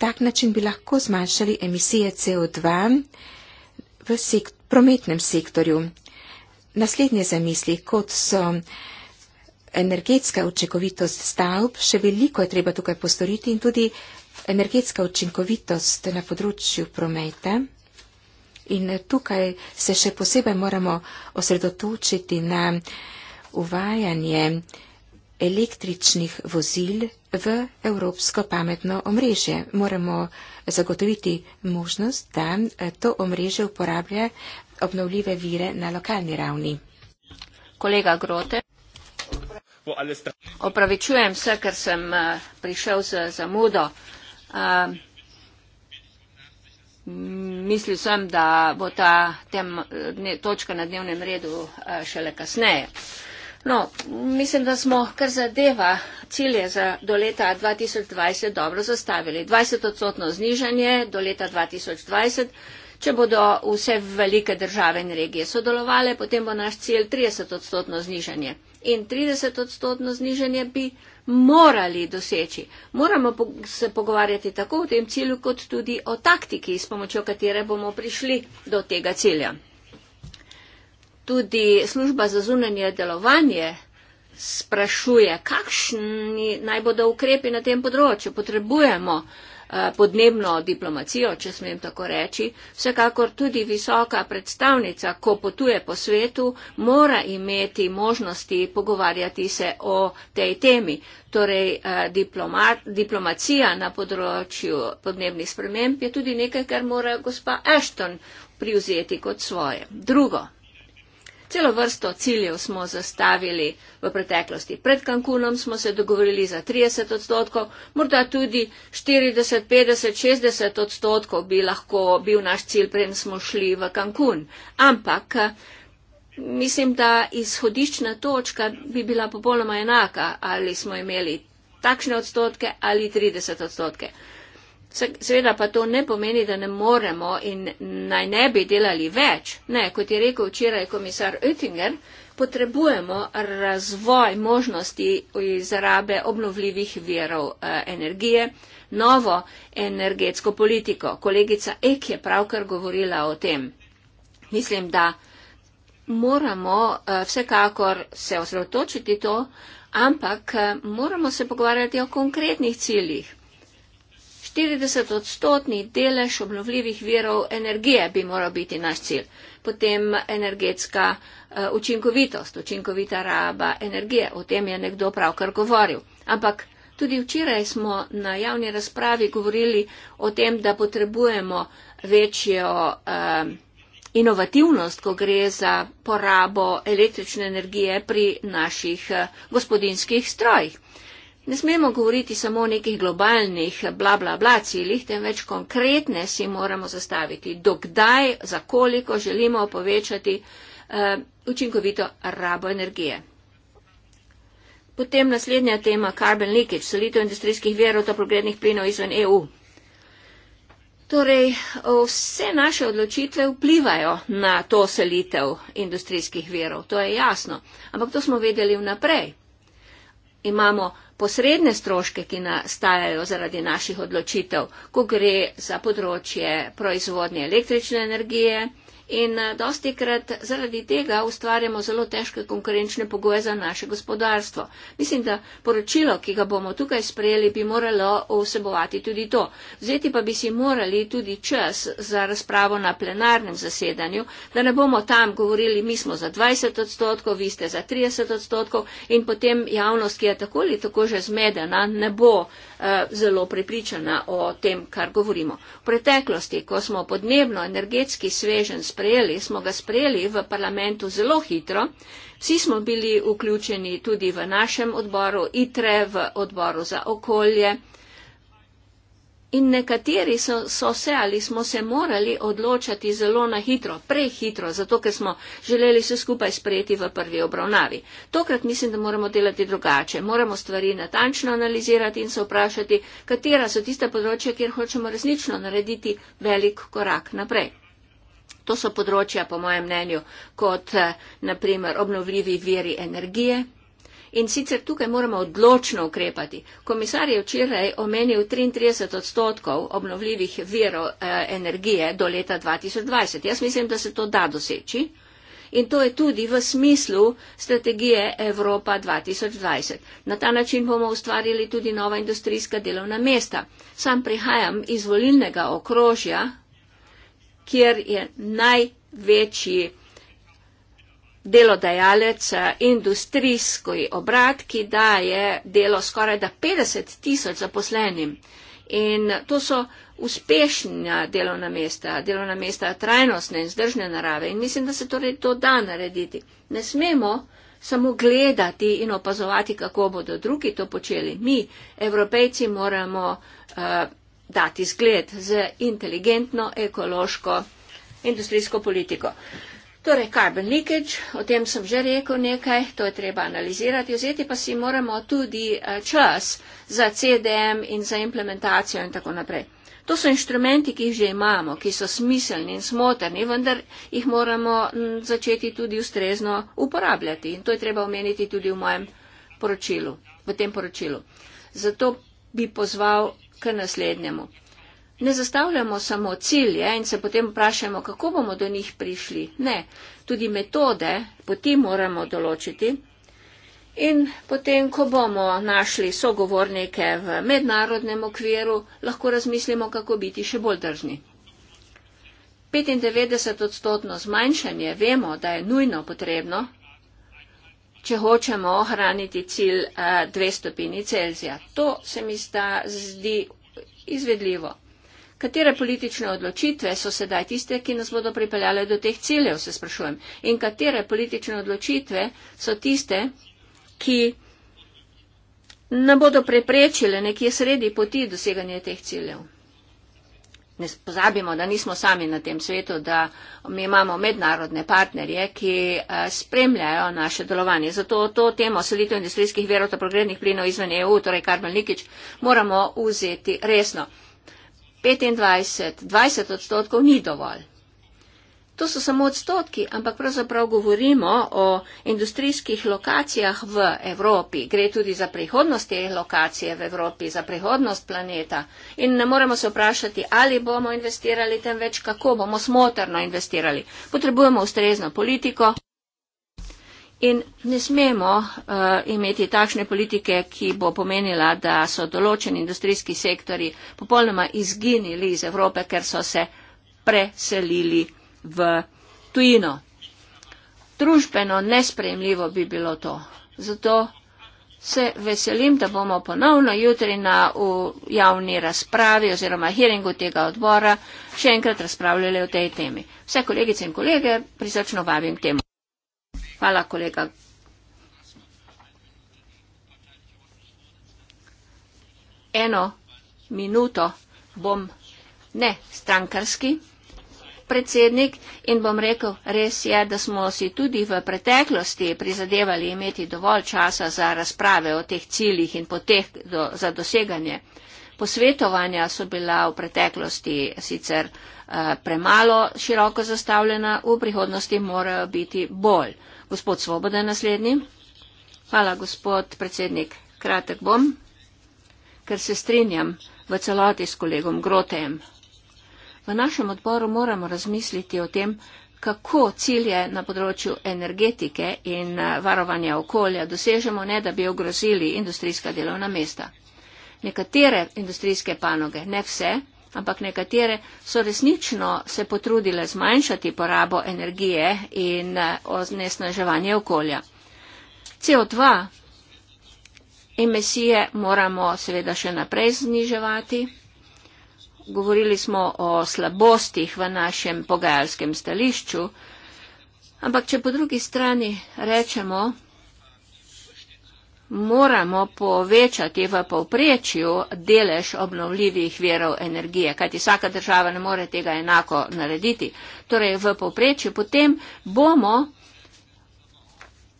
tak način bi lahko zmanjšali emisije CO2 v sek prometnem sektorju. Naslednje zamisli, kot so energetska učinkovitost stavb, še veliko je treba tukaj postoriti in tudi energetska učinkovitost na področju prometa. In eh, tukaj se še posebej moramo osredotočiti na uvajanje električnih vozil v evropsko pametno omrežje. Moramo zagotoviti možnost, da eh, to omrežje uporablja obnovljive vire na lokalni ravni. Kolega Grote. Opravičujem se, ker sem eh, prišel z zamudo. Uh, mislil sem, da bo ta tem, ne, točka na dnevnem redu eh, šele kasneje. No, mislim, da smo kar zadeva cilje za do leta 2020 dobro zastavili. 20 odstotno znižanje do leta 2020. Če bodo vse velike države in regije sodelovale, potem bo naš cilj 30 odstotno znižanje. In 30 odstotno znižanje bi morali doseči. Moramo se pogovarjati tako o tem cilju, kot tudi o taktiki, s pomočjo katere bomo prišli do tega cilja. Tudi služba za zunanje delovanje sprašuje, kakšni naj bodo ukrepi na tem področju. Potrebujemo uh, Eh, podnebno diplomacijo, če smem tako reči. Vsekakor tudi visoka predstavnica, ko potuje po svetu, mora imeti možnosti pogovarjati se o tej temi. Torej, eh, diplomat, diplomacija na področju podnebnih sprememb je tudi nekaj, kar mora gospa Ashton privzeti kot svoje. Drugo. Celo vrsto ciljev smo zastavili v preteklosti. Pred Cancunom smo se dogovorili za 30 odstotkov, morda tudi 40, 50, 60 odstotkov bi lahko bil naš cilj, preden smo šli v Cancun. Ampak mislim, da izhodiščna točka bi bila popolnoma enaka, ali smo imeli takšne odstotke ali 30 odstotke. Seveda pa to ne pomeni, da ne moremo in naj ne bi delali več. Ne, kot je rekel včeraj komisar Oettinger, potrebujemo razvoj možnosti izrabe obnovljivih verov eh, energije, novo energetsko politiko. Kolegica Ek je pravkar govorila o tem. Mislim, da moramo eh, vsekakor se osredotočiti to, ampak eh, moramo se pogovarjati o konkretnih ciljih. 40 odstotni delež obnovljivih virov energije bi moral biti naš cilj. Potem energetska eh, učinkovitost, učinkovita raba energije, o tem je nekdo pravkar govoril. Ampak tudi včeraj smo na javni razpravi govorili o tem, da potrebujemo večjo eh, inovativnost, ko gre za porabo električne energije pri naših eh, gospodinskih strojih. Ne smemo govoriti samo o nekih globalnih bla bla bla ciljih, temveč konkretne si moramo zastaviti, dokdaj, za koliko želimo povečati uh, učinkovito rabo energije. Potem naslednja tema, carbon leakage, selitev industrijskih verov toplogrednih plinov izven EU. Torej, vse naše odločitve vplivajo na to selitev industrijskih verov, to je jasno, ampak to smo vedeli vnaprej. Imamo posredne stroške, ki nastajajo zaradi naših odločitev, ko gre za področje proizvodnje električne energije, In eh, dosti krat zaradi tega ustvarjamo zelo težke konkurenčne pogoje za naše gospodarstvo. Mislim, da poročilo, ki ga bomo tukaj sprejeli, bi moralo vsebovati tudi to. Vzeti pa bi si morali tudi čas za razpravo na plenarnem zasedanju, da ne bomo tam govorili, mi smo za 20 odstotkov, vi ste za 30 odstotkov in potem javnost, ki je tako ali tako že zmedena, ne bo eh, zelo pripričana o tem, kar govorimo. V preteklosti, ko smo podnebno energetski svežen, sprejeli, smo ga sprejeli v parlamentu zelo hitro. Vsi smo bili vključeni tudi v našem odboru ITRE, v odboru za okolje. In nekateri so, so se ali smo se morali odločati zelo na hitro, prehitro, zato ker smo želeli vse skupaj sprejeti v prvi obravnavi. Tokrat mislim, da moramo delati drugače. Moramo stvari natančno analizirati in se vprašati, katera so tiste področje, kjer hočemo resnično narediti velik korak naprej. To so področja, po mojem mnenju, kot eh, naprimer obnovljivi viri energije. In sicer tukaj moramo odločno ukrepati. Komisar je včeraj omenil 33 odstotkov obnovljivih virov eh, energije do leta 2020. Jaz mislim, da se to da doseči. In to je tudi v smislu strategije Evropa 2020. Na ta način bomo ustvarili tudi nova industrijska delovna mesta. Sam prihajam iz volilnega okrožja, kjer je največji delodajalec eh, industrijski obrat, ki daje delo skoraj da 50 tisoč zaposlenim. In to so uspešna delovna mesta, delovna mesta trajnostne in zdržne narave. In mislim, da se torej to da narediti. Ne smemo samo gledati in opazovati, kako bodo drugi to počeli. Mi, evropejci, moramo. Uh, dati zgled z inteligentno, ekološko, industrijsko politiko. Torej, carbon leakage, o tem sem že rekel nekaj, to je treba analizirati, vzeti pa si moramo tudi eh, čas za CDM in za implementacijo in tako naprej. To so inštrumenti, ki jih že imamo, ki so smiselni in smotrni, vendar jih moramo začeti tudi ustrezno uporabljati. In to je treba omeniti tudi v mojem poročilu, v tem poročilu. Zato bi pozval k naslednjemu. Ne zastavljamo samo cilje in se potem vprašamo, kako bomo do njih prišli. Ne, tudi metode, poti moramo določiti. In potem, ko bomo našli sogovornike v mednarodnem okviru, lahko razmislimo, kako biti še bolj držni. 95 odstotno zmanjšanje vemo, da je nujno potrebno, če hočemo ohraniti cilj eh, dve stopini Celzija. To se mi zdi izvedljivo. Katere politične odločitve so sedaj tiste, ki nas bodo pripeljale do teh ciljev, se sprašujem. In katere politične odločitve so tiste, ki ne bodo preprečile nekje sredi poti doseganje teh ciljev ne pozabimo, da nismo sami na tem svetu, da mi imamo mednarodne partnerje, ki eh, spremljajo naše delovanje. Zato to temo selitev industrijskih verov ter progrednih plinov izven EU, torej Karmel Nikič, moramo vzeti resno. 25, 20 odstotkov ni dovolj. To so samo odstotki, ampak pravzaprav govorimo o industrijskih lokacijah v Evropi. Gre tudi za prihodnost te lokacije v Evropi, za prihodnost planeta. In ne moremo se vprašati, ali bomo investirali, temveč kako bomo smotrno investirali. Potrebujemo ustrezno politiko. In ne smemo uh, imeti takšne politike, ki bo pomenila, da so določeni industrijski sektori popolnoma izginili iz Evrope, ker so se preselili v tujino. Družbeno nespremljivo bi bilo to. Zato se veselim, da bomo ponovno jutri na javni razpravi oziroma hearingu tega odbora še enkrat razpravljali o tej temi. Vse kolegice in kolege prisrčno vabim temu. Hvala, kolega. Eno minuto bom ne strankarski predsednik in bom rekel, res je, da smo si tudi v preteklosti prizadevali imeti dovolj časa za razprave o teh ciljih in poteh do, za doseganje. Posvetovanja so bila v preteklosti sicer eh, premalo široko zastavljena, v prihodnosti morajo biti bolj. Gospod Svoboda je naslednji. Hvala, gospod predsednik. Kratek bom, ker se strinjam v celoti s kolegom Grotejem v našem odboru moramo razmisliti o tem, kako cilje na področju energetike in eh, varovanja okolja dosežemo, ne da bi ogrozili industrijska delovna mesta. Nekatere industrijske panoge, ne vse, ampak nekatere so resnično se potrudile zmanjšati porabo energije in eh, oznesnaževanje okolja. CO2 emisije moramo seveda še naprej zniževati govorili smo o slabostih v našem pogajalskem stališču, ampak če po drugi strani rečemo, moramo povečati v povprečju delež obnovljivih verov energije, kajti vsaka država ne more tega enako narediti. Torej v povprečju potem bomo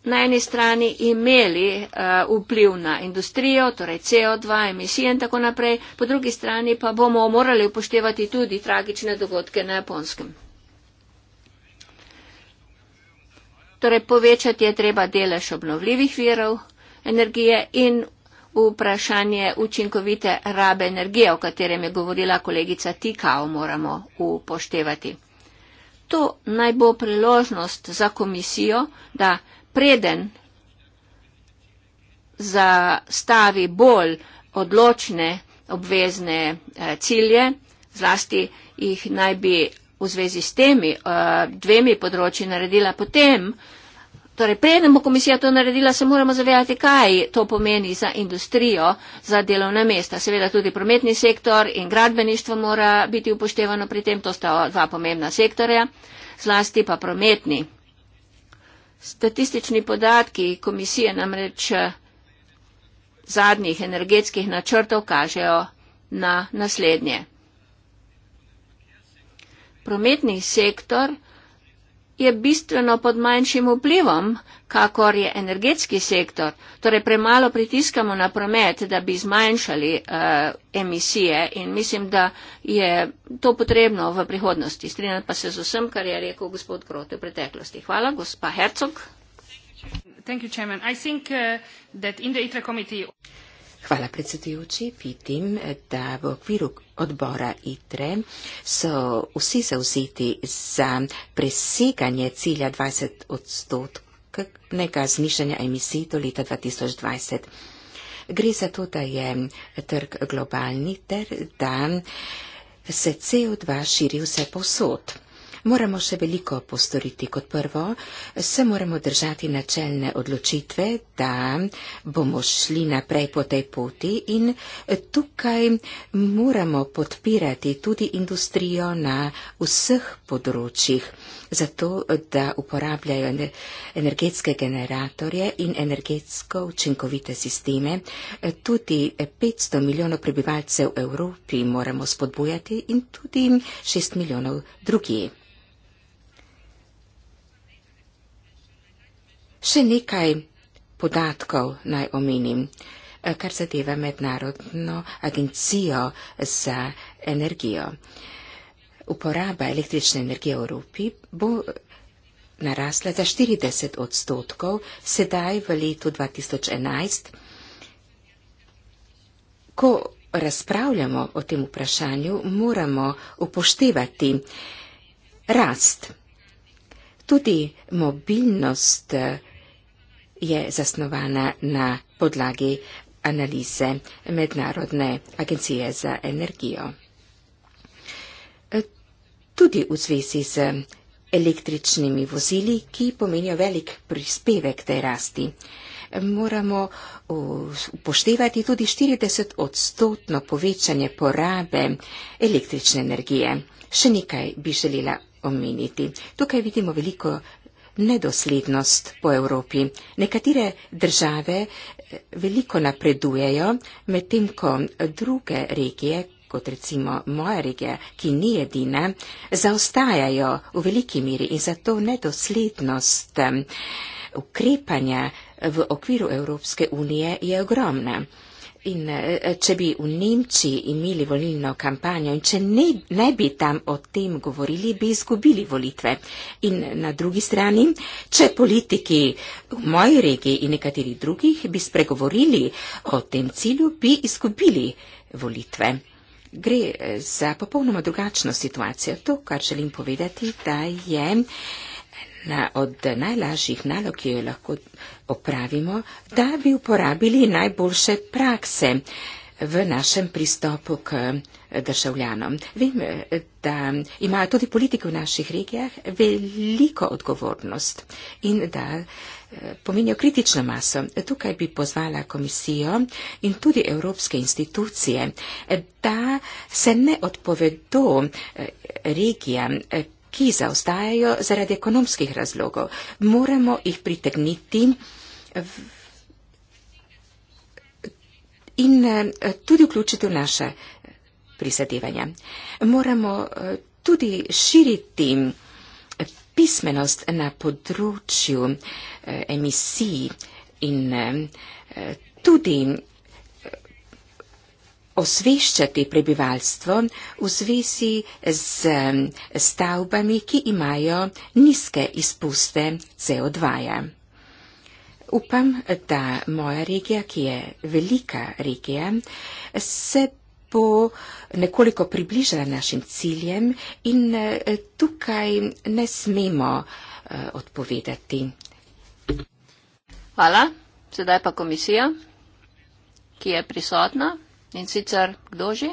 na eni strani imeli uh, vpliv na industrijo, torej CO2, emisije in tako naprej, po drugi strani pa bomo morali upoštevati tudi tragične dogodke na japonskem. Torej, povečati je treba delež obnovljivih virov energije in vprašanje učinkovite rabe energije, o katerem je govorila kolegica Tikao, moramo upoštevati. To naj bo priložnost za komisijo, da preden zastavi bolj odločne obvezne eh, cilje, zlasti jih naj bi v zvezi s temi eh, dvemi področji naredila potem, torej preden bo komisija to naredila, se moramo zavedati, kaj to pomeni za industrijo, za delovna mesta. Seveda tudi prometni sektor in gradbeništvo mora biti upoštevano pri tem, to sta dva pomembna sektorja, zlasti pa prometni. Statistični podatki komisije namreč eh, zadnjih energetskih načrtov kažejo na naslednje. Prometni sektor je bistveno pod manjšim vplivom, kakor je energetski sektor. Torej, premalo pritiskamo na promet, da bi zmanjšali uh, emisije in mislim, da je to potrebno v prihodnosti. Strinjam pa se z vsem, kar je rekel gospod Krote v preteklosti. Hvala, gospa Hercog. Thank you, Hvala predsedujoči. Vidim, da v okviru odbora ITRE so vsi zauzeti za preseganje cilja 20 odstotnega znižanja emisij do leta 2020. Gre za to, da je trg globalni ter da se CO2 širi vse posod moramo še veliko postoriti. Kot prvo, se moramo držati načelne odločitve, da bomo šli naprej po tej poti in tukaj moramo podpirati tudi industrijo na vseh področjih, zato da uporabljajo energetske generatorje in energetsko učinkovite sisteme. Tudi 500 milijonov prebivalcev v Evropi moramo spodbujati in tudi 6 milijonov drugih. Še nekaj podatkov naj omenim, eh, kar zadeva Mednarodno agencijo za energijo. Uporaba električne energije v Evropi bo eh, narasla za 40 odstotkov sedaj v letu 2011. Ko razpravljamo o tem vprašanju, moramo upoštevati rast. Tudi mobilnost eh, je zasnovana na podlagi analize Mednarodne agencije za energijo. Tudi v zvezi z električnimi vozili, ki pomenijo velik prispevek tej rasti, moramo upoštevati tudi 40 odstotno povečanje porabe električne energije. Še nekaj bi želela omeniti. Tukaj vidimo veliko nedoslednost po Evropi. Nekatere države eh, veliko napredujejo, medtem ko druge regije, kot recimo moja regija, ki ni edina, zaostajajo v veliki miri in zato nedoslednost eh, ukrepanja v okviru Evropske unije je ogromna. In, eh, če bi v Nemčiji imeli volilno kampanjo in če ne, ne bi tam o tem govorili, bi izgubili volitve. In na drugi strani, če politiki v moji regiji in nekaterih drugih bi spregovorili o tem cilju, bi izgubili volitve. Gre eh, za popolnoma drugačno situacijo. To, kar želim povedati, da je na, od najlažjih nalog, ki jo lahko opravimo, da bi uporabili najboljše prakse v našem pristopu k državljanom. Vem, da imajo tudi politiki v naših regijah veliko odgovornost in da eh, pomenijo kritično maso. Tukaj bi pozvala komisijo in tudi evropske institucije, da se ne odpovedo eh, regijam, ki zaostajajo zaradi ekonomskih razlogov. Moramo jih pritegniti in eh, tudi vključiti v naše prizadevanja. Moramo eh, tudi širiti eh, pismenost na področju emisij in tudi osveščati prebivalstvo v zvezi z stavbami, ki imajo nizke izpuste CO2. Upam, da moja regija, ki je velika regija, se bo nekoliko približala našim ciljem in e, tukaj ne smemo e, odpovedati. Hvala. Sedaj pa komisija, ki je prisotna. In sicer kdo že?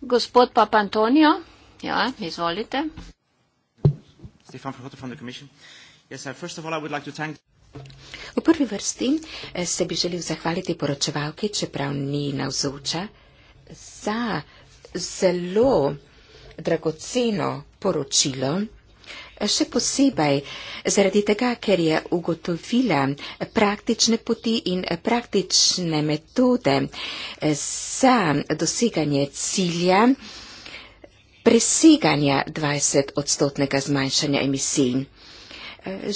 Gospod Papa Antonio, ja, izvolite. Stefan Frohote from the Commission. Yes, sir. first of all I would like to thank V prvi vrsti eh, se bi želel zahvaliti poročevalki, čeprav ni navzoča, za zelo dragoceno poročilo še posebej zaradi tega, ker je ugotovila praktične poti in praktične metode eh, za doseganje cilja preseganja 20-odstotnega zmanjšanja emisij.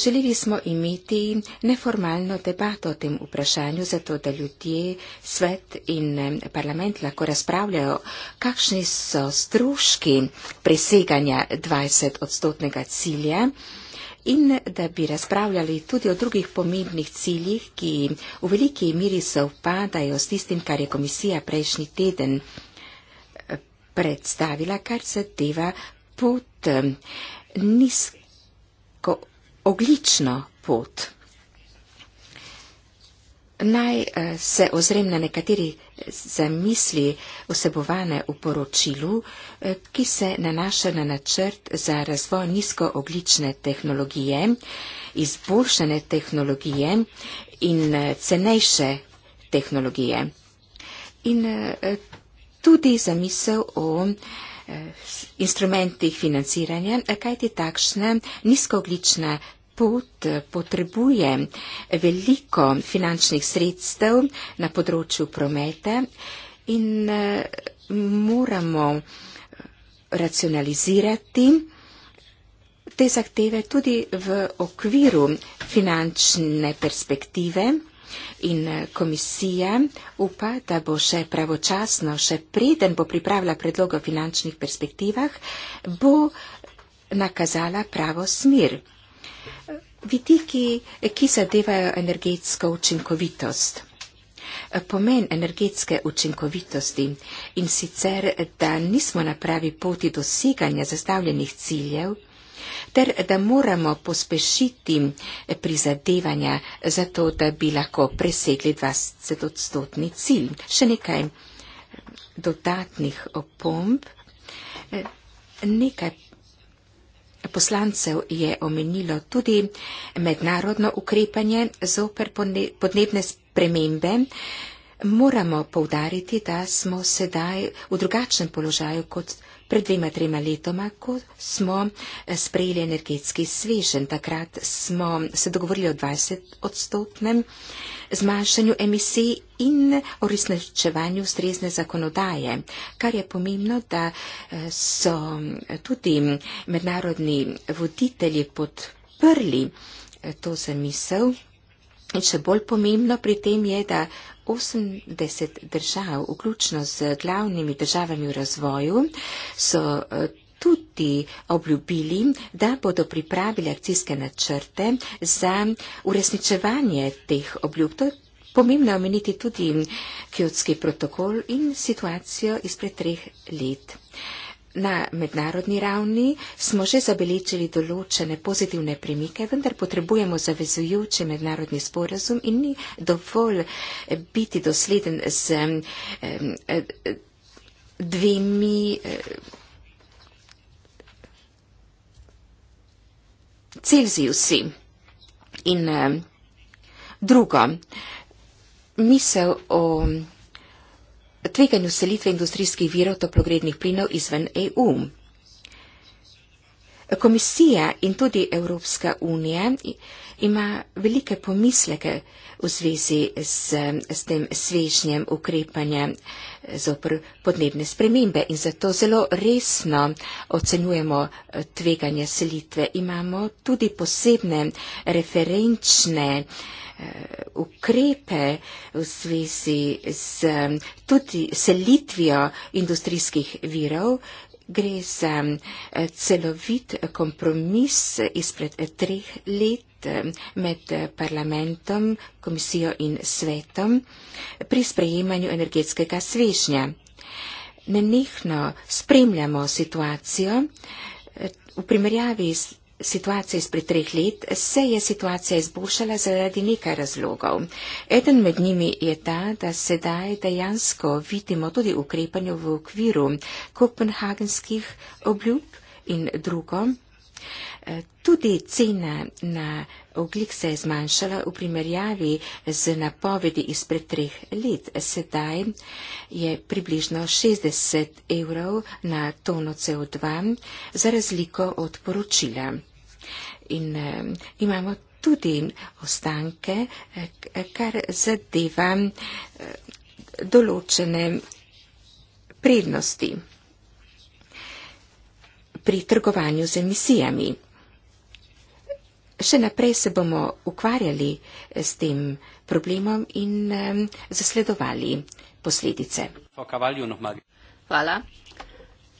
Želeli smo imeti neformalno debato o tem vprašanju, zato da ljudje, svet in eh, parlament lahko razpravljajo, kakšni so stroški preseganja 20 odstotnega cilja in da bi razpravljali tudi o drugih pomembnih ciljih, ki v veliki miri sovpadajo s tistim, kar je komisija prejšnji teden eh, predstavila, kar se deva pod eh, nizko oglično pot. Naj eh, se ozrem na nekateri zamisli vsebovane v poročilu, eh, ki se nanaša na načrt za razvoj nizkooglične tehnologije, izboljšane tehnologije in eh, cenejše tehnologije. In tudi zamisel o Eh, instrumentih financiranja, eh, kajti takšne nizkooglične pot eh, potrebuje veliko finančnih sredstev na področju promete in moramo racionalizirati te zahteve tudi v okviru finančne perspektive in eh, komisija upa, da bo še pravočasno, še preden bo pripravila predlog o finančnih perspektivah, bo nakazala pravo smer. Vidiki, ki zadevajo energetsko učinkovitost. Pomen energetske učinkovitosti in sicer, da nismo na pravi poti doseganja zastavljenih ciljev, ter da moramo pospešiti eh, prizadevanja za to, da bi lahko presegli 20 odstotni cilj. Še nekaj eh, dodatnih opomb. Eh, nekaj poslancev je omenilo tudi mednarodno ukrepanje z oper podnebne spremembe. Moramo povdariti, da smo sedaj v drugačnem položaju kot. Pred dvema, trema letoma, ko smo eh, sprejeli energetski svežen, takrat smo se dogovorili o 20 odstotnem zmanjšanju emisij in o resničevanju strezne zakonodaje, kar je pomembno, da eh, so eh, tudi mednarodni voditelji podprli to zamisel. Še bolj pomembno pri tem je, da 80 držav, vključno z glavnimi državami v razvoju, so eh, tudi obljubili, da bodo pripravili akcijske načrte za uresničevanje teh obljub. To je pomembno omeniti tudi Kjotski protokol in situacijo izpred treh let. Na mednarodni ravni smo že zabeležili določene pozitivne premike, vendar potrebujemo zavezujoči mednarodni sporazum in ni dovolj eh, biti dosleden z eh, dvemi. Eh, Celziju si. In eh, drugo, misel o tveganju selitve industrijskih virov toplogrednih plinov izven EU. Komisija in tudi Evropska unija ima velike pomisleke v zvezi s, s tem svežnjem ukrepanja zopr podnebne spremembe in zato zelo resno ocenjujemo eh, tveganje selitve. Imamo tudi posebne referenčne eh, Eh, ukrepe v svesi z eh, tudi selitvijo industrijskih virov. Gre za eh, celovit kompromis izpred treh let med parlamentom, komisijo in svetom pri sprejemanju energetskega svežnja. Nenehno spremljamo situacijo. V primerjavi s situacije izpred treh let, se je situacija izboljšala zaradi nekaj razlogov. Eden med njimi je ta, da sedaj dejansko vidimo tudi ukrepanje v okviru kopenhagenskih obljub in drugo. Eh, tudi cena na oglik se je zmanjšala v primerjavi z napovedi izpred treh let. Sedaj je približno 60 evrov na tono CO2 za razliko od poročila. In eh, imamo tudi ostanke, eh, kar zadeva eh, določene prednosti pri trgovanju z emisijami še naprej se bomo ukvarjali eh, s tem problemom in um, zasledovali posledice. Hvala.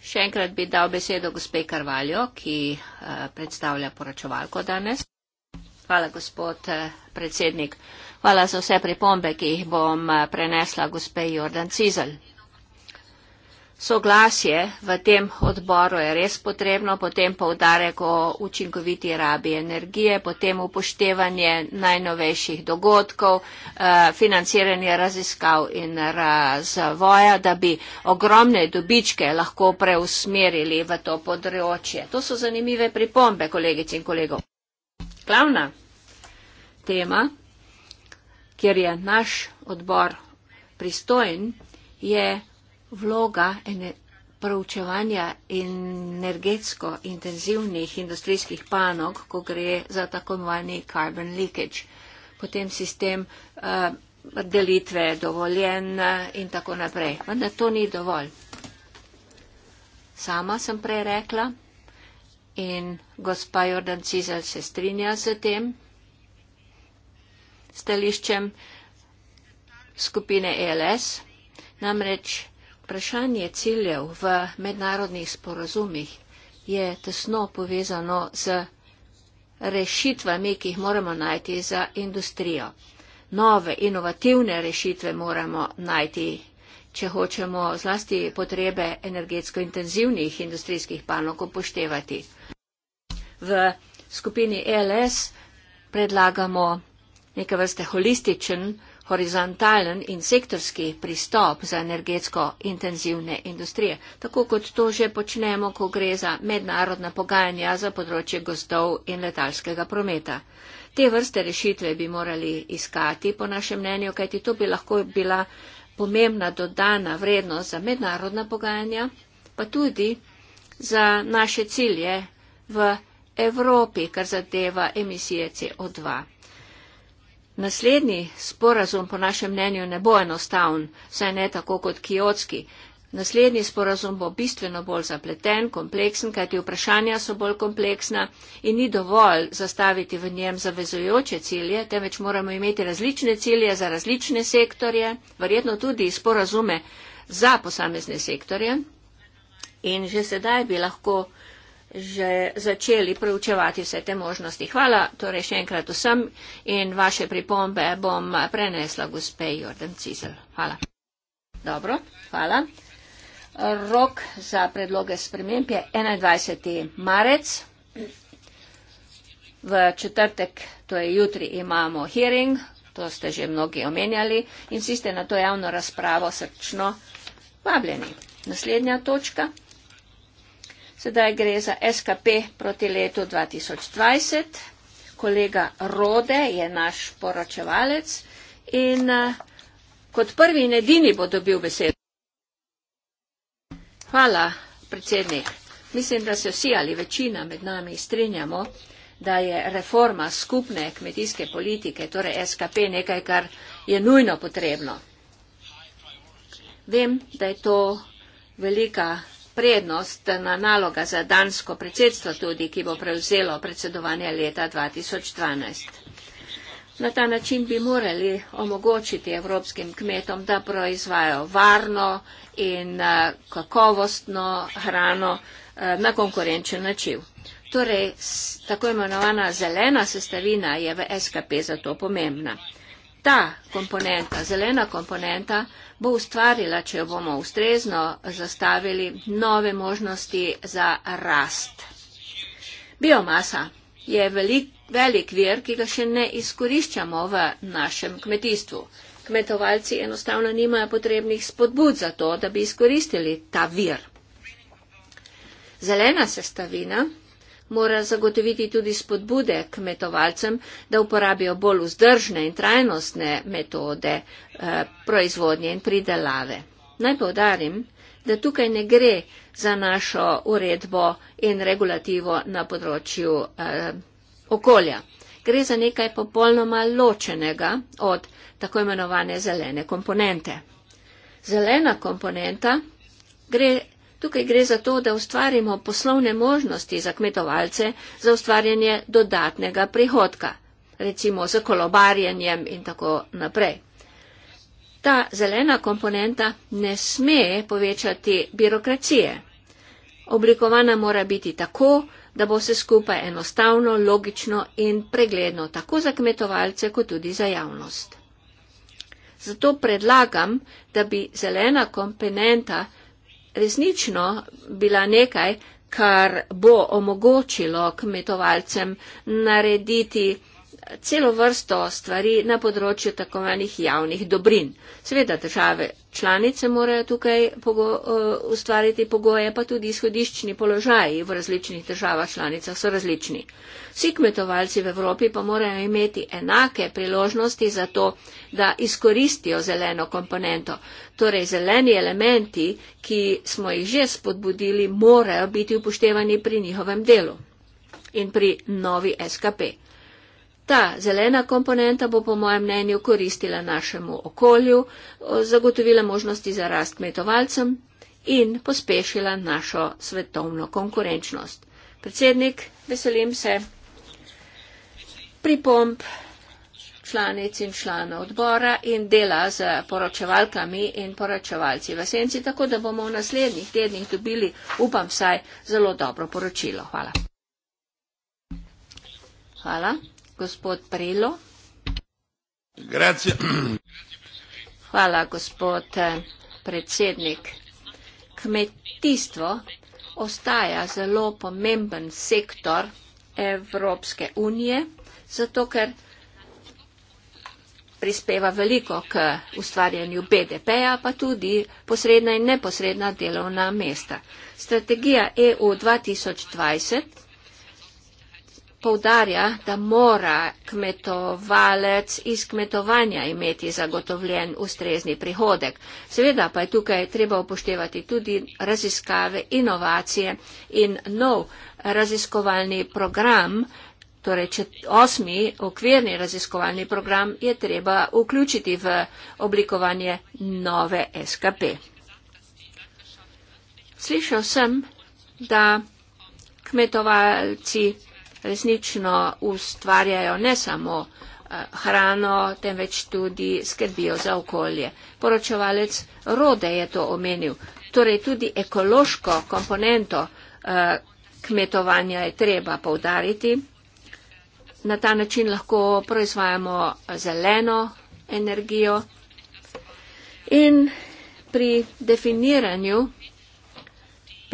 Še enkrat bi dal besedo gospe Karvaljo, ki uh, predstavlja poročevalko danes. Hvala, gospod eh, predsednik. Hvala za vse pripombe, ki jih bom prenesla gospe Jordan Cizel. Soglasje v tem odboru je res potrebno, potem povdarek o učinkoviti rabi energije, potem upoštevanje najnovejših dogodkov, eh, financiranje raziskav in razvoja, da bi ogromne dobičke lahko preusmerili v to področje. To so zanimive pripombe, kolegici in kolegov. Glavna tema, kjer je naš odbor pristojen, je vloga ene proučevanja energetsko intenzivnih industrijskih panog, ko gre za tako imenovani carbon leakage, potem sistem uh, delitve dovoljen eh, in tako naprej. Vendar to ni dovolj. Sama sem prej rekla in gospa Jordan Cizel se strinja z tem stališčem skupine ELS. Namreč Vprašanje ciljev v mednarodnih sporazumih je tesno povezano z rešitvami, ki jih moramo najti za industrijo. Nove, inovativne rešitve moramo najti, če hočemo zlasti potrebe energetsko intenzivnih industrijskih panog upoštevati. V skupini ELS predlagamo neke vrste holističen horizontalen in sektorski pristop za energetsko intenzivne industrije, tako kot to že počnemo, ko gre za mednarodna pogajanja za področje gostov in letalskega prometa. Te vrste rešitve bi morali iskati, po našem mnenju, kajti to bi lahko bila pomembna dodana vrednost za mednarodna pogajanja, pa tudi za naše cilje v Evropi, kar zadeva emisije CO2. Naslednji sporazum, po našem mnenju, ne bo enostavn, saj ne tako kot kiotski. Naslednji sporazum bo bistveno bolj zapleten, kompleksen, kajti vprašanja so bolj kompleksna in ni dovolj zastaviti v njem zavezujoče cilje, temveč moramo imeti različne cilje za različne sektorje, verjetno tudi sporazume za posamezne sektorje. In že sedaj bi lahko že začeli preučevati vse te možnosti. Hvala torej še enkrat vsem in vaše pripombe bom prenesla gospe Jordan Cizel. Hvala. Dobro, hvala. Rok za predloge sprememb je 21. marec. V četrtek, to je jutri, imamo hearing, to ste že mnogi omenjali in vsi ste na to javno razpravo srčno vabljeni. Naslednja točka. Sedaj gre za SKP proti letu 2020. Kolega Rode je naš poročevalec in eh, kot prvi in edini bo dobil besedo. Hvala, predsednik. Mislim, da se vsi ali večina med nami strinjamo, da je reforma skupne kmetijske politike, torej SKP, nekaj, kar je nujno potrebno. Vem, da je to velika prednost na naloga za dansko predsedstvo tudi, ki bo prevzelo predsedovanje leta 2012. Na ta način bi morali omogočiti evropskim kmetom, da proizvajo varno in eh, kakovostno hrano eh, na konkurenčen način. Torej, tako imenovana zelena sestavina je v SKP zato pomembna ta komponenta, zelena komponenta, bo ustvarila, če jo bomo ustrezno zastavili, nove možnosti za rast. Biomasa je velik, velik vir, ki ga še ne izkoriščamo v našem kmetijstvu. Kmetovalci enostavno nimajo potrebnih spodbud za to, da bi izkoristili ta vir. Zelena sestavina mora zagotoviti tudi spodbude kmetovalcem, da uporabijo bolj vzdržne in trajnostne metode eh, proizvodnje in pridelave. Naj povdarim, da tukaj ne gre za našo uredbo in regulativo na področju eh, okolja. Gre za nekaj popolnoma ločenega od tako imenovane zelene komponente. Zelena komponenta gre Tukaj gre za to, da ustvarimo poslovne možnosti za kmetovalce za ustvarjanje dodatnega prihodka, recimo z kolobarjenjem in tako naprej. Ta zelena komponenta ne sme povečati birokracije. Oblikovana mora biti tako, da bo vse skupaj enostavno, logično in pregledno, tako za kmetovalce, kot tudi za javnost. Zato predlagam, da bi zelena komponenta resnično bila nekaj, kar bo omogočilo kmetovalcem narediti celo vrsto stvari na področju tako manjih javnih dobrin. Seveda države članice morajo tukaj pogo eh, ustvariti pogoje, pa tudi izhodiščni položaji v različnih državah članicah so različni. Vsi kmetovalci v Evropi pa morajo imeti enake priložnosti za to, da izkoristijo zeleno komponento. Torej, zeleni elementi, ki smo jih že spodbudili, morajo biti upoštevani pri njihovem delu in pri novi SKP. Ta zelena komponenta bo po mojem mnenju koristila našemu okolju, zagotovila možnosti za rast kmetovalcem in pospešila našo svetovno konkurenčnost. Predsednik, veselim se pripomb članic in članov odbora in dela z poročevalkami in poročevalci v senci, tako da bomo v naslednjih tednih dobili, upam vsaj, zelo dobro poročilo. Hvala. Hvala gospod Prelo. Hvala, gospod eh, predsednik. Kmetijstvo ostaja zelo pomemben sektor Evropske unije, zato ker prispeva veliko k ustvarjanju BDP-ja, pa tudi posredna in neposredna delovna mesta. Strategija EU 2020 poudarja, da mora kmetovalec iz kmetovanja imeti zagotovljen ustrezni prihodek. Seveda pa je tukaj treba upoštevati tudi raziskave, inovacije in nov raziskovalni program, torej osmi okvirni raziskovalni program je treba vključiti v oblikovanje nove SKP. Slišal sem, da kmetovalci resnično ustvarjajo ne samo eh, hrano, temveč tudi skrbijo za okolje. Poročevalec Rode je to omenil. Torej tudi ekološko komponento eh, kmetovanja je treba povdariti. Na ta način lahko proizvajamo zeleno energijo. In pri definiranju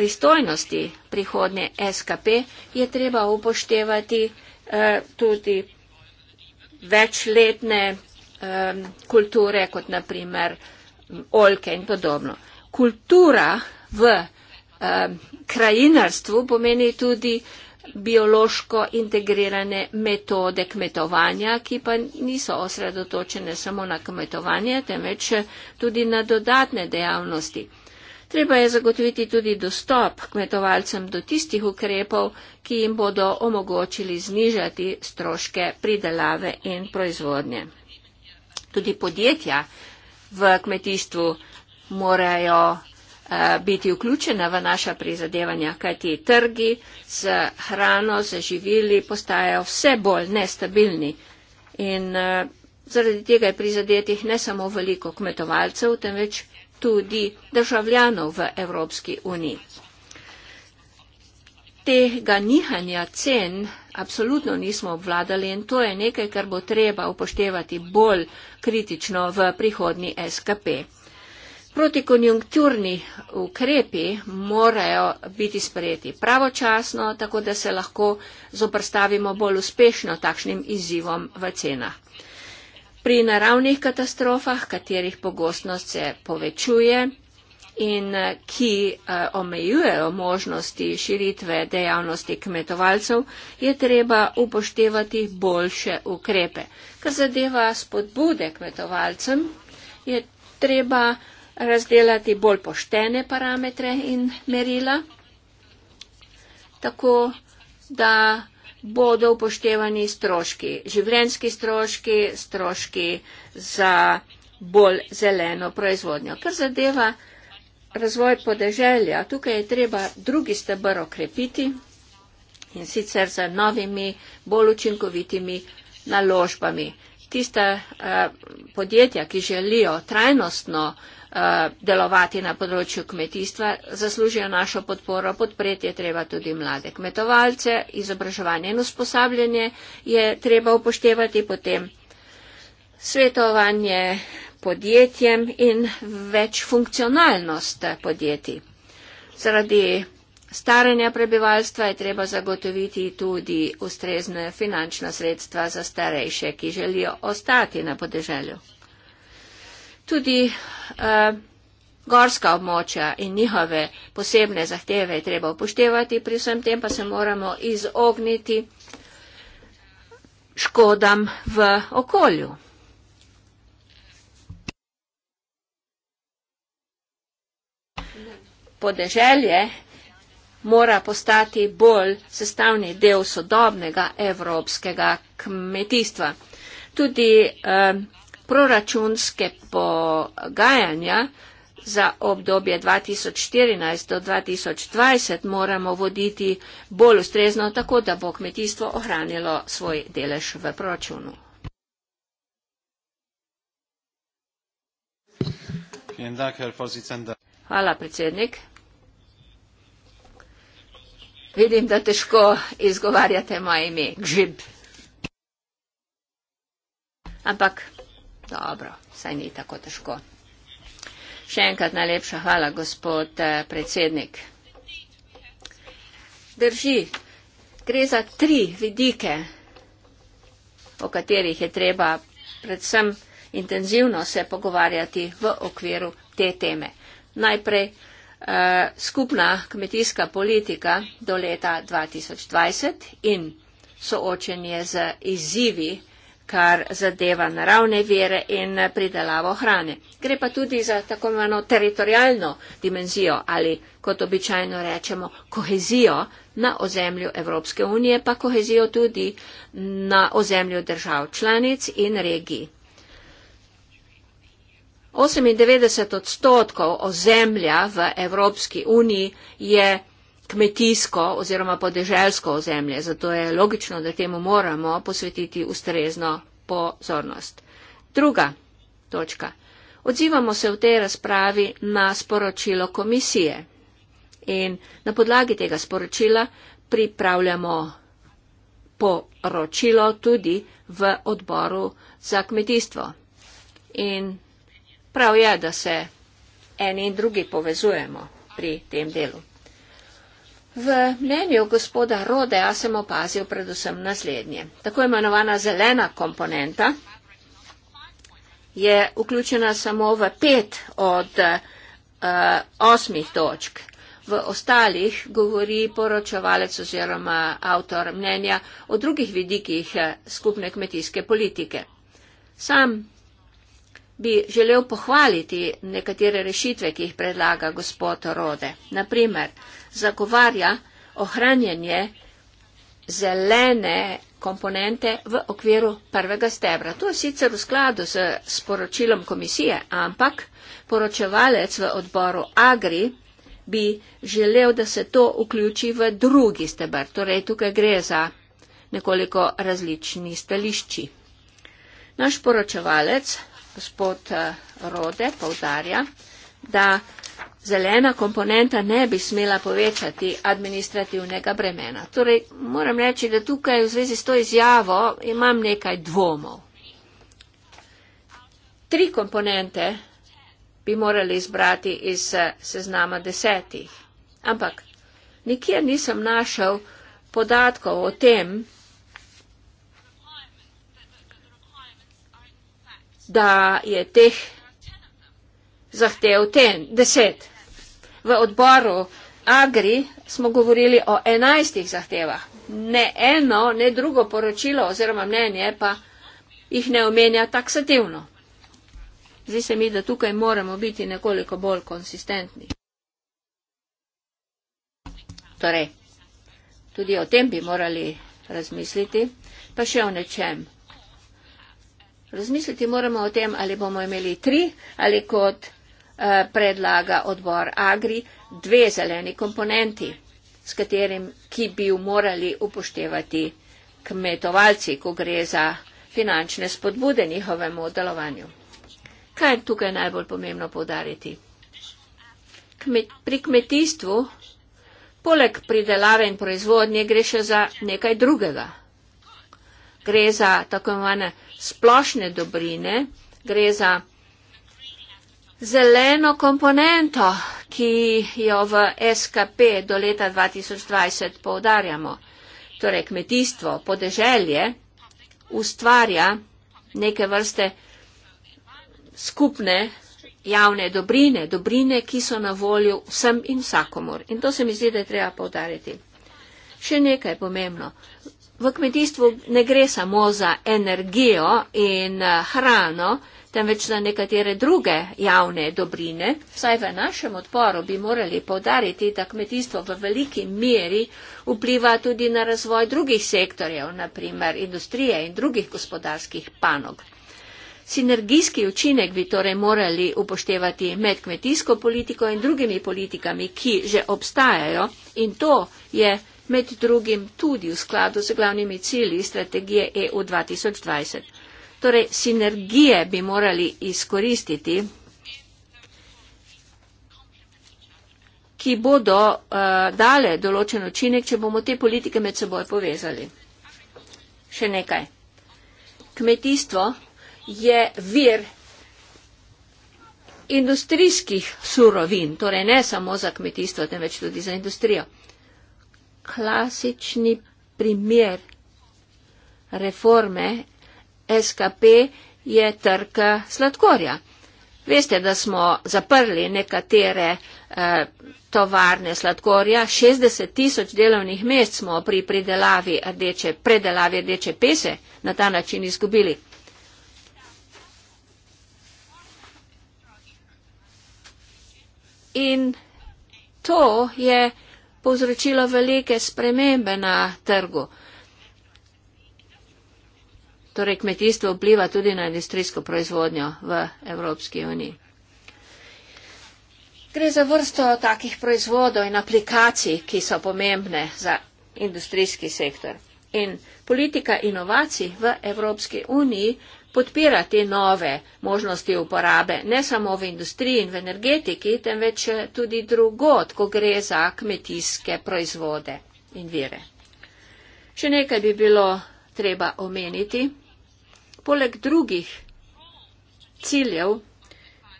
pristojnosti prihodne SKP je treba upoštevati eh, tudi večletne eh, kulture, kot naprimer oljke in podobno. Kultura v eh, krajinarstvu pomeni tudi biološko integrirane metode kmetovanja, ki pa niso osredotočene samo na kmetovanje, temveč tudi na dodatne dejavnosti. Treba je zagotoviti tudi dostop kmetovalcem do tistih ukrepov, ki jim bodo omogočili znižati stroške pridelave in proizvodnje. Tudi podjetja v kmetijstvu morajo uh, biti vključena v naša prizadevanja, kajti trgi z hrano, z živili postajajo vse bolj nestabilni. In uh, zaradi tega je prizadetih ne samo veliko kmetovalcev, temveč tudi državljanov v Evropski uniji. Tega nihanja cen absolutno nismo obvladali in to je nekaj, kar bo treba upoštevati bolj kritično v prihodnji SKP. Protikonjunkturni ukrepi morajo biti sprejeti pravočasno, tako da se lahko zoprstavimo bolj uspešno takšnim izzivom v cenah pri naravnih katastrofah, katerih pogostnost se povečuje in eh, ki eh, omejujejo možnosti širitve dejavnosti kmetovalcev, je treba upoštevati boljše ukrepe. Kar zadeva spodbude kmetovalcem, je treba razdelati bolj poštene parametre in merila, tako da bodo upoštevani stroški, življenski stroški, stroški za bolj zeleno proizvodnjo. Kar zadeva razvoj podeželja, tukaj je treba drugi stebr okrepiti in sicer z novimi, bolj učinkovitimi naložbami. Tista uh, podjetja, ki želijo trajnostno uh, Eh, delovati na področju kmetijstva, zaslužijo našo podporo, podpreti je treba tudi mlade kmetovalce, izobraževanje in usposabljanje je treba upoštevati, potem svetovanje podjetjem in več funkcionalnost podjetij. Zaradi staranja prebivalstva je treba zagotoviti tudi ustrezne finančna sredstva za starejše, ki želijo ostati na podeželju tudi uh, gorska območja in njihove posebne zahteve je treba upoštevati, pri vsem tem pa se moramo izogniti škodam v okolju. Podeželje mora postati bolj sestavni del sodobnega evropskega kmetijstva. Tudi eh, proračunske pogajanja za obdobje 2014 do 2020 moramo voditi bolj ustrezno, tako da bo kmetijstvo ohranilo svoj delež v proračunu. Hvala, predsednik. Vidim, da težko izgovarjate moje ime, Gžib. Ampak Dobro, saj ni tako težko. Še enkrat najlepša hvala, gospod eh, predsednik. Drži, gre za tri vidike, o katerih je treba predvsem intenzivno se pogovarjati v okviru te teme. Najprej eh, skupna kmetijska politika do leta 2020 in soočenje z izzivi kar zadeva naravne vere in pridelavo hrane. Gre pa tudi za tako imeno teritorijalno dimenzijo ali, kot običajno rečemo, kohezijo na ozemlju Evropske unije, pa kohezijo tudi na ozemlju držav članic in regij. 98 odstotkov ozemlja v Evropski uniji je kmetijsko oziroma podeželsko ozemlje, zato je logično, da temu moramo posvetiti ustrezno pozornost. Druga točka. Odzivamo se v tej razpravi na sporočilo komisije in na podlagi tega sporočila pripravljamo poročilo tudi v odboru za kmetijstvo. In prav je, da se eni in drugi povezujemo pri tem delu. V mnenju gospoda Rodea sem opazil predvsem naslednje. Tako imenovana zelena komponenta je vključena samo v pet od uh, osmih točk. V ostalih govori poročevalec oziroma avtor mnenja o drugih vidikih eh, skupne kmetijske politike. Sam bi želel pohvaliti nekatere rešitve, ki jih predlaga gospod Rode. Naprimer, zagovarja ohranjanje zelene komponente v okviru prvega stebra. To je sicer v skladu z sporočilom komisije, ampak poročevalec v odboru Agri bi želel, da se to vključi v drugi stebr. Torej, tukaj gre za nekoliko različni stališči. Naš poročevalec, gospod eh, Rode, povdarja, da zelena komponenta ne bi smela povečati administrativnega bremena. Torej, moram reči, da tukaj v zvezi s to izjavo imam nekaj dvomov. Tri komponente bi morali izbrati iz eh, seznama desetih, ampak nikjer nisem našel podatkov o tem, da je teh zahtev ten, deset. V odboru Agri smo govorili o enajstih zahtevah. Ne eno, ne drugo poročilo oziroma mnenje pa jih ne omenja taksativno. Zdi se mi, da tukaj moramo biti nekoliko bolj konsistentni. Torej, tudi o tem bi morali razmisliti, pa še o nečem. Razmisliti moramo o tem, ali bomo imeli tri ali kot Eh, predlaga odbor Agri dve zeleni komponenti, s katerim, ki bi jo morali upoštevati kmetovalci, ko gre za finančne spodbude njihovemu delovanju. Kaj je tukaj najbolj pomembno povdariti? Kmet, pri kmetijstvu, poleg pridelave in proizvodnje, gre še za nekaj drugega. Gre za tako imenovane splošne dobrine, gre za zeleno komponento, ki jo v SKP do leta 2020 poudarjamo. Torej, kmetijstvo, podeželje ustvarja neke vrste skupne javne dobrine, dobrine, ki so na voljo vsem in vsakomor. In to se mi zdi, da je treba povdariti. Še nekaj pomembno. V kmetijstvu ne gre samo za energijo in eh, hrano, temveč na nekatere druge javne dobrine. Vsaj v našem odporu bi morali povdariti, da kmetijstvo v veliki meri vpliva tudi na razvoj drugih sektorjev, naprimer industrije in drugih gospodarskih panog. Sinergijski učinek bi torej morali upoštevati med kmetijsko politiko in drugimi politikami, ki že obstajajo in to je med drugim tudi v skladu z glavnimi cilji strategije EU 2020. Torej, sinergije bi morali izkoristiti, ki bodo uh, dale določen učinek, če bomo te politike med seboj povezali. Še nekaj. Kmetijstvo je vir industrijskih surovin, torej ne samo za kmetijstvo, temveč tudi za industrijo. Klasični primer reforme SKP je trg sladkorja. Veste, da smo zaprli nekatere eh, tovarne sladkorja, 60 tisoč delovnih mest smo pri pridelavi rdeče, predelavi rdeče pese na ta način izgubili. In to je povzročilo velike spremembe na trgu. Torej kmetijstvo vpliva tudi na industrijsko proizvodnjo v Evropski uniji. Gre za vrsto takih proizvodov in aplikacij, ki so pomembne za industrijski sektor. In politika inovacij v Evropski uniji podpira te nove možnosti uporabe, ne samo v industriji in v energetiki, temveč tudi drugod, ko gre za kmetijske proizvode in vire. Še nekaj bi bilo treba omeniti poleg drugih ciljev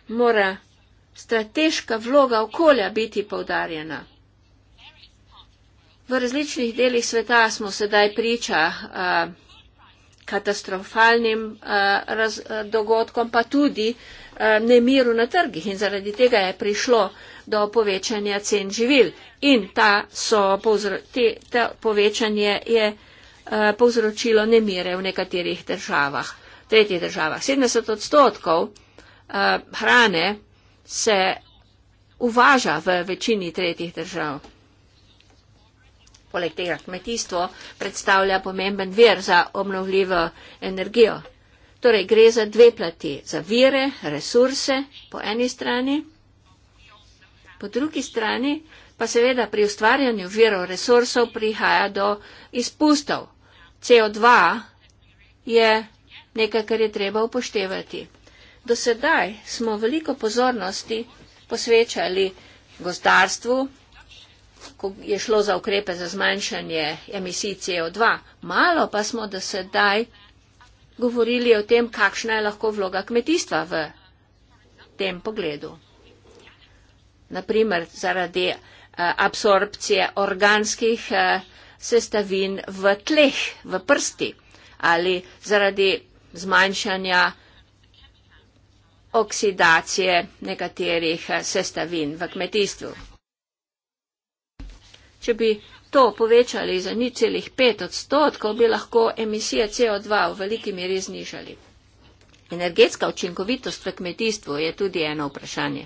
mora strateška vloga okolja biti povdarjena. V različnih delih sveta smo sedaj priča a, katastrofalnim a, raz, a, dogodkom, pa tudi a, nemiru na trgih in zaradi tega je prišlo do povečanja cen živil in ta so, te, ta povečanje je a, povzročilo nemire v nekaterih državah tretjih državah. 70 odstotkov uh, hrane se uvaža v večini tretjih držav. Poleg tega kmetijstvo predstavlja pomemben vir za obnovljivo energijo. Torej gre za dve plati, za vire, resurse po eni strani, po drugi strani pa seveda pri ustvarjanju virov resursov prihaja do izpustov. CO2 je nekaj, kar je treba upoštevati. Do sedaj smo veliko pozornosti posvečali gozdarstvu, ko je šlo za ukrepe za zmanjšanje emisij CO2. Malo pa smo do sedaj govorili o tem, kakšna je lahko vloga kmetijstva v tem pogledu. Naprimer, zaradi eh, absorpcije organskih eh, sestavin v tleh, v prsti ali zaradi zmanjšanja oksidacije nekaterih eh, sestavin v kmetijstvu. Če bi to povečali za nič celih pet odstotkov, bi lahko emisije CO2 v veliki meri znižali. Energetska učinkovitost v kmetijstvu je tudi eno vprašanje.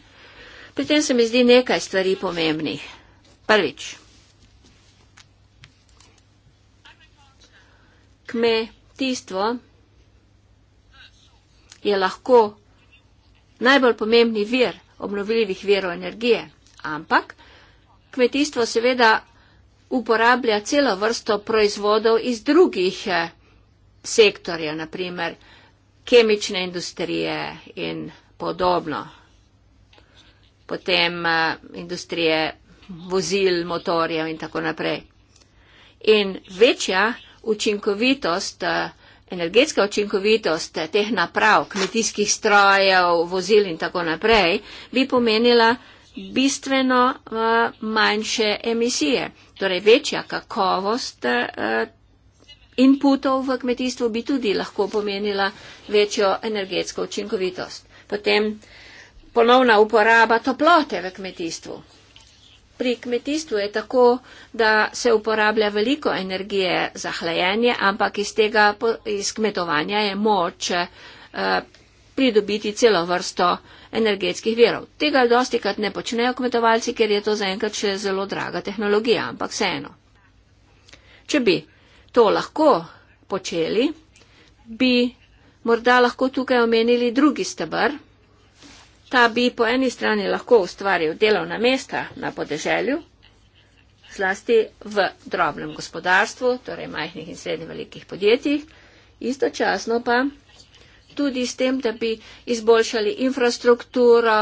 Pri tem se mi zdi nekaj stvari pomembnih. Prvič. Kmetijstvo je lahko najbolj pomembni vir obnovljivih verov energije. Ampak kmetijstvo seveda uporablja celo vrsto proizvodov iz drugih eh, sektorjev, naprimer kemične industrije in podobno. Potem eh, industrije vozil, motorjev in tako naprej. In večja učinkovitost uh, energetska očinkovitost teh naprav, kmetijskih strojev, vozil in tako naprej, bi pomenila bistveno eh, manjše emisije. Torej večja kakovost eh, inputov v kmetijstvu bi tudi lahko pomenila večjo energetsko učinkovitost. Potem ponovna uporaba toplote v kmetijstvu pri kmetijstvu je tako, da se uporablja veliko energije za hlajenje, ampak iz tega, iz kmetovanja je moč uh, pridobiti celo vrsto energetskih virov. Tega dosti krat ne počnejo kmetovalci, ker je to zaenkrat še zelo draga tehnologija, ampak vseeno. Če bi to lahko počeli, bi morda lahko tukaj omenili drugi stebr, ta bi po eni strani lahko ustvaril delovna mesta na podeželju, zlasti v drobnem gospodarstvu, torej majhnih in srednjih velikih podjetjih, istočasno pa tudi s tem, da bi izboljšali infrastrukturo,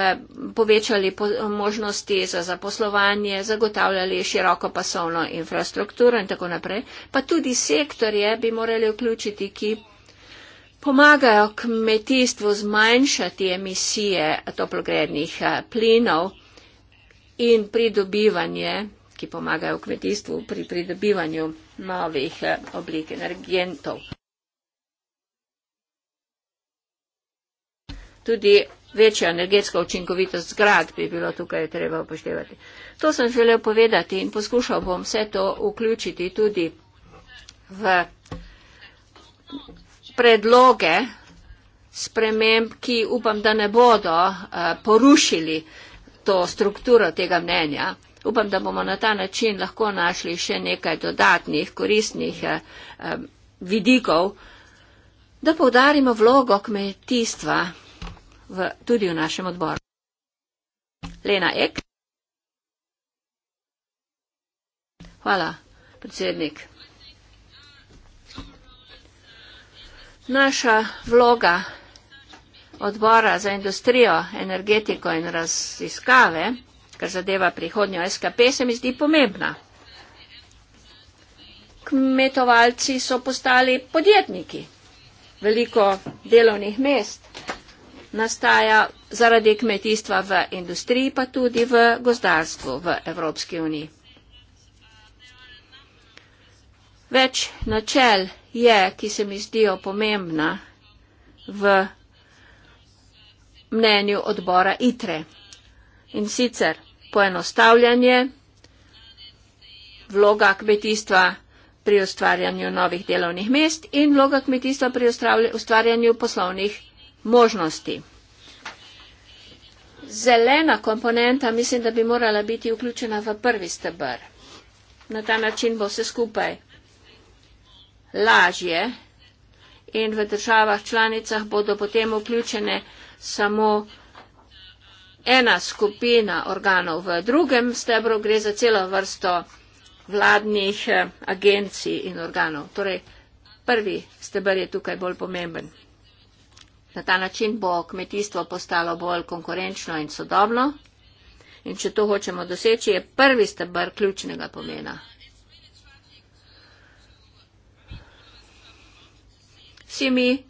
eh, povečali možnosti za zaposlovanje, zagotavljali široko pasovno infrastrukturo in tako naprej. Pa tudi sektorje bi morali vključiti, ki pomagajo kmetijstvu zmanjšati emisije toplogrednih eh, plinov in pridobivanje, ki pomagajo kmetijstvu pri pridobivanju novih eh, oblik energentov. Tudi večja energetska učinkovitost zgrad bi bilo tukaj treba upoštevati. To sem želel povedati in poskušal bom vse to vključiti tudi v predloge sprememb, ki upam, da ne bodo eh, porušili to strukturo tega mnenja. Upam, da bomo na ta način lahko našli še nekaj dodatnih koristnih eh, eh, vidikov, da povdarimo vlogo kmetijstva v, tudi v našem odboru. Lena Ek. Hvala, predsednik. naša vloga odbora za industrijo, energetiko in raziskave, kar zadeva prihodnjo SKP, se mi zdi pomembna. Kmetovalci so postali podjetniki. Veliko delovnih mest nastaja zaradi kmetijstva v industriji, pa tudi v gozdarstvu v Evropski uniji. Več načel je, ki se mi zdijo pomembna v mnenju odbora ITRE. In sicer poenostavljanje, vloga kmetijstva pri ustvarjanju novih delovnih mest in vloga kmetijstva pri ustvarjanju poslovnih možnosti. Zelena komponenta mislim, da bi morala biti vključena v prvi stebr. Na ta način bo vse skupaj lažje in v državah članicah bodo potem vključene samo ena skupina organov. V drugem stebru gre za celo vrsto vladnih eh, agencij in organov. Torej, prvi steber je tukaj bolj pomemben. Na ta način bo kmetijstvo postalo bolj konkurenčno in sodobno. In če to hočemo doseči, je prvi stebr ključnega pomena. Vsi mi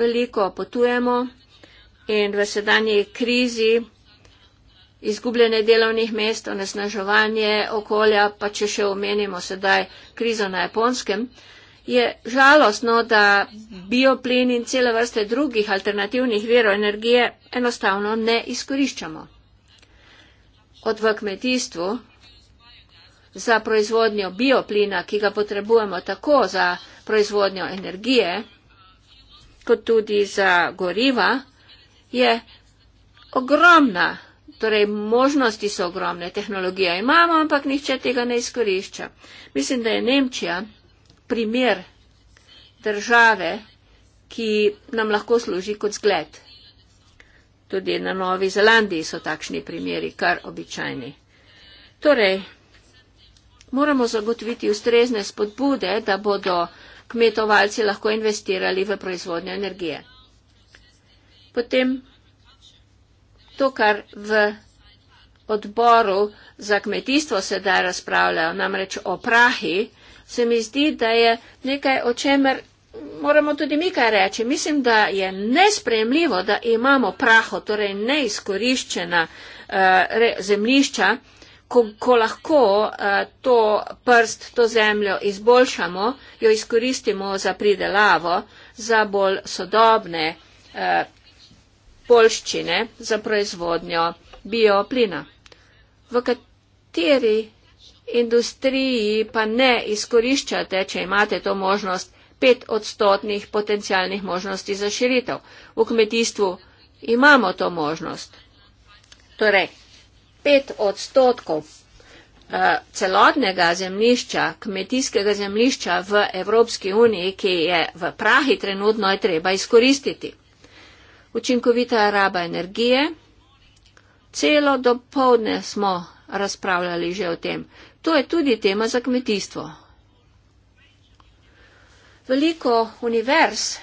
veliko potujemo in v sedanji krizi izgubljene delovnih mest, onesnaževanje okolja, pa če še omenimo sedaj krizo na japonskem, je žalostno, da bioplin in cele vrste drugih alternativnih virov energije enostavno ne izkoriščamo. Od v kmetijstvu za proizvodnjo bioplina, ki ga potrebujemo tako za proizvodnjo energije, kot tudi za goriva, je ogromna. Torej, možnosti so ogromne, tehnologija imamo, ampak nihče tega ne izkorišča. Mislim, da je Nemčija primer države, ki nam lahko služi kot zgled. Tudi na Novi Zelandiji so takšni primeri, kar običajni. Torej, moramo zagotoviti ustrezne spodbude, da bodo kmetovalci lahko investirali v proizvodnjo energije. Potem to, kar v odboru za kmetijstvo sedaj razpravljajo, namreč o prahi, se mi zdi, da je nekaj, o čemer moramo tudi mi kaj reči. Mislim, da je nespremljivo, da imamo praho, torej neizkoriščena uh, re, zemlišča, ko, ko lahko uh, to prst, to zemljo izboljšamo, jo izkoristimo za pridelavo, za bolj sodobne uh, polščine, za proizvodnjo bioplina. V kateri industriji pa ne izkoriščate, če imate to možnost, pet odstotnih potencijalnih možnosti za širitev. V kmetijstvu imamo to možnost. Torej, pet odstotkov eh, celotnega zemlišča, kmetijskega zemlišča v Evropski uniji, ki je v prahi trenutno, je treba izkoristiti. Učinkovita raba energije. Celo dopovdne smo razpravljali že o tem. To je tudi tema za kmetijstvo. Veliko univerz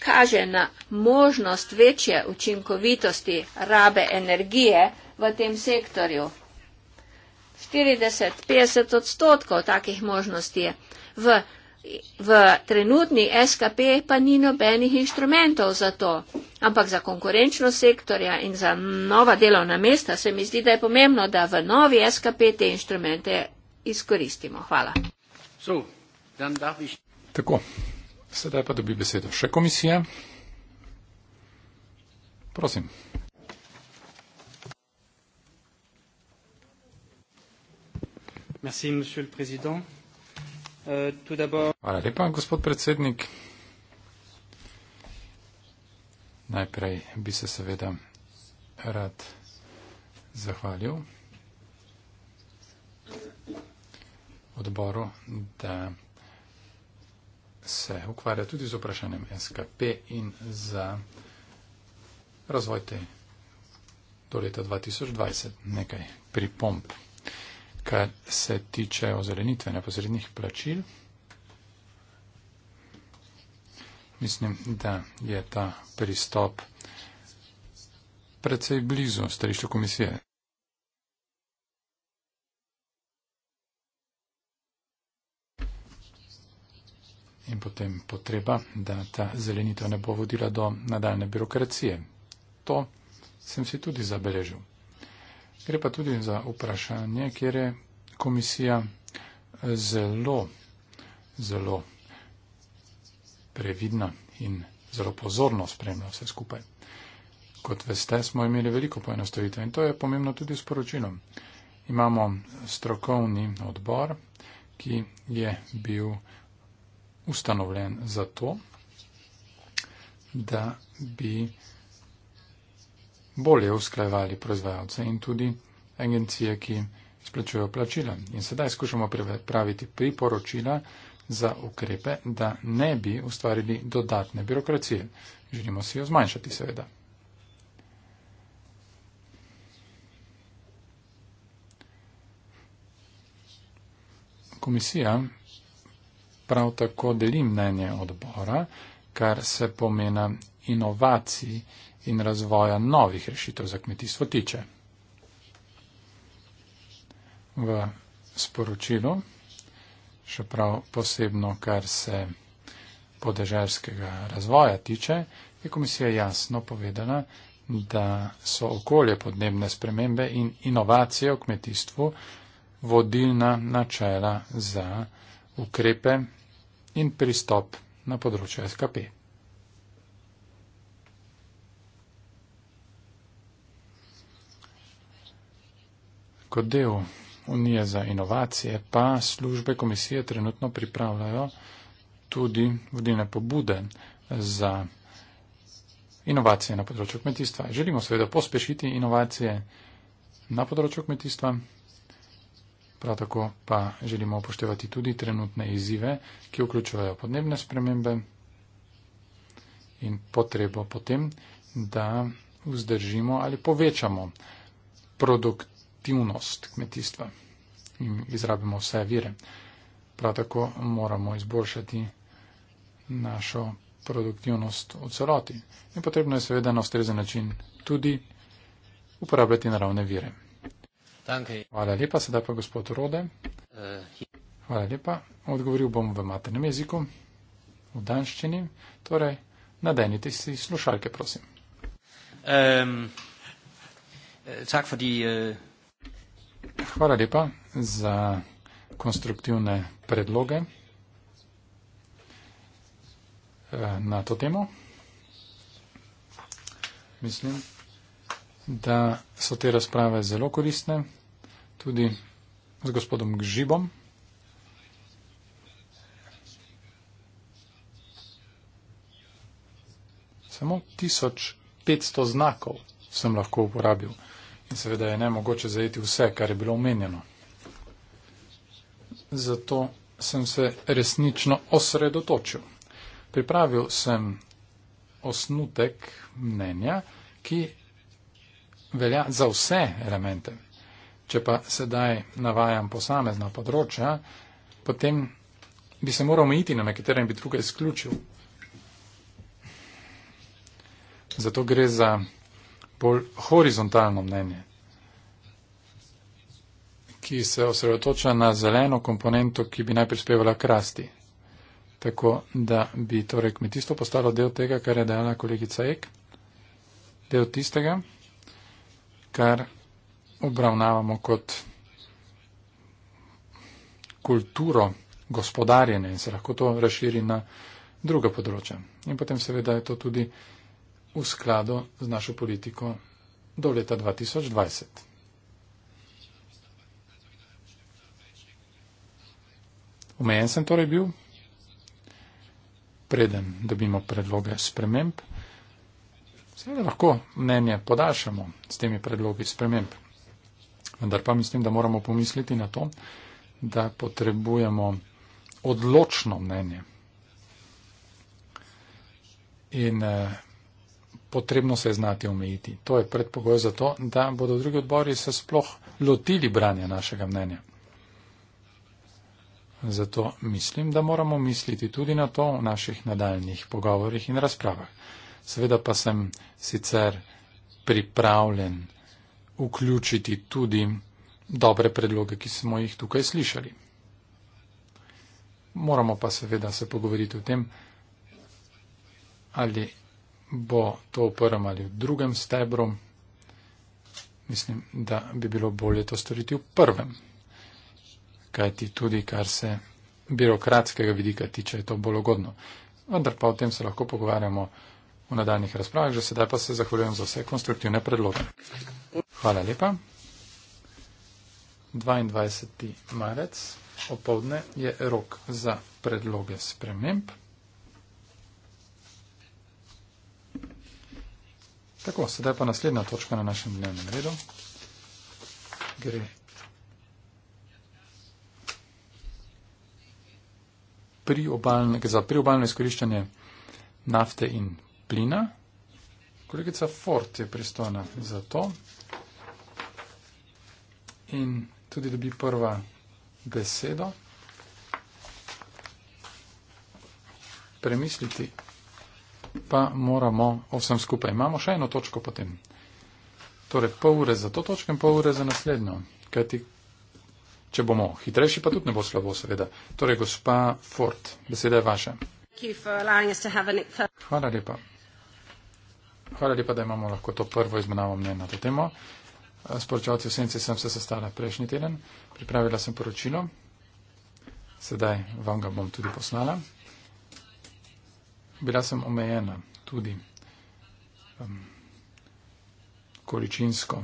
kaže na možnost večje učinkovitosti rabe energije v tem sektorju. 40-50 odstotkov takih možnosti je. V, v trenutni SKP pa ni nobenih inštrumentov za to. Ampak za konkurenčno sektorja in za nova delovna mesta se mi zdi, da je pomembno, da v novi SKP te inštrumente izkoristimo. Hvala. So, ich... Tako, sedaj pa dobi besedo še komisija. Prosim. Merci, monsieur le président. Euh, tout d'abord. Hvala lepa, gospod predsednik. Najprej bi se seveda rad zahvalil odboru, da se ukvarja tudi z vprašanjem SKP in za razvoj te do leta 2020 nekaj pripomp kar se tiče ozelenitve neposrednih plačil. Mislim, da je ta pristop predvsej blizu starišču komisije. In potem potreba, da ta zelenitev ne bo vodila do nadaljne birokracije. To sem si tudi zabeležil. Gre pa tudi za vprašanje, kjer je komisija zelo, zelo previdna in zelo pozorno spremlja vse skupaj. Kot veste, smo imeli veliko poenostavitev in to je pomembno tudi sporočilo. Imamo strokovni odbor, ki je bil ustanovljen za to, da bi bolje usklajevali proizvajalce in tudi agencije, ki splačujejo plačila. In sedaj skušamo pripraviti priporočila za ukrepe, da ne bi ustvarili dodatne birokracije. Želimo si jo zmanjšati, seveda. Komisija prav tako deli mnenje odbora, kar se pomena inovacij in razvoja novih rešitev za kmetijstvo tiče. V sporočilu, še prav posebno, kar se podeželskega razvoja tiče, je komisija jasno povedala, da so okolje podnebne spremembe in inovacije v kmetijstvu vodilna načela za ukrepe in pristop na področju SKP. Kot del Unije za inovacije pa službe komisije trenutno pripravljajo tudi vodilne pobude za inovacije na področju kmetijstva. Želimo seveda pospešiti inovacije na področju kmetijstva, prav tako pa želimo upoštevati tudi trenutne izzive, ki vključujejo podnebne spremembe in potrebo potem, da vzdržimo ali povečamo produkt produktivnost kmetijstva in izrabimo vse vire. Prav tako moramo izboljšati našo produktivnost v celoti. In potrebno je seveda na ustrezen način tudi uporabljati naravne vire. Hvala lepa, sedaj pa gospod Rode. Eh, Hvala lepa, odgovoril bom v maternem jeziku, v danščini. Torej, nadenite si slušalke, prosim. Um, tak fordi, uh... Hvala lepa za konstruktivne predloge eh, na to temo. Mislim, da so te razprave zelo koristne tudi z gospodom Gžibom. Samo 1500 znakov sem lahko uporabil. In seveda je ne mogoče zajeti vse, kar je bilo omenjeno. Zato sem se resnično osredotočil. Pripravil sem osnutek mnenja, ki velja za vse elemente. Če pa sedaj navajam posamezna področja, potem bi se moral omejiti na nekatere in bi druge izključil. Zato gre za bolj horizontalno mnenje, ki se osredotoča na zeleno komponento, ki bi naj prispevala k rasti. Tako da bi torej kmetijstvo postalo del tega, kar je dejala kolegica Ek, del tistega, kar obravnavamo kot kulturo gospodarjenja in se lahko to razširi na druga področja. In potem seveda je to tudi v skladu z našo politiko do leta 2020. Omejen sem torej bil, preden dobimo predloge sprememb, seveda lahko mnenje podaljšamo s temi predlogi sprememb, vendar pa mislim, da moramo pomisliti na to, da potrebujemo odločno mnenje. In eh, potrebno se je znati omejiti. To je predpogoj za to, da bodo drugi odbori se sploh lotili branja našega mnenja. Zato mislim, da moramo misliti tudi na to v naših nadaljnih pogovorjih in razpravah. Seveda pa sem sicer pripravljen vključiti tudi dobre predloge, ki smo jih tukaj slišali. Moramo pa seveda se pogovoriti o tem, ali bo to v prvem ali v drugem stebru. Mislim, da bi bilo bolje to storiti v prvem. Kaj ti tudi, kar se birokratskega vidika tiče, je to bolj ugodno. Vendar pa o tem se lahko pogovarjamo v nadaljnih razpravah. Že sedaj pa se zahvaljujem za vse konstruktivne predloge. Hvala lepa. 22. marec opovdne je rok za predloge sprememb. Tako, sedaj pa naslednja točka na našem dnevnem redu. Gre. Pri obalne, za priobalno izkoriščanje nafte in plina. Kolegica Ford je pristojna za to. In tudi dobi prva besedo. Premisliti pa moramo o vsem skupaj. Imamo še eno točko potem. Torej, pol ure za to točko in pol ure za naslednjo. Kajti, če bomo hitrejši, pa tudi ne bo slabo, seveda. Torej, gospa Ford, beseda je vaša. Hvala lepa. Hvala lepa, da imamo lahko to prvo izmenavo mnenja na to temo. S poročavci v Senci sem se sestala prejšnji teden, pripravila sem poročilo, sedaj vam ga bom tudi poslala bila sem omejena tudi um, količinsko.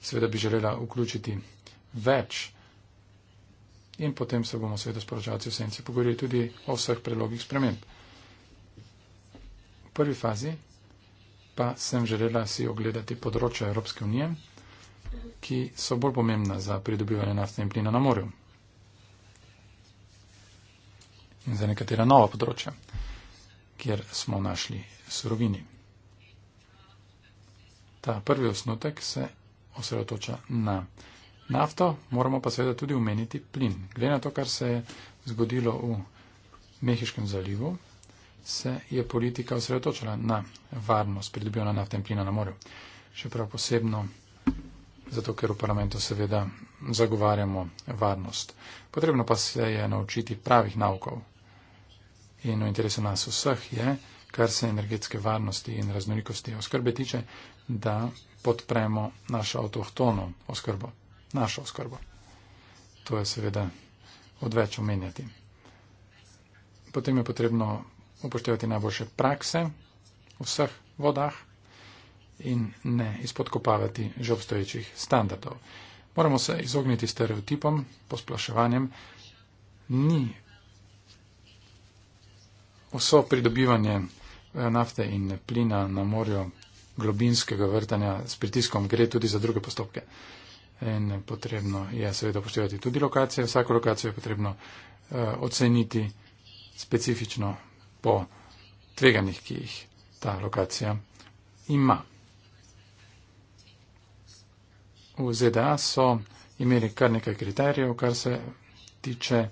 Seveda bi želela vključiti več in potem se bomo seveda s poročalci v senci pogovorili tudi o vseh predlogih sprememb. V prvi fazi pa sem želela si ogledati področja Evropske unije, ki so bolj pomembna za pridobivanje nafte in plina na morju. In za nekatera nova področja kjer smo našli surovini. Ta prvi osnutek se osredotoča na nafto, moramo pa seveda tudi umeniti plin. Glede na to, kar se je zgodilo v Mehiškem zalivu, se je politika osredotočila na varnost pridobivanja nafte in plina na morju. Še prav posebno, zato ker v parlamentu seveda zagovarjamo varnost. Potrebno pa se je naučiti pravih naukov in v interesu nas vseh je, kar se energetske varnosti in raznolikosti oskrbe tiče, da podpremo našo avtohtono oskrbo, našo oskrbo. To je seveda odveč omenjati. Potem je potrebno upoštevati najboljše prakse v vseh vodah in ne izpodkopavati že obstoječih standardov. Moramo se izogniti stereotipom, posplaševanjem. Ni vso pridobivanje eh, nafte in plina na morju globinskega vrtanja s pritiskom gre tudi za druge postopke. In potrebno je seveda upoštevati tudi lokacije. Vsako lokacijo je potrebno uh, oceniti specifično po tveganjih, ki jih ta lokacija ima. V ZDA so imeli kar nekaj kriterijev, kar se tiče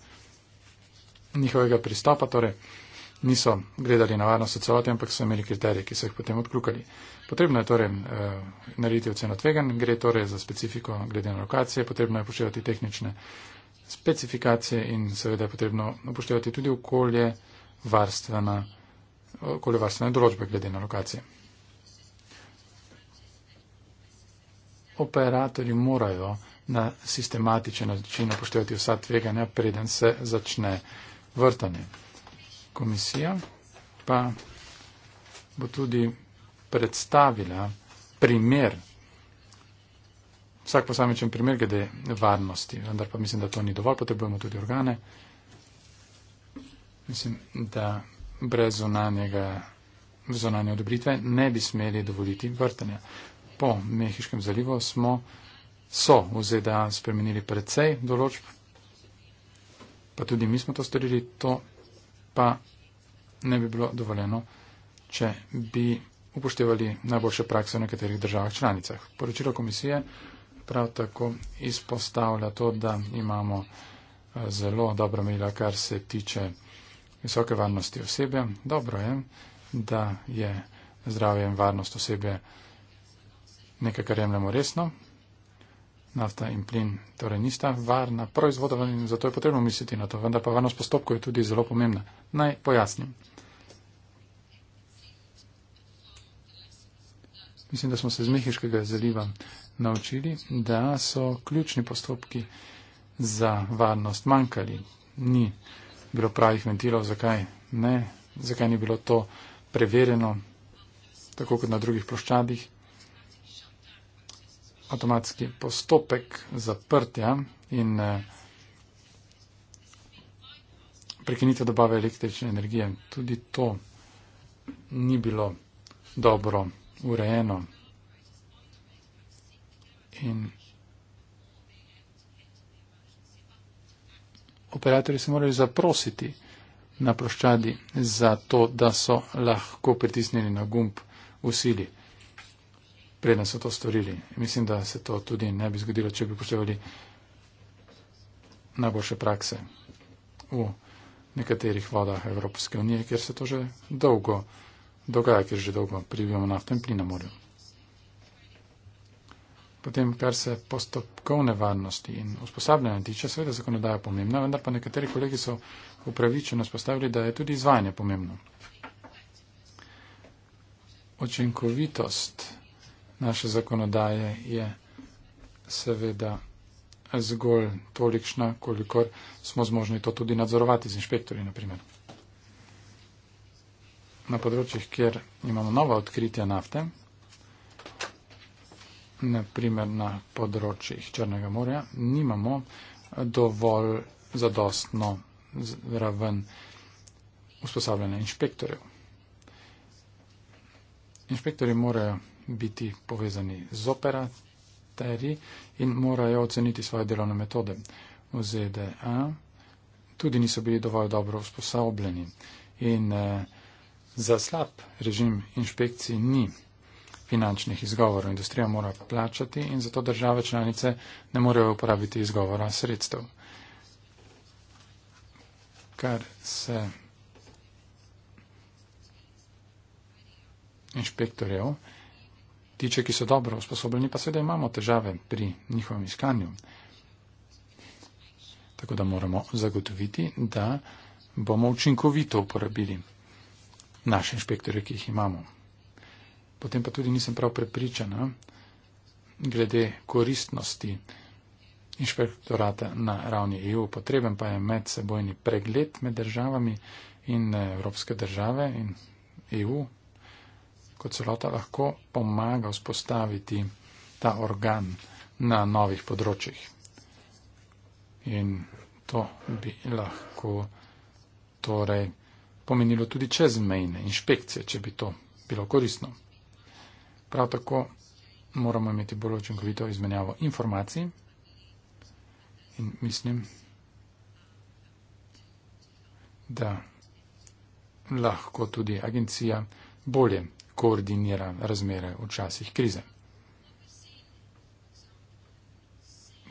njihovega pristopa. Torej, uh, niso gledali na varnost v celoti, ampak so imeli kriterije, ki so jih potem odkljukali. Potrebno je torej eh, narediti oceno tvegan, gre torej za specifiko glede na lokacije, potrebno je upoštevati tehnične specifikacije in seveda je potrebno upoštevati tudi okolje varstvena, okolje varstvene določbe glede na lokacije. Operatorji morajo na sistematičen način upoštevati vsa tveganja, preden se začne vrtanje komisija pa bo tudi predstavila primer, vsak posamečen primer glede varnosti, vendar pa mislim, da to ni dovolj, potrebujemo tudi organe. Mislim, da brez zonanjega, zonanje odobritve ne bi smeli dovoliti vrtanja. Po Mehiškem zalivu smo, so v ZDA spremenili precej določb, pa tudi mi smo to storili, to pa ne bi bilo dovoljeno, če bi upoštevali najboljše prakse v nekaterih državah članicah. Poročilo komisije prav tako izpostavlja to, da imamo eh, zelo dobro merila, kar se tiče visoke varnosti osebe. Dobro je, da je zdravje in varnost osebe nekaj, kar jemljemo resno, nafta in plin torej nista varna proizvoda in zato je potrebno misliti na to, vendar pa varnost postopkov je tudi zelo pomembna. Naj pojasnim. Mislim, da smo se z mehiškega zaliva naučili, da so ključni postopki za varnost manjkali. Ni bilo pravih ventilov, zakaj ne, zakaj ni bilo to preverjeno, tako kot na drugih ploščadih avtomatski postopek zaprtja in eh, prekinitev dobave električne energije. Tudi to ni bilo dobro urejeno. In operatorji se morajo zaprositi na proščadi za to, da so lahko pritisnili na gumb v sili preden so to storili. Mislim, da se to tudi ne bi zgodilo, če bi upoštevali najboljše prakse v nekaterih vodah Evropske unije, kjer se to že dolgo dogaja, kjer že dolgo pridobivamo nafto in plin na morju. Potem, kar se postopkovne varnosti in usposabljanja tiče, seveda zakonodaja pomembna, vendar pa nekateri kolegi so upravičeno spostavili, da je tudi izvajanje pomembno. Očinkovitost naše zakonodaje je seveda zgolj tolikšna, kolikor smo zmožni to tudi nadzorovati z inšpektorji, naprimer. Na področjih, kjer imamo nova odkritja nafte, naprimer na področjih Črnega morja, nimamo dovolj zadostno raven usposabljanja inšpektorjev. Inšpektori morajo biti povezani z operaterji in morajo oceniti svoje delovne metode. V ZDA tudi niso bili dovolj dobro usposobljeni in eh, za slab režim inšpekcij ni finančnih izgovorov. Industrija mora plačati in zato države članice ne morejo uporabiti izgovora sredstev. Kar se inšpektorjev. Tiče, ki so dobro usposobljeni, pa seveda imamo težave pri njihovem iskanju. Tako da moramo zagotoviti, da bomo učinkovito uporabili naše inšpektore, ki jih imamo. Potem pa tudi nisem prav prepričana glede koristnosti inšpektorata na ravni EU. Potreben pa je medsebojni pregled med državami in evropske države in EU, kot celota lahko pomaga vzpostaviti ta organ na novih področjih. In to bi lahko torej pomenilo tudi čezmejne inšpekcije, če bi to bilo koristno. Prav tako moramo imeti bolj učinkovito izmenjavo informacij in mislim, da lahko tudi agencija bolje koordinira razmere v časih krize.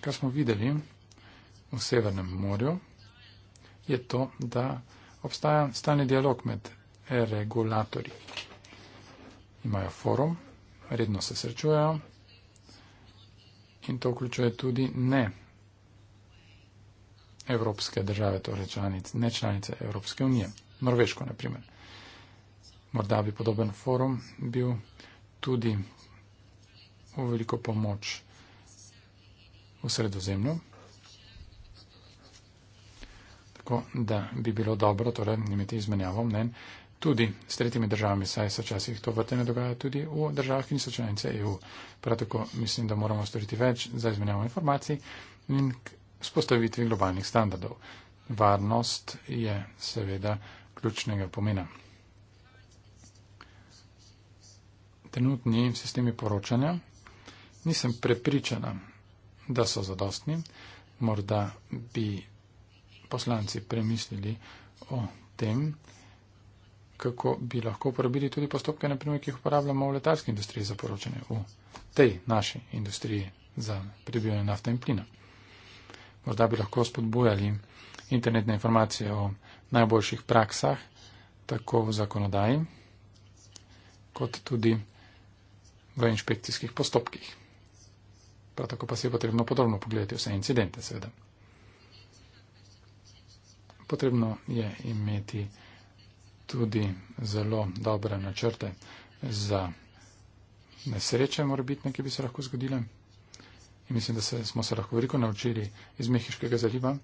Kar smo videli v Severnem morju, je to, da obstaja stalni dialog med regulatorji. Imajo forum, redno se srečujejo in to vključuje tudi ne evropske države, torej članic, ne članice Evropske unije. Norveško, na primer morda bi podoben forum bil tudi v veliko pomoč v sredozemlju. Tako da bi bilo dobro torej, imeti izmenjavo mnen tudi s tretjimi državami, saj se včasih to vrte ne dogaja tudi v državah, ki niso članice EU. Prav tako mislim, da moramo storiti več za izmenjavo informacij in k spostavitvi globalnih standardov. Varnost je seveda ključnega pomena. trenutni sistemi poročanja, nisem prepričana, da so zadostni. Morda bi poslanci premislili o tem, kako bi lahko uporabili tudi postopke, naprimer, ki jih uporabljamo v letalski industriji za poročanje, v tej naši industriji za pridobivanje nafte in plina. Morda bi lahko spodbujali internetne informacije o najboljših praksah, tako v zakonodaji, kot tudi v inšpekcijskih postopkih. Prav tako pa si je potrebno podrobno pogledati vse incidente, seveda. Potrebno je imeti tudi zelo dobre načrte za nesreče morbitne, ki bi se lahko zgodile. In mislim, da se, smo se lahko veliko naučili iz Mehiškega zaliva.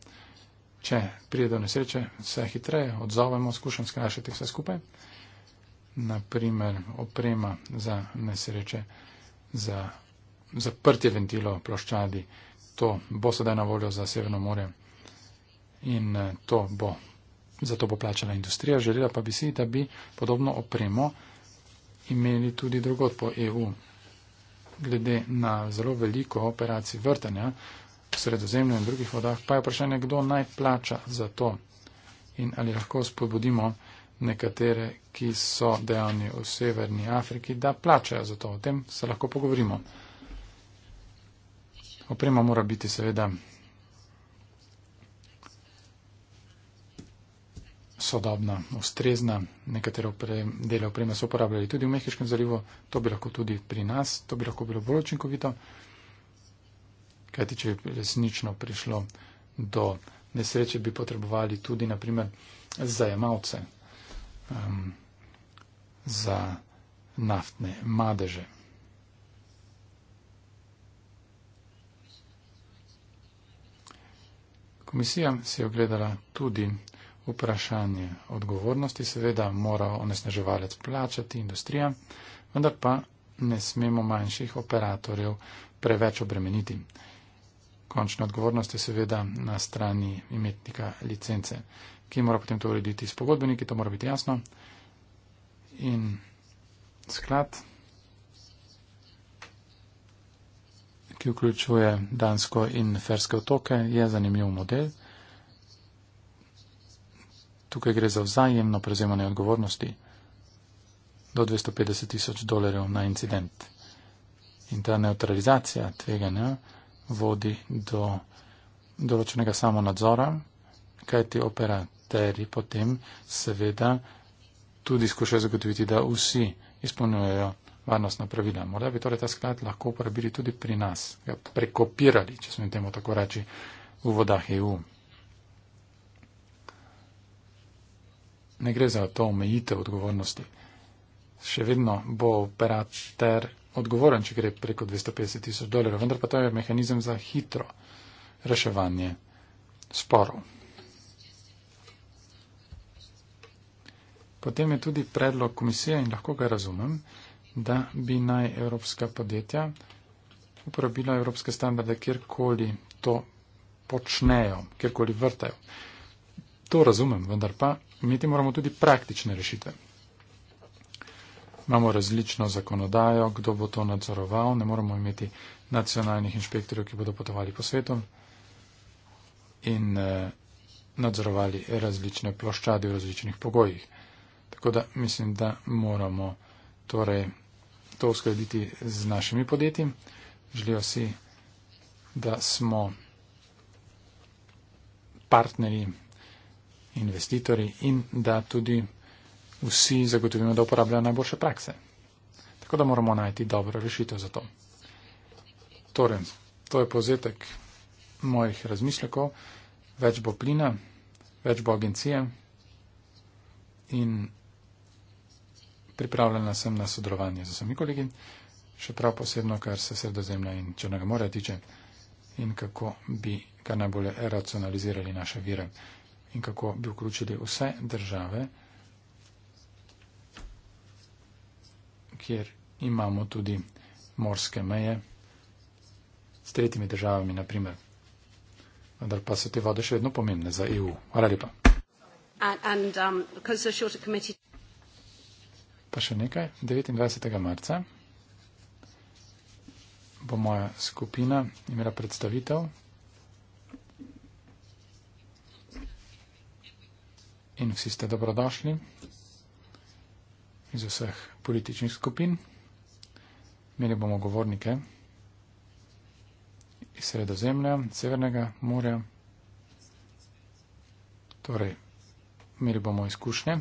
Če pride do nesreče, se hitreje odzovemo, skušam skrajšati vse skupaj naprimer oprema za nesreče, za zaprtje ventilov, ploščadi, to bo sedaj na voljo za Severno more in eh, to bo, za to bo plačala industrija. Želela pa bi si, da bi podobno opremo imeli tudi drugot po EU. Glede na zelo veliko operacij vrtanja v sredozemlju in drugih vodah, pa je vprašanje, kdo naj plača za to in ali lahko spodbudimo, nekatere, ki so dejavni v Severni Afriki, da plačajo za to. O tem se lahko pogovorimo. Oprema mora biti seveda sodobna, ustrezna. Nekatere dele opreme so uporabljali tudi v Mehiškem zalivu, to bi lahko tudi pri nas, to bi lahko bilo bolj učinkovito. Kajti, če bi resnično prišlo do nesreče, bi potrebovali tudi, naprimer, zajemalce, um, za naftne madeže. Komisija si je ogledala tudi vprašanje odgovornosti, seveda mora onesnaževalec plačati industrija, vendar pa ne smemo manjših operatorjev preveč obremeniti. Končna odgovornost je seveda na strani imetnika licence ki mora potem to urediti s pogodbeniki, to mora biti jasno. In sklad, ki vključuje Dansko in Ferske otoke, je zanimiv model. Tukaj gre za vzajemno prezemanje odgovornosti do 250 tisoč dolarjev na incident. In ta neutralizacija tveganja vodi do določenega samonadzora, kajti operat akteri potem seveda tudi skušajo zagotoviti, da vsi izpolnjujejo varnostna pravila. Morda bi torej ta sklad lahko uporabili tudi pri nas, ga prekopirali, če smo jim temu tako reči, v vodah EU. Ne gre za to omejitev odgovornosti. Še vedno bo operater odgovoren, če gre preko 250 tisoč dolarjev, vendar pa to je mehanizem za hitro reševanje sporov. Potem je tudi predlog komisije in lahko ga razumem, da bi naj evropska podjetja uporabila evropske standarde, kjerkoli to počnejo, kjerkoli vrtajo. To razumem, vendar pa imeti moramo tudi praktične rešitve. Imamo različno zakonodajo, kdo bo to nadzoroval, ne moramo imeti nacionalnih inšpektorjev, ki bodo potovali po svetu in eh, nadzorovali različne ploščadi v različnih pogojih. Tako da mislim, da moramo torej to uskladiti z našimi podjetji. Želijo si, da smo partnerji, investitorji in da tudi vsi zagotovimo, da uporabljajo najboljše prakse. Tako da moramo najti dobro rešitev za to. Torej, to je povzetek mojih razmislekov. Več bo plina, več bo agencije in pripravljena sem na sodelovanje z vsemi kolegi, še prav posebno, kar se sredozemlja in črnega morja tiče in kako bi kar najbolje racionalizirali naše vire in kako bi vključili vse države, kjer imamo tudi morske meje s tretjimi državami, naprimer. Vendar pa so te vode še vedno pomembne za EU. Hvala lepa. And, and, um, Pa še nekaj, 29. marca bo moja skupina imela predstavitev in vsi ste dobrodošli iz vseh političnih skupin. Imeli bomo govornike iz Sredozemlja, Severnega morja, torej imeli bomo izkušnje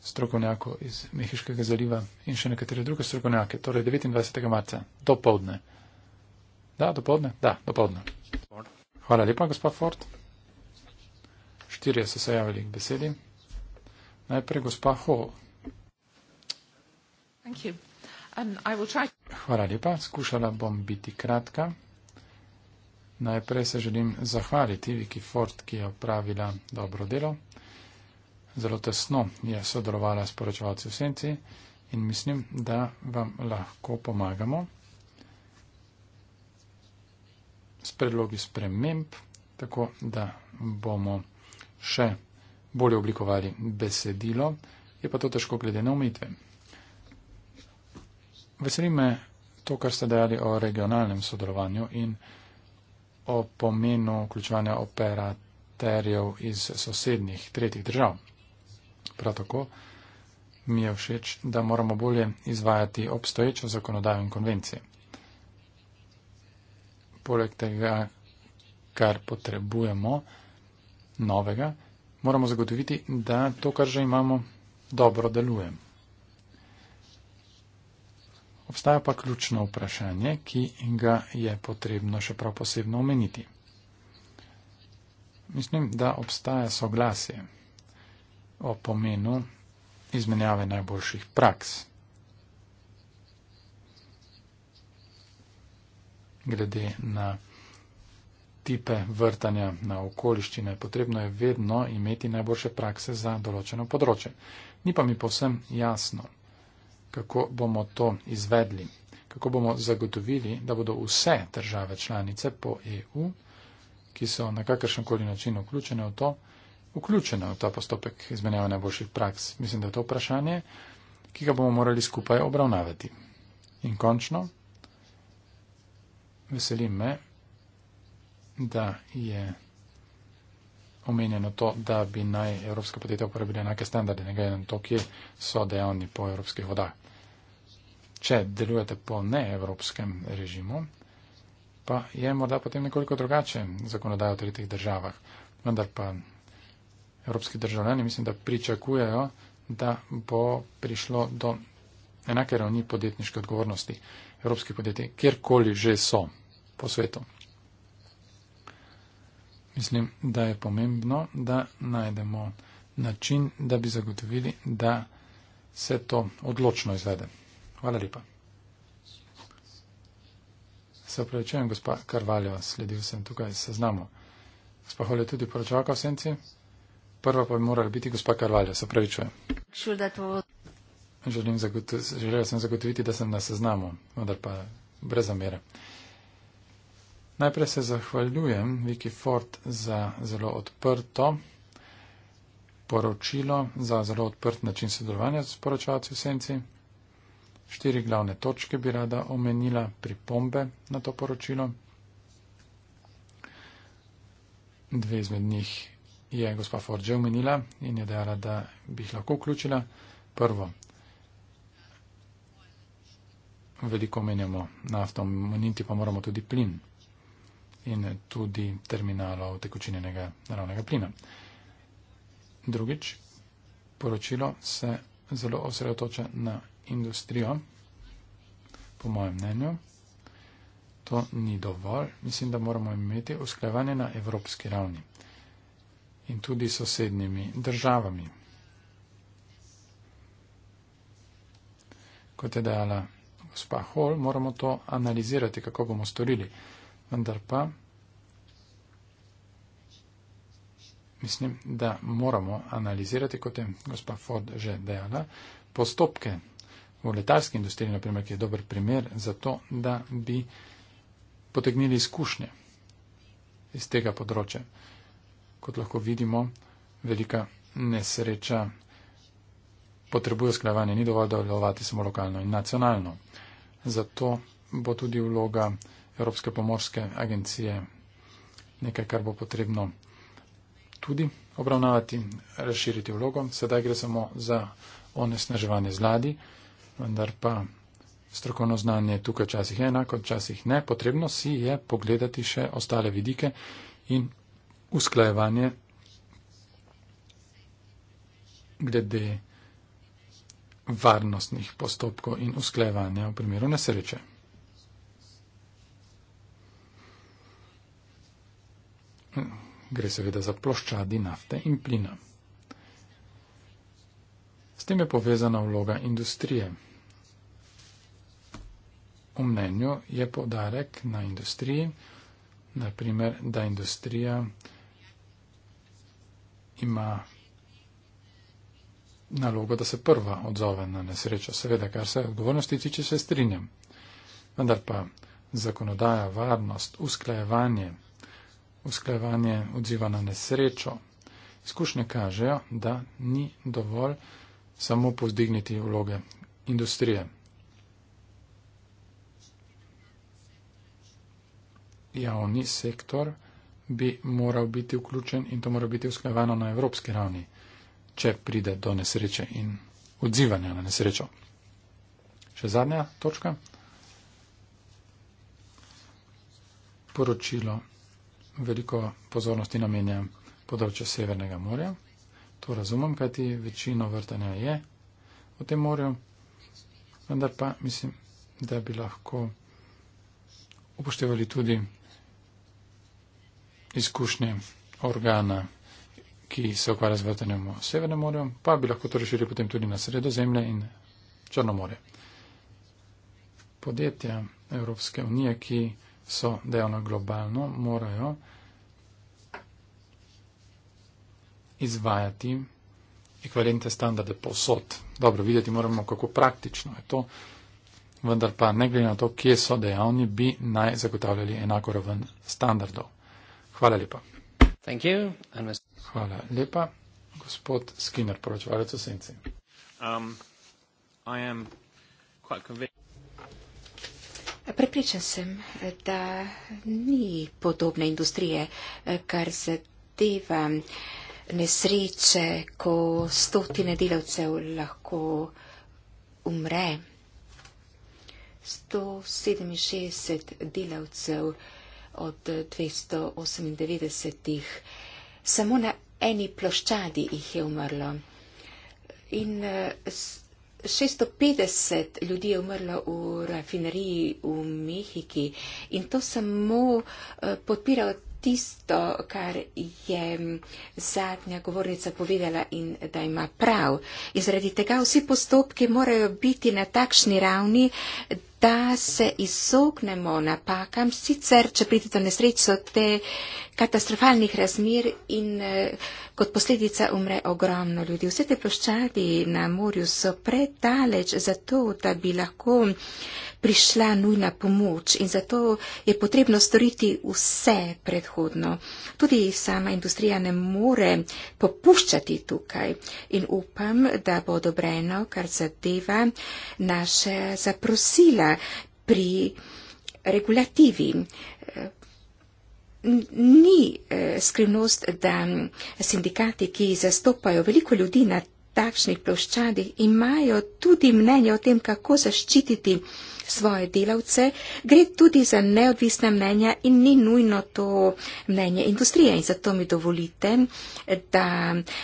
strokovnjakov iz Mehiškega zaliva in še nekatere druge strokovnjake, torej 29. marca, do povdne. Da, do povdne? Da, do povdne. Hvala lepa, gospod Ford. Štirje so se javili k besedi. Najprej gospa Ho. Um, Hvala lepa, skušala bom biti kratka. Najprej se želim zahvaliti Viki Ford, ki je opravila dobro delo zelo tesno je sodelovala s poročevalci v senci in mislim, da vam lahko pomagamo s predlogi sprememb, tako da bomo še bolje oblikovali besedilo, je pa to težko glede na umitve. Veseli me to, kar ste dejali o regionalnem sodelovanju in o pomenu vključevanja operaterjev iz sosednjih tretjih držav. Prav tako mi je všeč, da moramo bolje izvajati obstoječo zakonodajo in konvencije. Poleg tega, kar potrebujemo novega, moramo zagotoviti, da to, kar že imamo, dobro deluje. Obstaja pa ključno vprašanje, ki ga je potrebno še prav posebno omeniti. Mislim, da obstaja soglasje o pomenu izmenjave najboljših praks. Glede na tipe vrtanja na okoliščine, potrebno je vedno imeti najboljše prakse za določeno področje. Ni pa mi povsem jasno, kako bomo to izvedli, kako bomo zagotovili, da bodo vse države članice po EU, ki so na kakršen koli način vključene v to, vključena v ta postopek izmenjave najboljših praks? Mislim, da je to vprašanje, ki ga bomo morali skupaj obravnavati. In končno, veselim me, da je omenjeno to, da bi naj evropska podjetja uporabila enake standarde, ne glede na to, kje so dejavni po evropskih vodah. Če delujete po neevropskem režimu, pa je morda potem nekoliko drugače zakonodajo v tretjih državah, vendar pa evropski državljani, mislim, da pričakujejo, da bo prišlo do enake ravni podjetniške odgovornosti evropskih podjetij, kjerkoli že so po svetu. Mislim, da je pomembno, da najdemo način, da bi zagotovili, da se to odločno izvede. Hvala lepa. Se opravičujem, gospa Karvaljo, sledil sem tukaj seznamu. Gospa Hole, tudi poročavka v senci? Prva pa bi morala biti gospa Karvalja, se pravi, če. Želim zagotoviti, želela sem zagotoviti, da sem na seznamu, vendar pa brez zamere. Najprej se zahvaljujem Wikifort za zelo odprto poročilo, za zelo odprt način sodelovanja s poročavci v senci. Štiri glavne točke bi rada omenila pripombe na to poročilo. Dve izmed njih je gospa Ford že omenila in je dejala, da bi jih lahko vključila. Prvo, veliko menjamo nafto, omeniti pa moramo tudi plin in tudi terminalov tekočinjenega naravnega plina. Drugič, poročilo se zelo osredotoča na industrijo, po mojem mnenju. To ni dovolj. Mislim, da moramo imeti usklajevanje na evropski ravni in tudi sosednjimi državami. Kot je dejala gospa Hall, moramo to analizirati, kako bomo storili. Vendar pa mislim, da moramo analizirati, kot je gospa Ford že dejala, postopke v letalski industriji, naprimer, ki je dober primer za to, da bi potegnili izkušnje iz tega področja kot lahko vidimo, velika nesreča potrebuje sklavanje, ni dovolj delovati samo lokalno in nacionalno. Zato bo tudi vloga Evropske pomorske agencije nekaj, kar bo potrebno tudi obravnavati, razširiti vlogo. Sedaj gre samo za onesnaževanje zladi, vendar pa strokovno znanje tukaj včasih je enako, včasih ne. Potrebno si je pogledati še ostale vidike in usklajevanje glede varnostnih postopkov in usklajevanja v primeru nesreče. Gre seveda za ploščadi nafte in plina. S tem je povezana vloga industrije. V mnenju je podarek na industriji, naprimer, da industrija ima nalogo, da se prva odzove na nesrečo. Seveda, kar se odgovornosti tiče, se strinjam. Vendar pa zakonodaja, varnost, usklajevanje, usklajevanje odziva na nesrečo, izkušnje kažejo, da ni dovolj samo povzdigniti vloge industrije. Javni sektor bi moral biti vključen in to mora biti usklajevano na evropski ravni, če pride do nesreče in odzivanja na nesrečo. Še zadnja točka. Poročilo veliko pozornosti namenja področju Severnega morja. To razumem, kajti večino vrtanja je v tem morju, vendar pa mislim, da bi lahko upoštevali tudi izkušnje organa, ki se ukvarja z vrtenjem v Severnem morju, pa bi lahko to razširili potem tudi na Sredozemlje in Črno more. Podjetja Evropske unije, ki so dejavna globalno, morajo izvajati ekvalente standarde posod. Dobro, videti moramo, kako praktično je to, vendar pa ne glede na to, kje so dejavni, bi naj zagotavljali enako raven standardov. Hvala lepa. Hvala lepa. Gospod Skinner, poročevalec v senci. Um, Prepričan sem, da ni podobne industrije, kar zadeva nesreče, ko stotine delavcev lahko umre. 167 delavcev od 298. Samo na eni ploščadi jih je umrlo. In 650 eh, ljudi je umrlo v rafineriji v Mehiki in to samo eh, podpirajo tisto, kar je mm, zadnja govornica povedala in da ima prav. In zaradi tega vsi postopki morajo biti na takšni ravni, da se izognemo napakam, sicer, če pride do nesreč, so te katastrofalnih razmir in eh, kot posledica umre ogromno ljudi. Vse te ploščadi na morju so predaleč za to, da bi lahko prišla nujna pomoč in zato je potrebno storiti vse predhodno. Tudi sama industrija ne more popuščati tukaj in upam, da bo odobreno, kar zadeva naše zaprosila pri regulativi. Ni e, skrivnost, da sindikati, ki zastopajo veliko ljudi na takšnih ploščadih, imajo tudi mnenje o tem, kako zaščititi svoje delavce. Gre tudi za neodvisna mnenja in ni nujno to mnenje industrije. In zato mi dovolite, da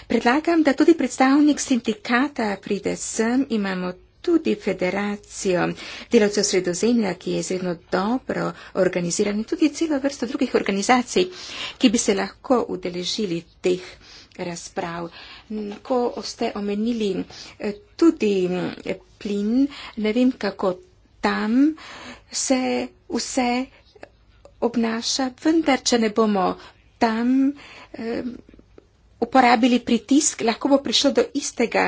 predlagam, da tudi predstavnik sindikata pride sem. Imamo tudi federacijo delavcev sredozemlja, ki je izredno dobro organizirana in tudi celo vrsto drugih organizacij, ki bi se lahko udeležili teh razprav. Ko ste omenili eh, tudi eh, plin, ne vem kako tam se vse obnaša, vendar če ne bomo tam. Eh, uporabili pritisk, lahko bo prišlo do istega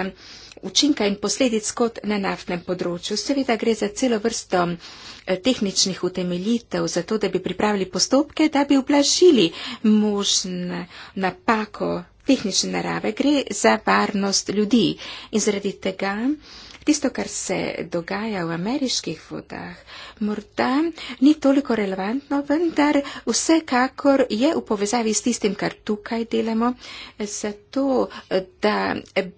učinka in posledic kot na naftnem področju. Seveda gre za celo vrsto eh, tehničnih utemeljitev za to, da bi pripravili postopke, da bi oblažili možno napako tehnične narave. Gre za varnost ljudi in zaradi tega. Tisto, kar se dogaja v ameriških vodah, morda ni toliko relevantno, vendar vsekakor je v povezavi s tistim, kar tukaj delamo, zato da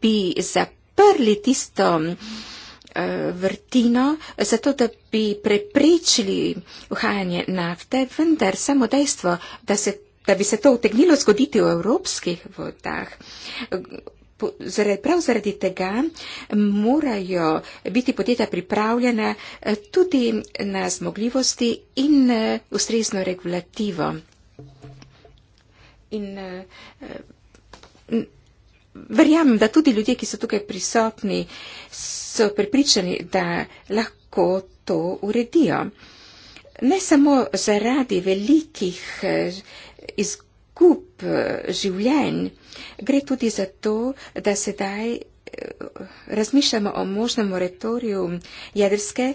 bi zaprli tisto eh, vrtino, zato da bi preprečili uhajanje nafte, vendar samo dejstvo, da, se, da bi se to utegnilo zgoditi v evropskih vodah, Prav zaradi tega morajo biti podjetja pripravljena eh, tudi na zmogljivosti in eh, ustrezno regulativo. In eh, verjamem, da tudi ljudje, ki so tukaj prisotni, so pripričani, da lahko to uredijo. Ne samo zaradi velikih izgledov, izgub eh, življenj. Gre tudi za to, da sedaj eh, razmišljamo o možnem moratoriju jedrske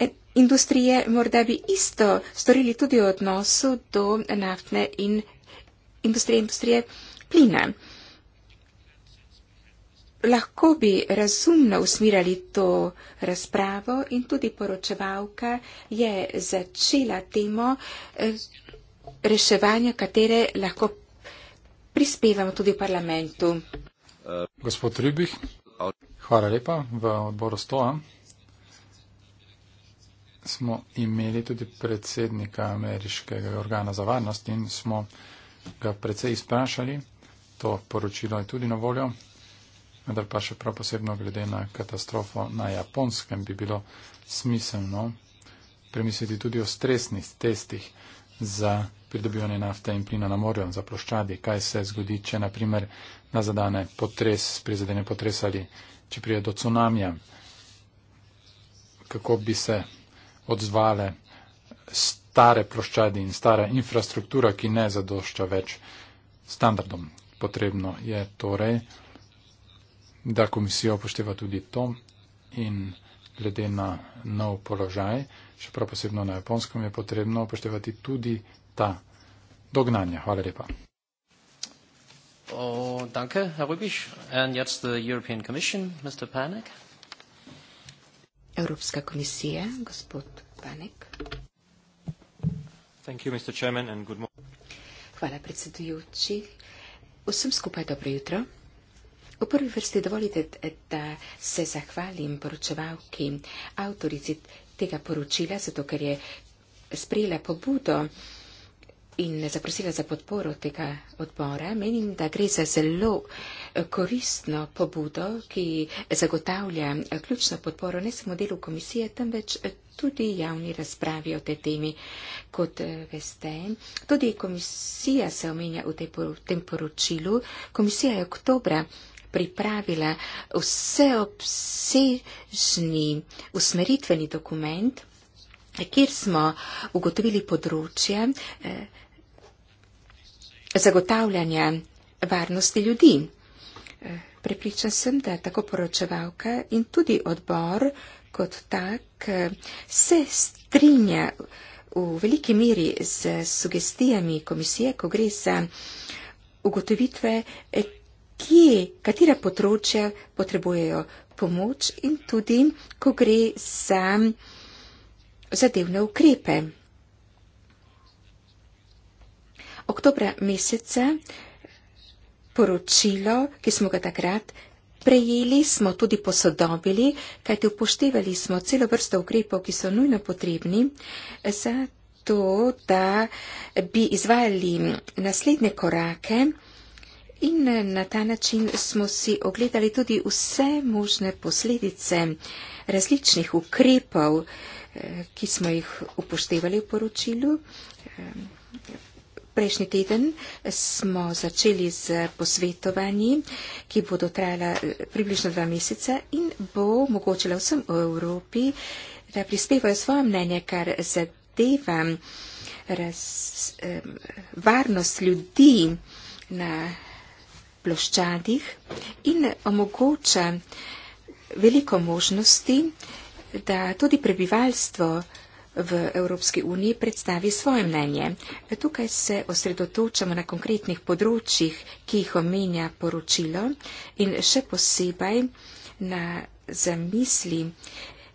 eh, industrije, morda bi isto storili tudi v odnosu do naftne in industrije, industrije plina. Lahko bi razumno usmirali to razpravo in tudi poročevalka je začela temo reševanju, katere lahko prispevamo tudi v parlamentu. Gospod Ribih, hvala lepa. V odboru stoja smo imeli tudi predsednika ameriškega organa za varnost in smo ga precej izprašali. To poročilo je tudi na voljo, vendar pa še prav posebno glede na katastrofo na japonskem bi bilo smiselno premisliti tudi o stresnih testih za pridobivanje nafte in plina na morju, za ploščadi, kaj se zgodi, če naprimer na zadane potres, prizadene potres ali če prije do cunamija, kako bi se odzvale stare ploščadi in stara infrastruktura, ki ne zadošča več standardom. Potrebno je torej, da komisija upošteva tudi to in glede na nov položaj, še prav posebno na japonskem, je potrebno upoštevati tudi ta dognanja. Hvala lepa. Oh, danke, Herr Rubisch. And jetzt the European Commission, Mr. Panek. Evropska komisija, gospod Panek. Thank you, Mr. Chairman, and good morning. Hvala, predsedujoči. Vsem skupaj dobro jutro. V prvi vrsti dovolite, da se zahvalim poročevalki avtorici tega poročila, zato ker je sprejela pobudo in zaprosila za podporo tega odbora. Menim, da gre za zelo eh, koristno pobudo, ki zagotavlja eh, ključno podporo ne samo delu komisije, temveč eh, tudi javni razpravi o tej temi. Kot veste, tudi komisija se omenja v tem poročilu. Komisija je oktobra pripravila vseobsežni usmeritveni dokument, kjer smo ugotovili področje, eh, zagotavljanja varnosti ljudi. Prepričan sem, da tako poročevalka in tudi odbor kot tak se strinja v veliki meri z sugestijami komisije, ko gre za ugotovitve, kje, katera področja potrebujejo pomoč in tudi, ko gre za zadevne ukrepe oktobra meseca poročilo, ki smo ga takrat prejeli, smo tudi posodobili, kajte upoštevali smo celo vrsto ukrepov, ki so nujno potrebni za to, da bi izvajali naslednje korake. In na ta način smo si ogledali tudi vse možne posledice različnih ukrepov, eh, ki smo jih upoštevali v poročilu, eh, Prejšnji teden smo začeli z posvetovanji, ki bodo trajala eh, približno dva meseca in bo omogočila vsem v Evropi, da prispevajo svoje mnenje, kar zadeva raz, eh, varnost ljudi na ploščadih in omogoča veliko možnosti, da tudi prebivalstvo v Evropski uniji predstavi svoje mnenje. Tukaj se osredotočamo na konkretnih področjih, ki jih omenja poročilo in še posebej na zamisli,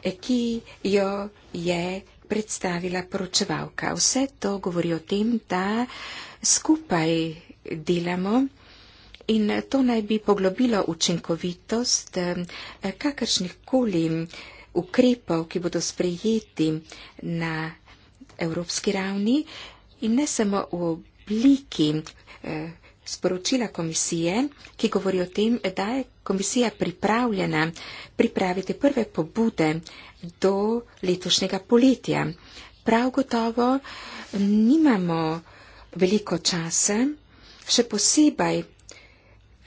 ki jo je predstavila poročevalka. Vse to govori o tem, da skupaj delamo in to naj bi poglobilo učinkovitost eh, kakršnih kolim ukrepov, ki bodo sprejeti na evropski ravni in ne samo v obliki eh, sporočila komisije, ki govori o tem, da je komisija pripravljena pripraviti prve pobude do letošnjega poletja. Prav gotovo nimamo veliko časa, še posebej,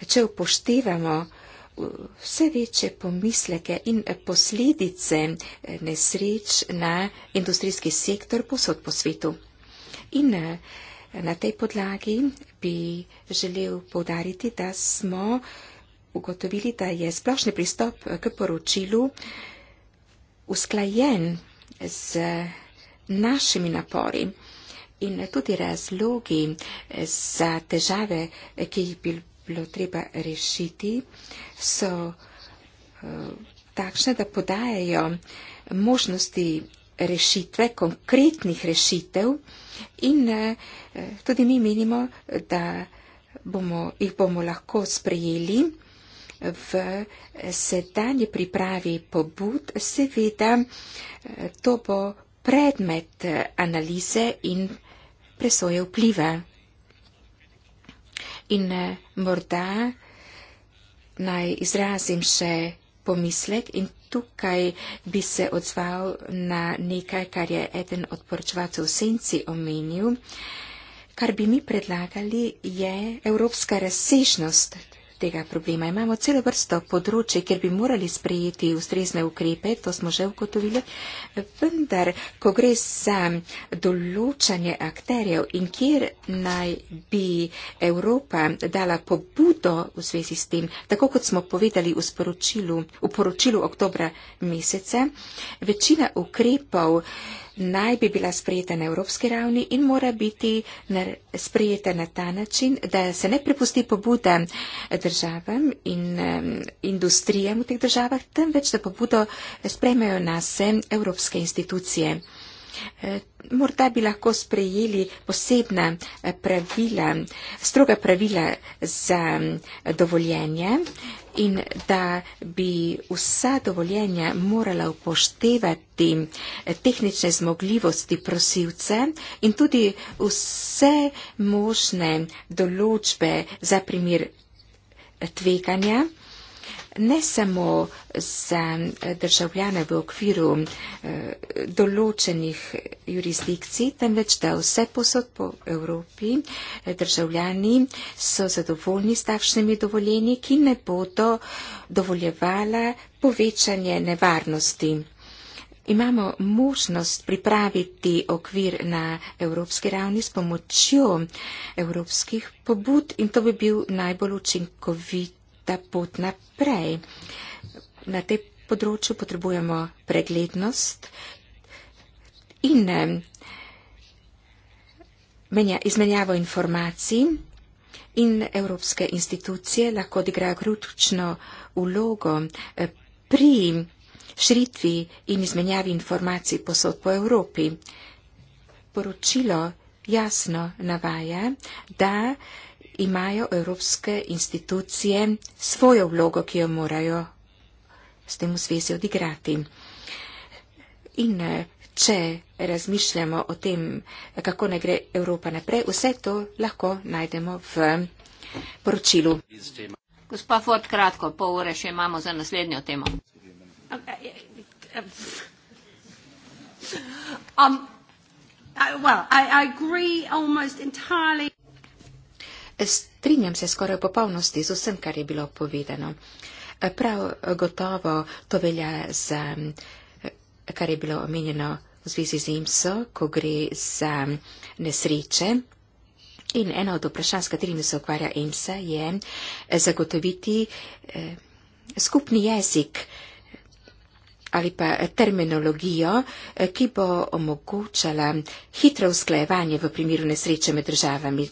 če upoštevamo vse večje pomisleke in posledice eh, nesreč na industrijski sektor posod po svetu. In eh, na tej podlagi bi želel povdariti, da smo ugotovili, da je splošni pristop eh, k poročilu usklajen z našimi napori in tudi razlogi za težave, ki jih bi bilo treba rešiti, so eh, takšne, da podajajo možnosti rešitve, konkretnih rešitev in eh, tudi mi menimo, da bomo, jih bomo lahko sprejeli v sedanje pripravi pobud. Seveda, eh, to bo predmet analize in presoje vpliva. In eh, morda naj izrazim še pomislek in tukaj bi se odzval na nekaj, kar je eden od poročevalcev Senci omenil. Kar bi mi predlagali je evropska razsežnost tega problema. Imamo celo vrsto področji, kjer bi morali sprejeti ustrezne ukrepe, to smo že ugotovili, vendar, ko gre za določanje akterjev in kjer naj bi Evropa dala pobudo v zvezi s tem, tako kot smo povedali v, v poročilu oktobra meseca, večina ukrepov naj bi bila sprejeta na evropski ravni in mora biti sprejeta na ta način, da se ne prepusti pobude državam in industrijam v teh državah, temveč da pobudo sprejmejo nase evropske institucije. E, morda bi lahko sprejeli posebna e, pravila, stroga pravila za dovoljenje, in da bi vsa dovoljenja morala upoštevati tehnične zmogljivosti prosilce in tudi vse možne določbe za primir tveganja ne samo za eh, državljane v okviru eh, določenih jurisdikcij, temveč da vse posod po Evropi eh, državljani so zadovoljni s takšnimi dovoljenji, ki ne bodo dovoljevala povečanje nevarnosti. Imamo možnost pripraviti okvir na evropski ravni s pomočjo evropskih pobud in to bi bil najbolj učinkovit ta pot naprej. Na tej področju potrebujemo preglednost in eh, izmenjavo informacij in evropske institucije lahko odigrajo ključno vlogo eh, pri širitvi in izmenjavi informacij posod po Evropi. Poročilo jasno navaja, da imajo evropske institucije svojo vlogo, ki jo morajo s tem v zvezi odigrati. In eh, če razmišljamo o tem, kako ne gre Evropa naprej, vse to lahko najdemo v poročilu. Gospa Ford, kratko, pol ure še imamo za naslednjo temo. Um, I, well, I, I agree almost entirely. Strinjam se skoraj v popolnosti z vsem, kar je bilo povedano. Prav gotovo to velja za, kar je bilo omenjeno v zvezi z IMSO, ko gre za nesreče. In ena od vprašanj, s katerimi se ukvarja IMSA, je eh, zagotoviti eh, skupni jezik ali pa terminologijo, eh, ki bo omogočala hitro usklajevanje v primeru nesreče med državami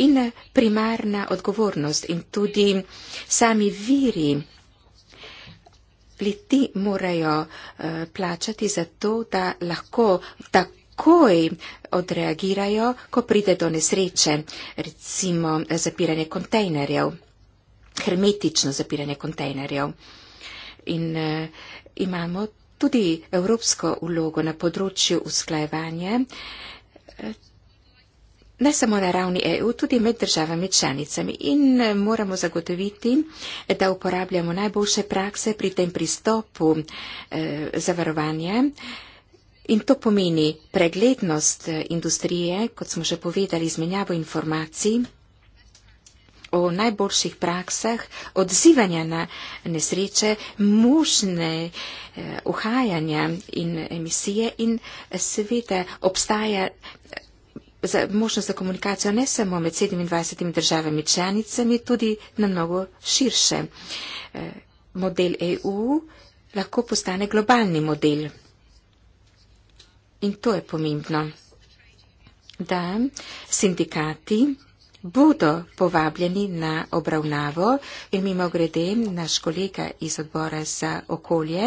in primarna odgovornost in tudi sami viri. Ljudje morajo eh, plačati za to, da lahko takoj odreagirajo, ko pride do nesreče, recimo zapiranje kontejnerjev, hermetično zapiranje kontejnerjev. In eh, imamo tudi evropsko ulogo na področju usklajevanja. Eh, ne samo na ravni EU, tudi med državami članicami in eh, moramo zagotoviti, da uporabljamo najboljše prakse pri tem pristopu eh, zavarovanja. In to pomeni preglednost eh, industrije, kot smo že povedali, izmenjavo informacij o najboljših praksah, odzivanja na nesreče, možne eh, uhajanja in emisije in seveda obstaja za možnost za komunikacijo ne samo med 27 državami članicami, tudi na mnogo širše. Eh, model EU lahko postane globalni model. In to je pomembno, da sindikati bodo povabljeni na obravnavo in mimo grede naš kolega iz odbora za okolje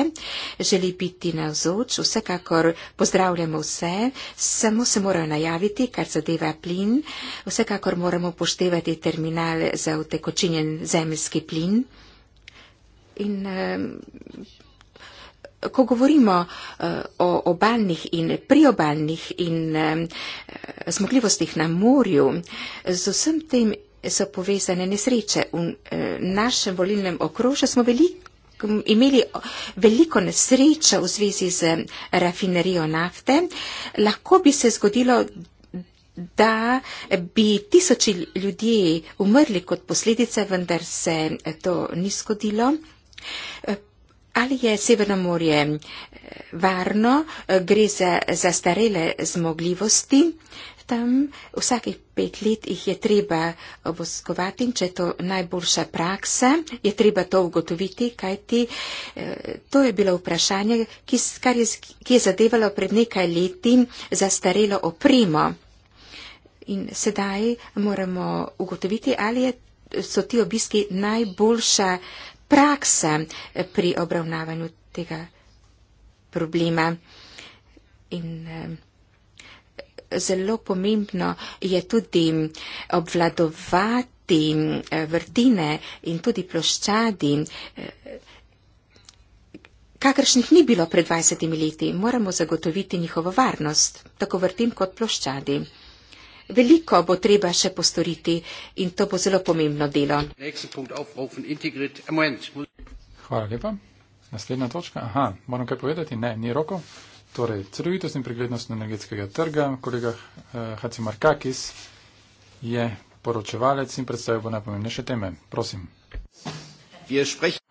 želi biti na vzoč. Vsekakor pozdravljamo vse, samo se morajo najaviti, kar zadeva plin. Vsekakor moramo poštevati terminal za utekočinjen zemljski plin. In, um, ko govorimo eh, o obaljnih in priobaljnih in eh, zmogljivostih na morju, z vsem tem so povezane nesreče. V eh, našem volilnem okrožju smo veliko imeli veliko nesreče v zvezi z rafinerijo nafte. Lahko bi se zgodilo, da bi tisoči ljudje umrli kot posledice, vendar se to ni zgodilo. Ali je Severno morje eh, varno, eh, gre za zastarele zmogljivosti, tam vsakih pet let jih je treba obiskovati in če je to najboljša praksa, je treba to ugotoviti, kajti eh, to je bilo vprašanje, ki, je, ki je zadevalo pred nekaj leti zastarelo opremo. In sedaj moramo ugotoviti, ali je, so ti obiski najboljša prakse eh, pri obravnavanju tega problema. In eh, zelo pomembno je tudi obvladovati eh, vrtine in tudi ploščadi, kakršnih ni bilo pred 20 leti. Moramo zagotoviti njihovo varnost, tako vrtin kot ploščadi veliko bo treba še postoriti in to bo zelo pomembno delo. Hvala lepa. Naslednja točka. Aha, moram kaj povedati? Ne, ni roko. Torej, celovitost in preglednost energetskega trga. Kolega eh, Haci Markakis je poročevalec in predstavil bo najpomembnejše teme. Prosim.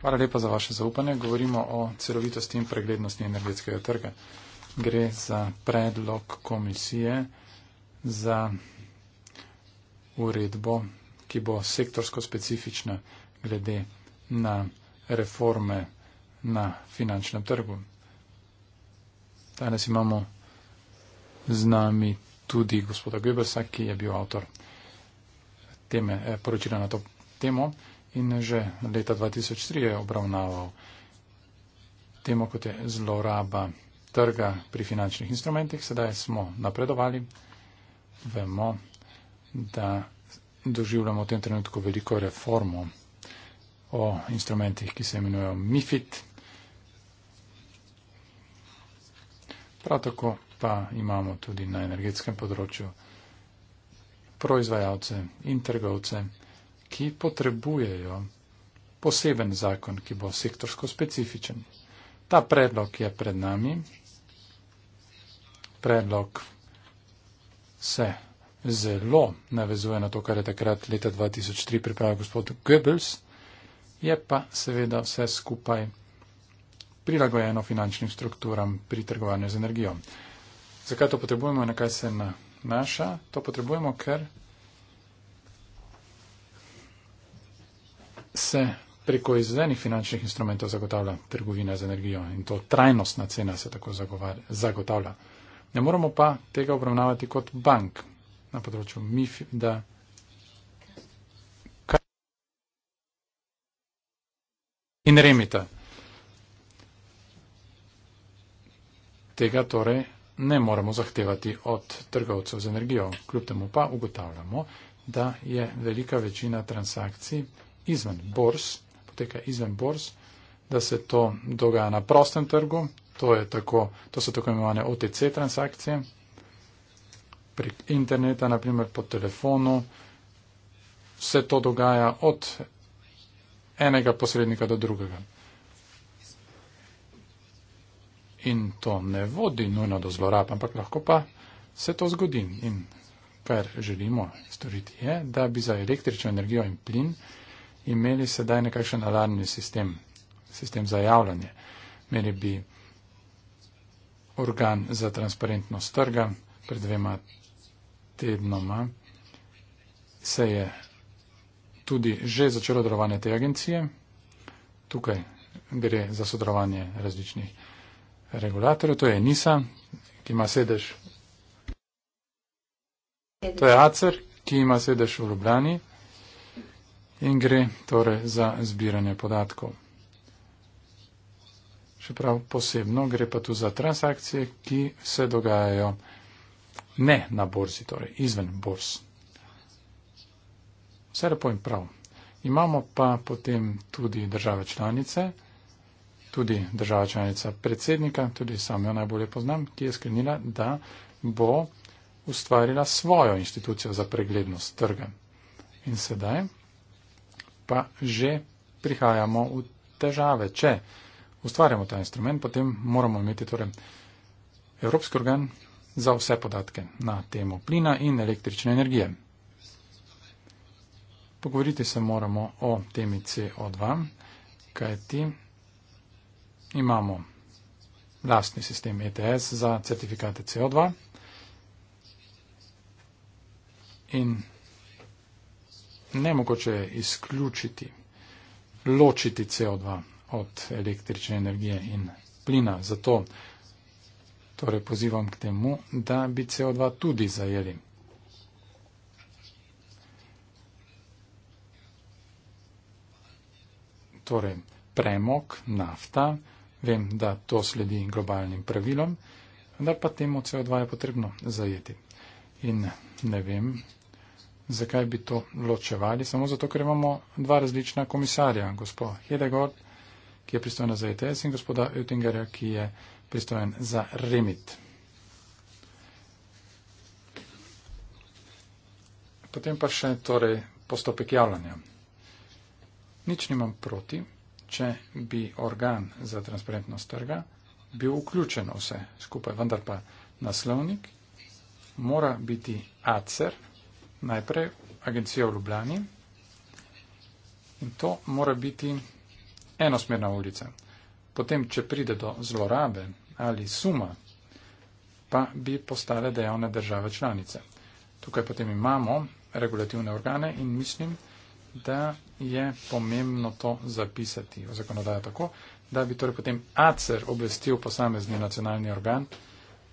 Hvala lepa za vaše zaupanje. Govorimo o celovitosti in preglednosti energetskega trga. Gre za predlog komisije za uredbo, ki bo sektorsko specifična glede na reforme na finančnem trgu. Danes imamo z nami tudi gospoda Goebbelsa, ki je bil avtor teme, eh, poročila na to temo in že leta 2003 je obravnaval temo kot je zloraba trga pri finančnih instrumentih. Sedaj smo napredovali vemo, da doživljamo v tem trenutku veliko reformo o instrumentih, ki se imenujejo MIFID. Prav tako pa imamo tudi na energetskem področju proizvajalce in trgovce, ki potrebujejo poseben zakon, ki bo sektorsko specifičen. Ta predlog je pred nami, predlog se zelo navezuje na to, kar je takrat leta 2003 pripravil gospod Goebbels, je pa seveda vse skupaj prilagojeno finančnim strukturam pri trgovanju z energijo. Zakaj to potrebujemo, na kaj se nanaša? To potrebujemo, ker se preko izvedenih finančnih instrumentov zagotavlja trgovina z energijo in to trajnostna cena se tako zagotavlja. Ne moramo pa tega obravnavati kot bank na področju MIF, da in remita. Tega torej ne moremo zahtevati od trgovcev z energijo. Kljub temu pa ugotavljamo, da je velika večina transakcij izven bors, poteka izven bors, da se to dogaja na prostem trgu, To, tako, to so tako imenovane OTC transakcije. Prek interneta, naprimer po telefonu, vse to dogaja od enega posrednika do drugega. In to ne vodi nujno do zlorab, ampak lahko pa se to zgodi. In kar želimo storiti je, da bi za električno energijo in plin imeli sedaj nekakšen alarmni sistem, sistem za javljanje. Imeli bi organ za transparentnost trga pred dvema tednoma se je tudi že začelo delovanje te agencije. Tukaj gre za sodelovanje različnih regulatorjev. To je NISA, ki ima sedež. To je ACER, ki ima sedež v Ljubljani in gre torej za zbiranje podatkov še prav posebno, gre pa tu za transakcije, ki se dogajajo ne na borzi, torej izven borz. Vse lepo in prav. Imamo pa potem tudi države članice, tudi država članica predsednika, tudi sam jo najbolje poznam, ki je sklenila, da bo ustvarila svojo inštitucijo za preglednost trga. In sedaj pa že prihajamo v težave, če ustvarjamo ta instrument, potem moramo imeti torej Evropski organ za vse podatke na temo plina in električne energije. Pogovoriti se moramo o temi CO2, kajti imamo lastni sistem ETS za certifikate CO2 in nemogoče je izključiti, ločiti CO2 od električne energije in plina. Zato torej pozivam k temu, da bi CO2 tudi zajeli. Torej, premok, nafta, vem, da to sledi globalnim pravilom, da pa temu CO2 je potrebno zajeti. In ne vem, zakaj bi to ločevali, samo zato, ker imamo dva različna komisarja, gospod Hedegord ki je pristojna za ETS in gospoda Oettingerja, ki je pristojen za REMIT. Potem pa še torej postopek javljanja. Nič nimam proti, če bi organ za transparentnost trga bil vključen vse skupaj, vendar pa naslovnik mora biti ACER, najprej agencija v Ljubljani in to mora biti enosmerna ulica. Potem, če pride do zlorabe ali suma, pa bi postale dejavne države članice. Tukaj potem imamo regulativne organe in mislim, da je pomembno to zapisati v zakonodajo tako, da bi torej potem ACER obvestil posamezni nacionalni organ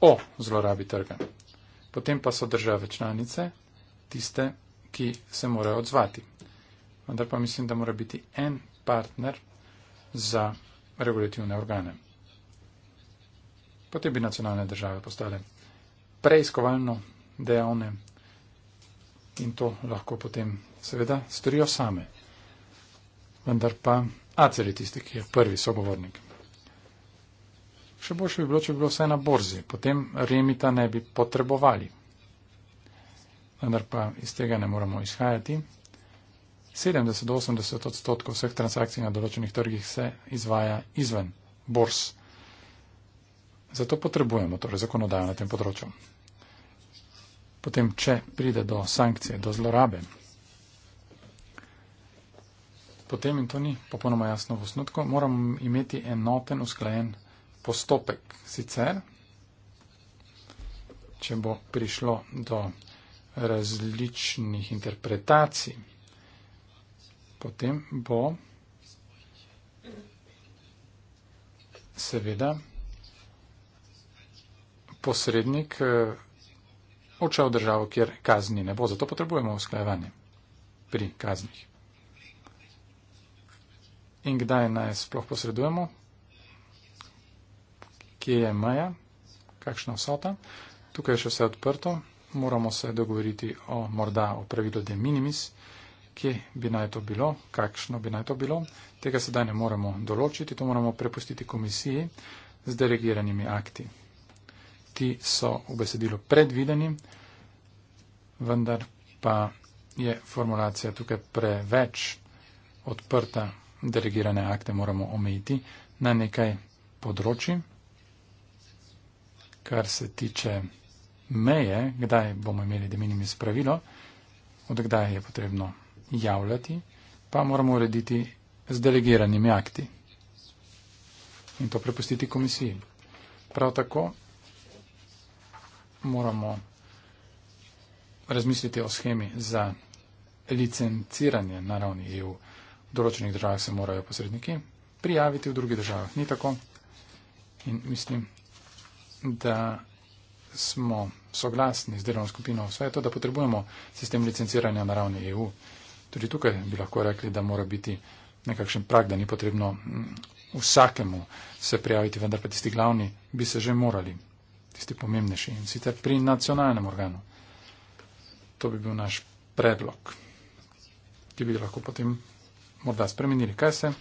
o zlorabi trga. Potem pa so države članice tiste, ki se morajo odzvati. Vendar pa mislim, da mora biti en partner za regulativne organe. Potem bi nacionalne države postale preiskovalno dejavne in to lahko potem seveda storijo same. Vendar pa ACER je tisti, ki je prvi sogovornik. Še boljše bi bilo, če bi bilo vse na borzi, potem remita ne bi potrebovali. Vendar pa iz tega ne moramo izhajati. 70 do 80 odstotkov vseh transakcij na določenih trgih se izvaja izven bors. Zato potrebujemo torej zakonodajo na tem področju. Potem, če pride do sankcije, do zlorabe, potem, in to ni popolnoma jasno v osnutku, moramo imeti enoten, usklajen postopek. Sicer, če bo prišlo do različnih interpretacij, potem bo seveda posrednik eh, odšel v državo, kjer kazni ne bo. Zato potrebujemo usklajevanje pri kaznih. In kdaj naj sploh posredujemo? Kje je meja? Kakšna vsota? Tukaj je še vse odprto. Moramo se dogovoriti o morda o pravilu de minimis kje bi naj to bilo, kakšno bi naj to bilo. Tega sedaj ne moremo določiti, to moramo prepustiti komisiji z delegiranimi akti. Ti so v besedilu predvideni, vendar pa je formulacija tukaj preveč odprta, delegirane akte moramo omejiti na nekaj področji, kar se tiče meje, kdaj bomo imeli deminimis pravilo, odkdaj je potrebno javljati, pa moramo urediti z delegiranimi akti in to prepustiti komisiji. Prav tako moramo razmisliti o schemi za licenciranje na ravni EU. V določenih državah se morajo posredniki prijaviti, v drugih državah ni tako. In mislim, da smo soglasni z delovno skupino v svetu, da potrebujemo sistem licenciranja na ravni EU. Tudi tukaj bi lahko rekli, da mora biti nekakšen prag, da ni potrebno mm, vsakemu se prijaviti, vendar pa tisti glavni bi se že morali, tisti pomembnejši in sicer pri nacionalnem organu. To bi bil naš predlog, ki bi lahko potem morda spremenili. Kaj se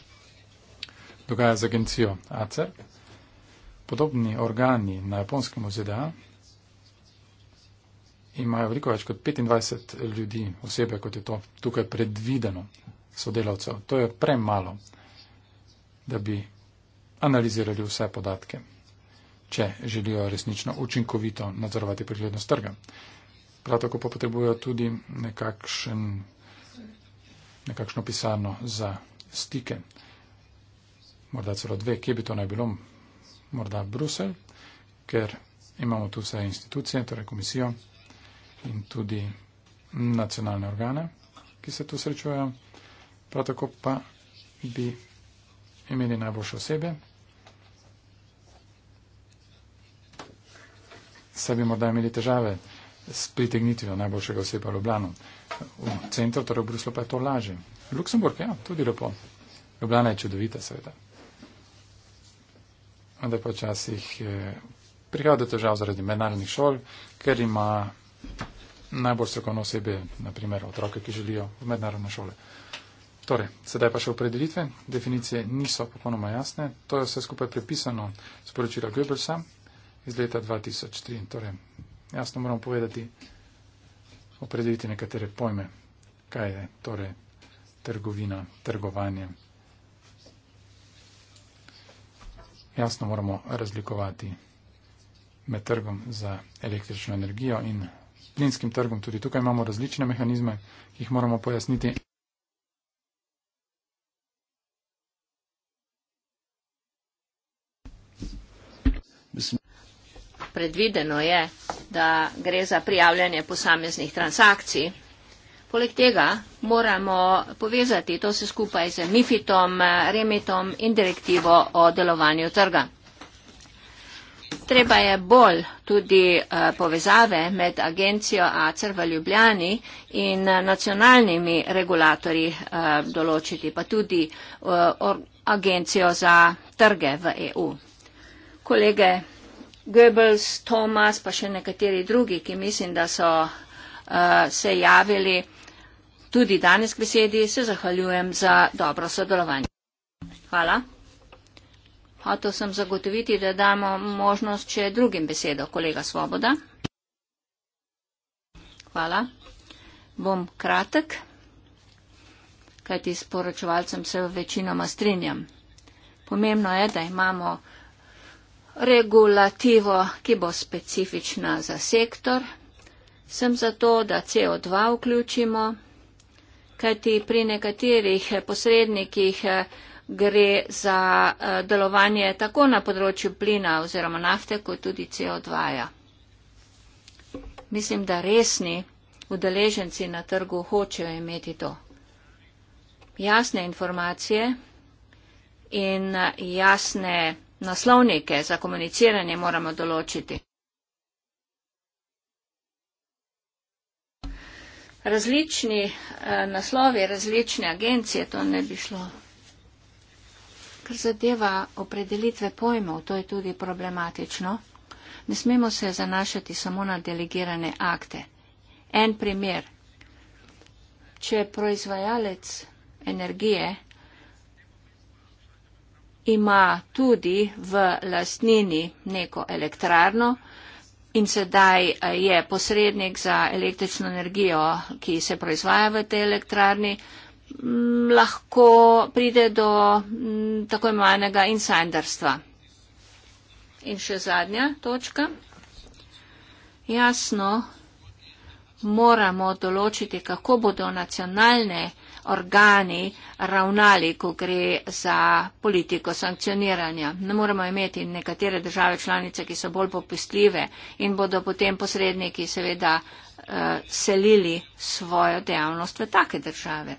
dogaja z agencijo ACER? Podobni organi na japonskem ZDA imajo veliko več kot 25 ljudi, osebe, kot je to tukaj predvideno, sodelavcev. To je premalo, da bi analizirali vse podatke, če želijo resnično učinkovito nadzorovati preglednost trga. Prav tako pa potrebujo tudi nekakšen, nekakšno pisarno za stike, morda celo dve, kje bi to naj bilo, morda Bruselj, ker imamo tu vse institucije, torej komisijo in tudi nacionalne organe, ki se tu srečujejo. Prav tako pa bi imeli najboljše osebe. Saj bi morda imeli težave s pritegnitvijo najboljšega oseba v Ljubljano. V centru, torej v Bruslu, pa je to lažje. Luksemburg, ja, tudi lepo. Ljubljana je čudovita, seveda. Vendar pa včasih eh, prihaja do težav zaradi mednarodnih šol, ker ima najbolj strokovno osebe, naprimer otroke, ki želijo v mednarodne šole. Torej, sedaj pa še opredelitve. Definicije niso popolnoma jasne. To je vse skupaj prepisano z poročila Goebbelsa iz leta 2003. Torej, jasno moram povedati, opredeliti nekatere pojme, kaj je torej trgovina, trgovanje. Jasno moramo razlikovati med trgom za električno energijo in plinskim trgom. Tudi tukaj imamo različne mehanizme, ki jih moramo pojasniti. Predvideno je, da gre za prijavljanje posameznih transakcij. Poleg tega moramo povezati to se skupaj z MIFIT-om, REMIT-om in direktivo o delovanju trga. Treba je bolj tudi uh, povezave med agencijo ACER v Ljubljani in eh, nacionalnimi regulatorji uh, določiti, pa tudi uh, agencijo za trge v EU. Kolege Goebbels, Thomas, pa še nekateri drugi, ki mislim, da so uh, se javili tudi danes k besedi, se zahvaljujem za dobro sodelovanje. Hvala a to sem zagotoviti, da damo možnost še drugim besedo, kolega Svoboda. Hvala. Bom kratek, kajti s poročevalcem se večinoma strinjam. Pomembno je, da imamo regulativo, ki bo specifična za sektor. Sem zato, da CO2 vključimo, kajti pri nekaterih posrednikih eh, gre za eh, delovanje tako na področju plina oziroma nafte, kot tudi CO2. -ja. Mislim, da resni udeleženci na trgu hočejo imeti to. Jasne informacije in eh, jasne naslovnike za komuniciranje moramo določiti. Različni eh, naslovi, različne agencije, to ne bi šlo kar zadeva opredelitve pojmov, to je tudi problematično. Ne smemo se zanašati samo na delegirane akte. En primer. Če proizvajalec energije ima tudi v lastnini neko elektrarno in sedaj eh, je posrednik za električno energijo, ki se proizvaja v tej elektrarni, lahko pride do tako imenega insiderstva. In še zadnja točka. Jasno, moramo določiti, kako bodo nacionalne organi ravnali, ko gre za politiko sankcioniranja. Ne moramo imeti nekatere države članice, ki so bolj popustljive in bodo potem posredniki seveda eh, selili svojo dejavnost v take države.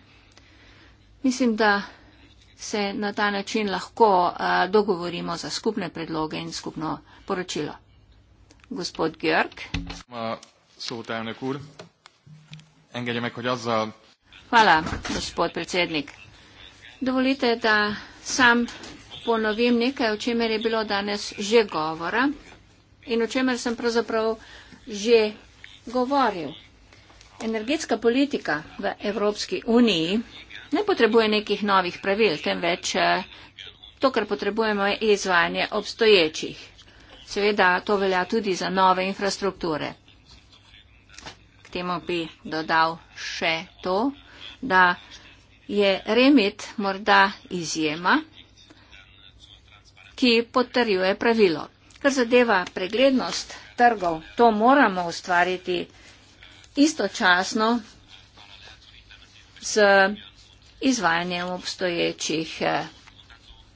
Mislim, da se na ta način lahko uh, dogovorimo za skupne predloge in skupno poročilo. Gospod Görg. Hvala, gospod predsednik. Dovolite, da sam ponovim nekaj, o čemer je bilo danes že govora in o čemer sem pravzaprav že govoril. Energetska politika v Evropski uniji ne potrebuje nekih novih pravil, temveč eh, to, kar potrebujemo, je izvajanje obstoječih. Seveda to velja tudi za nove infrastrukture. K temu bi dodal še to, da je remit morda izjema, ki potrjuje pravilo. Kar zadeva preglednost trgov, to moramo ustvariti istočasno z izvajanjem obstoječih eh,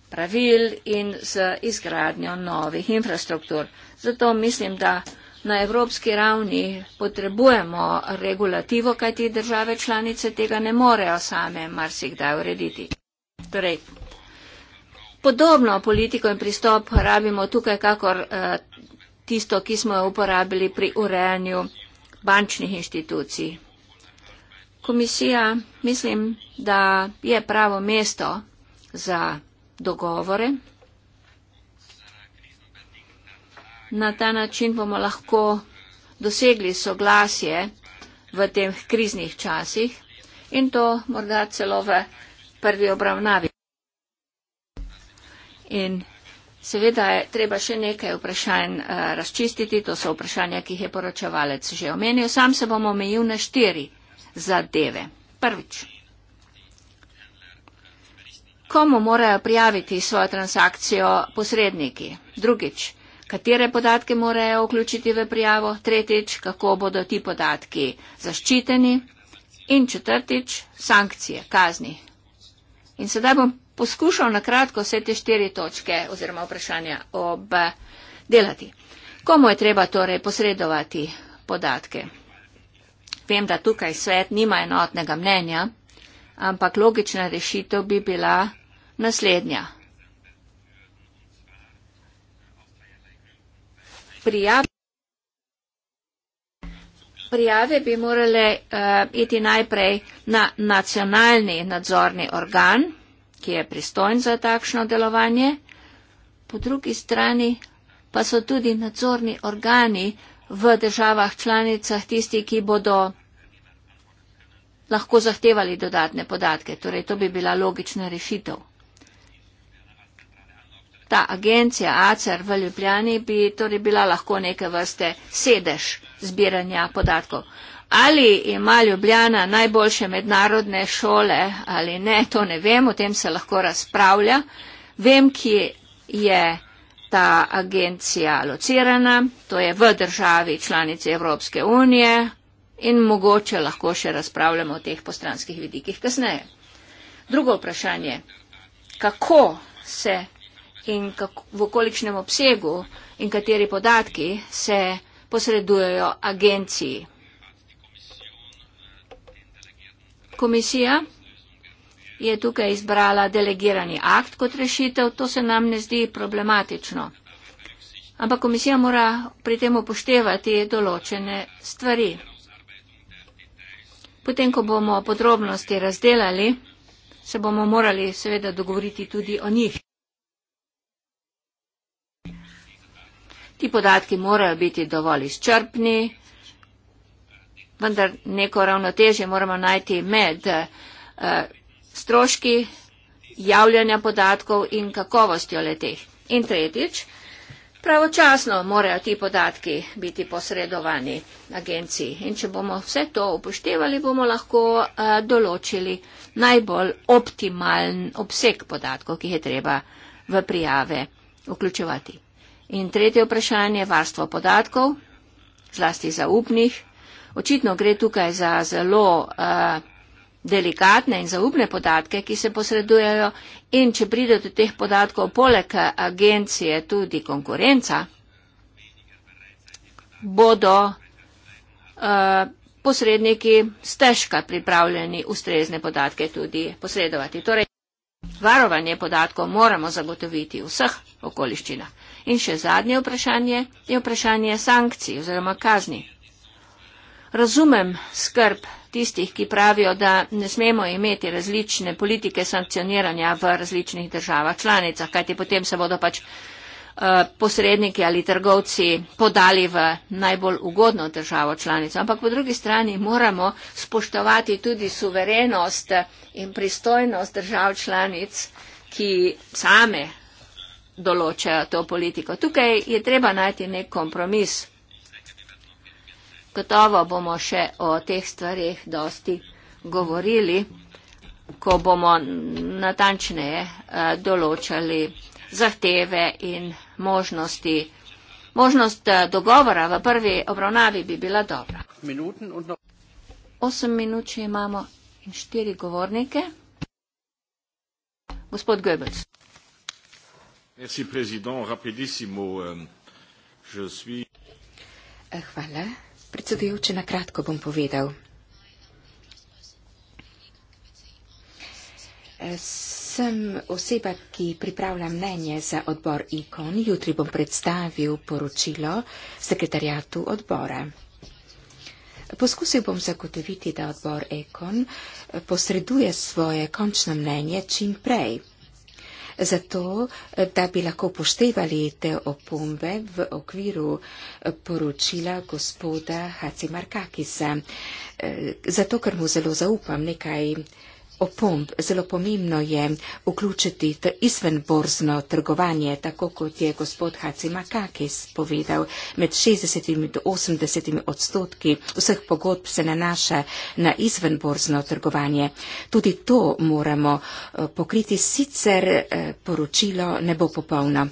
pravil in z izgradnjo novih infrastruktur. Zato mislim, da na evropski ravni potrebujemo regulativo, kajti države članice tega ne morejo same marsikdaj urediti. Torej, podobno politiko in pristop rabimo tukaj, kakor eh, tisto, ki smo jo uporabili pri urejanju bančnih inštitucij komisija mislim, da je pravo mesto za dogovore. Na ta način bomo lahko dosegli soglasje v tem kriznih časih in to morda celo v prvi obravnavi. In seveda je treba še nekaj vprašanj uh, razčistiti, to so vprašanja, ki jih je poročevalec že omenil. Sam se bom omejil na štiri zadeve. Prvič, komu morajo prijaviti svojo transakcijo posredniki? Drugič, katere podatke morajo vključiti v prijavo? Tretjič, kako bodo ti podatki zaščiteni? In četrtič, sankcije, kazni. In sedaj bom poskušal na kratko vse te štiri točke oziroma vprašanja obdelati. Komu je treba torej posredovati podatke? vem, da tukaj svet nima enotnega mnenja, ampak logična rešitev bi bila naslednja. Prijave, prijave bi morale uh, iti najprej na nacionalni nadzorni organ, ki je pristojen za takšno delovanje. Po drugi strani pa so tudi nadzorni organi v državah članicah tisti, ki bodo lahko zahtevali dodatne podatke. Torej, to bi bila logična rešitev. Ta agencija ACER v Ljubljani bi torej bila lahko neke vrste sedež zbiranja podatkov. Ali ima Ljubljana najboljše mednarodne šole ali ne, to ne vem, o tem se lahko razpravlja. Vem, ki je ta agencija locirana, to je v državi članici Evropske unije, in mogoče lahko še razpravljamo o teh postranskih vidikih kasneje. Drugo vprašanje, kako se in kako, v kolikšnem obsegu in kateri podatki se posredujejo agenciji. Komisija je tukaj izbrala delegirani akt kot rešitev, to se nam ne zdi problematično. Ampak komisija mora pri tem upoštevati določene stvari. Potem, ko bomo podrobnosti razdelali, se bomo morali seveda dogovoriti tudi o njih. Ti podatki morajo biti dovolj izčrpni, vendar neko ravnotežje moramo najti med eh, stroški javljanja podatkov in kakovostjo leteh. In tretjič, Pravočasno morajo ti podatki biti posredovani agenciji in če bomo vse to upoštevali, bomo lahko uh, določili najbolj optimalen obseg podatkov, ki jih je treba v prijave vključevati. In tretje vprašanje je varstvo podatkov, zlasti zaupnih. Očitno gre tukaj za zelo. Uh, delikatne in zaupne podatke, ki se posredujejo in če pride do teh podatkov poleg agencije tudi konkurenca, bodo uh, posredniki stežka pripravljeni ustrezne podatke tudi posredovati. Torej, varovanje podatkov moramo zagotoviti v vseh okoliščinah. In še zadnje vprašanje je vprašanje sankcij oziroma kazni. Razumem skrb tistih, ki pravijo, da ne smemo imeti različne politike sankcioniranja v različnih državah članicah, kajti potem se bodo pač eh, posredniki ali trgovci podali v najbolj ugodno državo članico. Ampak po drugi strani moramo spoštovati tudi suverenost in pristojnost držav članic, ki same določajo to politiko. Tukaj je treba najti nek kompromis. Gotovo bomo še o teh stvarih dosti govorili, ko bomo natančneje eh, določali zahteve in možnosti. Možnost eh, dogovora v prvi obravnavi bi bila dobra. Osem minut, če imamo in štiri govornike. Gospod Goebbels. Merci, président. Rapidissimo. Euh, je suis... Eh, hvala. Predsedujoče, na kratko bom povedal. Sem oseba, ki pripravlja mnenje za odbor ikon. Jutri bom predstavil poročilo sekretarjatu odbora. Poskusil bom zagotoviti, da odbor ekon posreduje svoje končno mnenje čim prej zato eh, da bi lahko poštevali te opombe v okviru eh, poročila gospoda Hacimarkakisa. Eh, zato, ker mu zelo zaupam nekaj opomb. Zelo pomembno je vključiti izvenborzno trgovanje, tako kot je gospod Hacimakakis povedal, med 60 in 80 odstotki vseh pogodb se nanaša na izvenborzno trgovanje. Tudi to moramo eh, pokriti, sicer eh, poročilo ne bo popolno.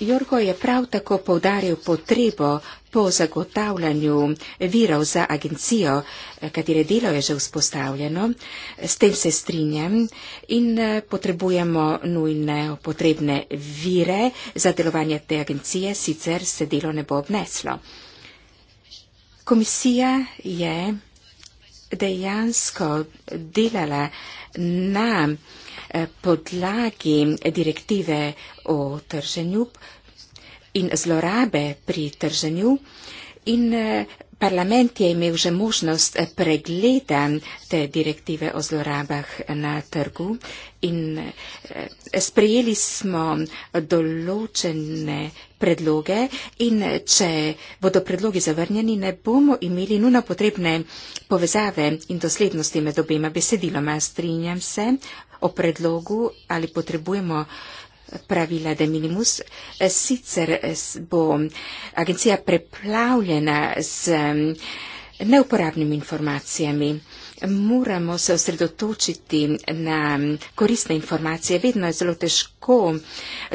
Jorgo je prav tako povdaril potrebo po zagotavljanju virov za agencijo, eh, katere delo je že vzpostavljeno, s tem se strinjam in eh, potrebujemo nujne potrebne vire za delovanje te agencije, sicer se delo ne bo obneslo. Komisija je dejansko delala na eh, podlagi direktive o trženju, in zlorabe pri trženju. In eh, parlament je imel že možnost eh, pregleda te direktive o zlorabah na trgu in eh, sprejeli smo določene predloge in če bodo predlogi zavrnjeni, ne bomo imeli nujno potrebne povezave in doslednosti med obema besediloma. Strinjam se o predlogu ali potrebujemo pravila de minimus, sicer bo agencija preplavljena z neuporabnimi informacijami moramo se osredotočiti na koristne informacije. Vedno je zelo težko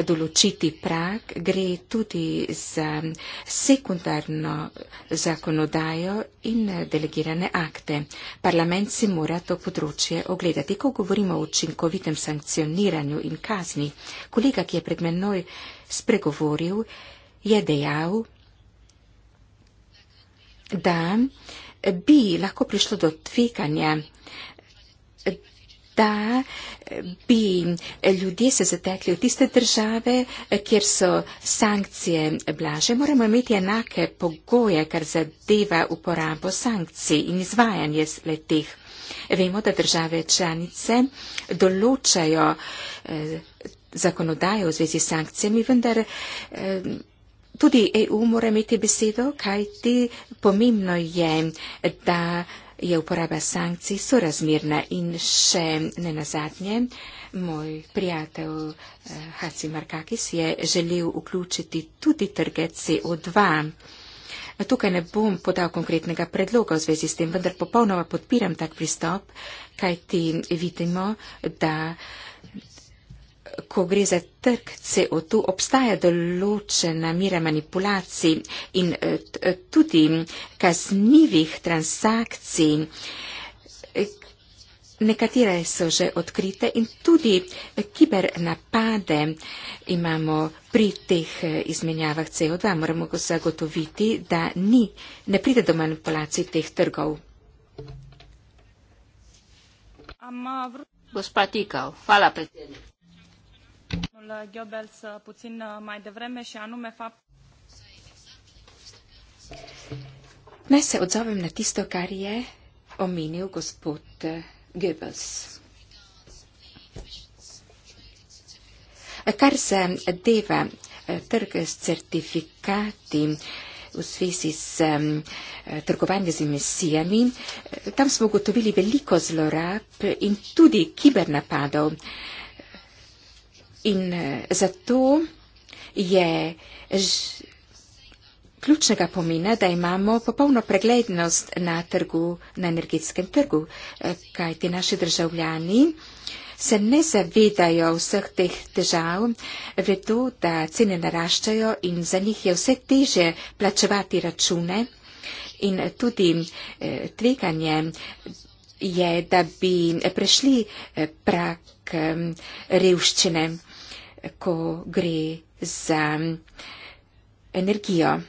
določiti prak. Gre tudi za sekundarno zakonodajo in delegirane akte. Parlament si mora to področje ogledati. Ko govorimo o učinkovitem sankcioniranju in kazni, kolega, ki je pred menoj spregovoril, je dejal, da bi lahko prišlo do tveganja, da bi ljudje se zatekli v tiste države, kjer so sankcije blaže. Moramo imeti enake pogoje, kar zadeva uporabo sankcij in izvajanje letih. Vemo, da države članice določajo eh, zakonodajo v zvezi s sankcijami, vendar. Eh, tudi EU mora imeti besedo, kaj ti pomembno je, da je uporaba sankcij sorazmirna in še ne nazadnje. Moj prijatelj eh, Haci Markakis je želel vključiti tudi trge CO2. Tukaj ne bom podal konkretnega predloga v zvezi s tem, vendar popolnoma podpiram tak pristop, kaj ti vidimo, da ko gre za trg CO2, obstaja določena mira manipulacij in eh, eh, tudi kaznjivih transakcij. Nekatere so že odkrite in tudi eh, kibernapade imamo pri teh izmenjavah CO2. Moramo ga zagotoviti, da ni, ne pride do manipulacij teh trgov. Gospa Tikal, hvala predsednik domnul Goebbels puțin mai devreme și anume fapt... Ne se odzovem na tisto, kar je omenil gospod eh, Goebbels. Kar se deva eh, trg s certifikati v svesi s eh, trgovanjem z emisijami, tam smo ugotovili veliko zlorab in tudi kibernapadov. In eh, zato je ključnega pomena, da imamo popolno preglednost na, trgu, na energetskem trgu, eh, kaj ti naši državljani se ne zavedajo vseh teh težav, vedo, da cene naraščajo in za njih je vse teže plačevati račune in tudi eh, tveganje je, da bi prešli prak revščine ko gre za energijo.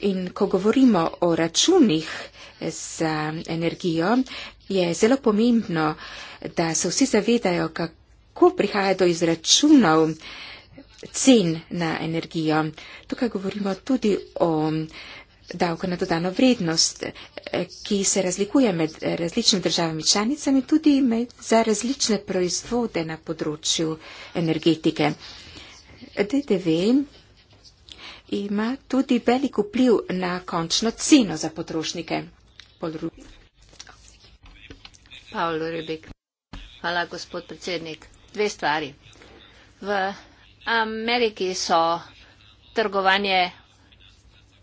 In ko govorimo o računih za energijo, je zelo pomembno, da se vsi zavedajo, kako prihaja do izračunov cen na energijo. Tukaj govorimo tudi o davka na dodano vrednost, eh, ki se razlikuje med eh, različnimi državami članicami, tudi med, za različne proizvode na področju energetike. DDV ima tudi velik vpliv na končno ceno za potrošnike. Pavlo Rebek. Hvala, gospod predsednik. Dve stvari. V Ameriki so trgovanje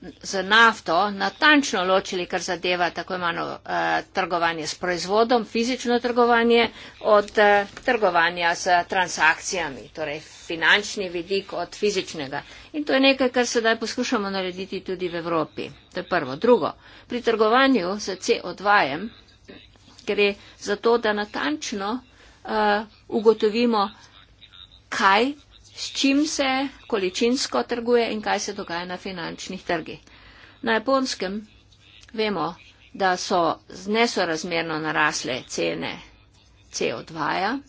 z nafto natančno ločili, kar zadeva tako imano eh, trgovanje s proizvodom, fizično trgovanje od eh, trgovanja s transakcijami, torej finančni vidik od fizičnega. In to je nekaj, kar sedaj poskušamo narediti tudi v Evropi. To je prvo. Drugo, pri trgovanju s CO2-jem gre za to, da natančno eh, ugotovimo, kaj s čim se količinsko trguje in kaj se dogaja na finančnih trgih. Na japonskem vemo, da so nesorazmerno narasle cene CO2 -ja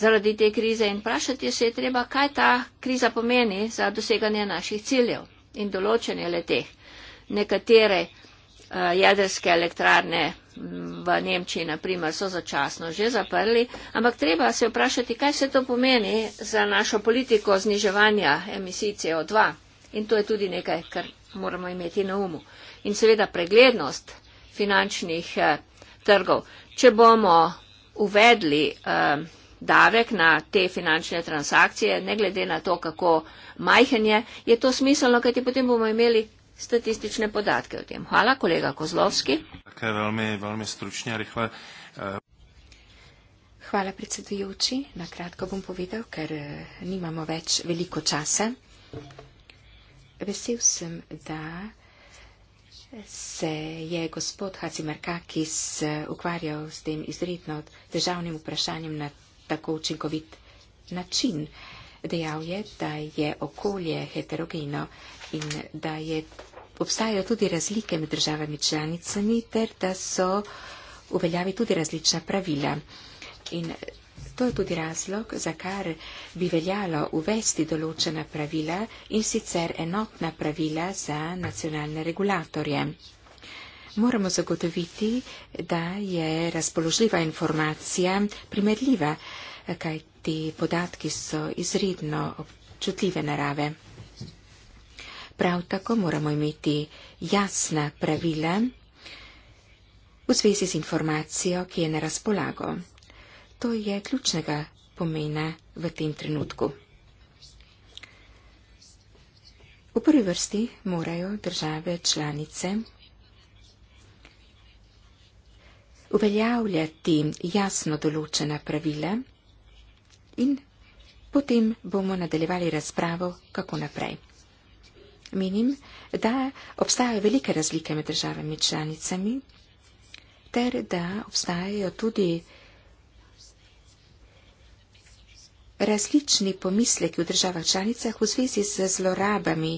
zaradi te krize in vprašati se je treba, kaj ta kriza pomeni za doseganje naših ciljev in določenje leteh. Nekatere uh, jedrske elektrarne v Nemčiji, naprimer, so začasno že zaprli, ampak treba se vprašati, kaj vse to pomeni za našo politiko zniževanja emisij CO2. In to je tudi nekaj, kar moramo imeti na umu. In seveda preglednost finančnih eh, trgov. Če bomo uvedli eh, davek na te finančne transakcije, ne glede na to, kako majhen je, je to smiselno, kajti potem bomo imeli statistične podatke o tem. Hvala, kolega Kozlovski. Tako je veľmi, veľmi stručne a rýchle. Eh, Hvala, predsedujúči. Nakrátko bom povedal, ker eh, nimamo več veliko časa. Vesel sem, da se je gospod Hacimarkakis eh, ukvarjal s tem izredno državnim vprašanjem na tako učinkovit način. Dejal je, da je okolje heterogeno in da je obstajajo tudi razlike med državami članicami ter da so uveljavi tudi različna pravila. In to je tudi razlog, zakaj bi veljalo uvesti določena pravila in sicer enotna pravila za nacionalne regulatorje. Moramo zagotoviti, da je razpoložljiva informacija primerljiva, kaj ti podatki so izredno občutljive narave. Prav tako moramo imeti jasna pravila v zvezi z informacijo, ki je na razpolago. To je ključnega pomena v tem trenutku. V prvi vrsti morajo države članice uveljavljati jasno določena pravila in potem bomo nadaljevali razpravo, kako naprej. Menim, da obstajajo velike razlike med državami članicami, ter da obstajajo tudi različni pomisleki v državah članicah v zvezi z zlorabami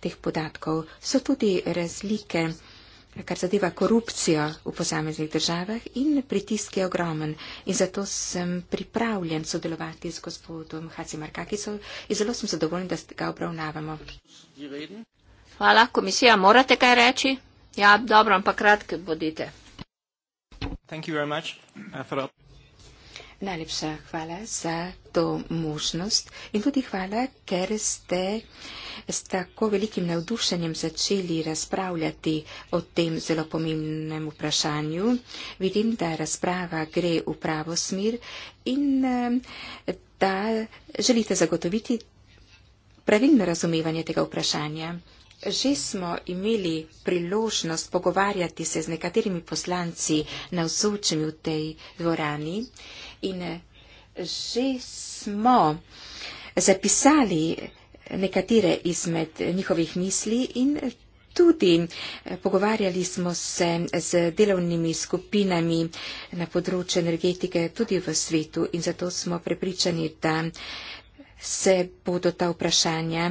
teh podatkov. So tudi razlike kar zadeva korupcijo v posameznih državah in pritisk je ogromen. In zato sem pripravljen sodelovati z gospodom Hacimar Kakisov in zelo sem zadovoljen, da ga obravnavamo. Hvala, komisija, morate kaj reči? Ja, dobro, ampak kratke bodite. Thank you very much. Uh, for... Najlepša hvala za to možnost in tudi hvala, ker ste s tako velikim navdušenjem začeli razpravljati o tem zelo pomembnem vprašanju. Vidim, da razprava gre v pravo smer in eh, da želite zagotoviti pravilno razumevanje tega vprašanja. Že smo imeli priložnost pogovarjati se z nekaterimi poslanci navzočimi v tej dvorani. In eh, že smo zapisali nekatere izmed njihovih misli in tudi eh, pogovarjali smo se z delovnimi skupinami na področju energetike tudi v svetu in zato smo prepričani, da se bodo ta vprašanja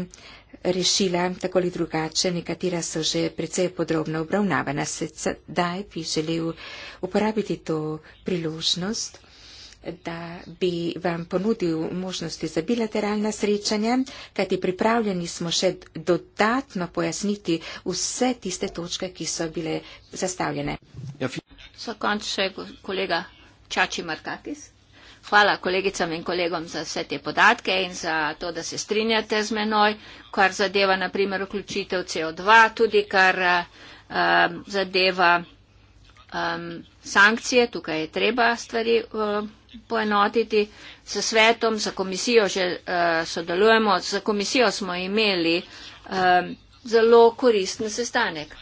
rešila tako ali drugače, nekatera so že precej podrobno obravnavana. Sedaj bi želel uporabiti to priložnost da bi vam ponudil možnosti za bilateralna srečanja, kajti pripravljeni smo še dodatno pojasniti vse tiste točke, ki so bile zastavljene. Za ja, konč še kolega Čači Markakis. Hvala kolegicam in kolegom za vse te podatke in za to, da se strinjate z menoj, kar zadeva naprimer vključitev CO2, tudi kar um, zadeva um, sankcije. Tukaj je treba stvari. Um, poenotiti s svetom, za komisijo že uh, sodelujemo, za komisijo smo imeli uh, zelo koristen sestanek.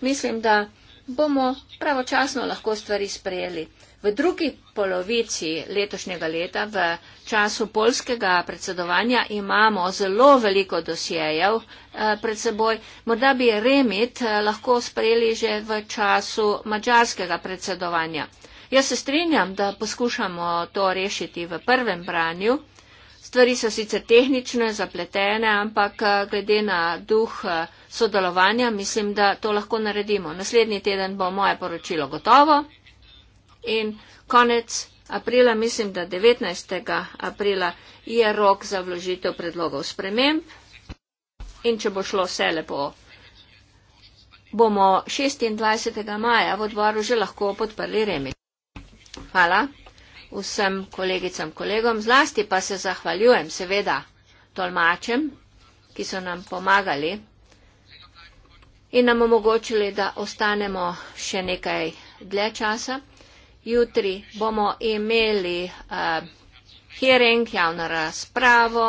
Mislim, da bomo pravočasno lahko stvari sprejeli. V drugi polovici letošnjega leta, v času polskega predsedovanja, imamo zelo veliko dosjejev eh, pred seboj. Morda bi remit eh, lahko sprejeli že v času mačarskega predsedovanja. Eh, Jaz se strinjam, da poskušamo to rešiti v prvem branju. Stvari so sicer tehnične, zapletene, ampak eh, glede na duh eh, sodelovanja mislim, da to lahko naredimo. Naslednji teden bo moje poročilo gotovo in konec aprila, mislim, da 19. aprila je rok za vložitev predlogov sprememb in če bo šlo vse lepo, bomo 26. maja v odboru že lahko podprli remit hvala vsem kolegicam, kolegom, zlasti pa se zahvaljujem seveda tolmačem, ki so nam pomagali in nam omogočili, da ostanemo še nekaj dlje časa. Jutri bomo imeli uh, hearing, javno razpravo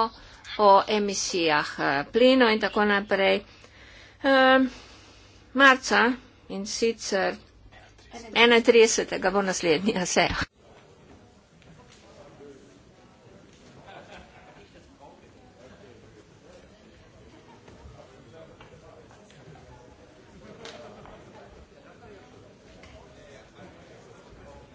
o emisijah uh, eh, plino in tako naprej. Uh, marca in sicer 31. bo naslednja seja.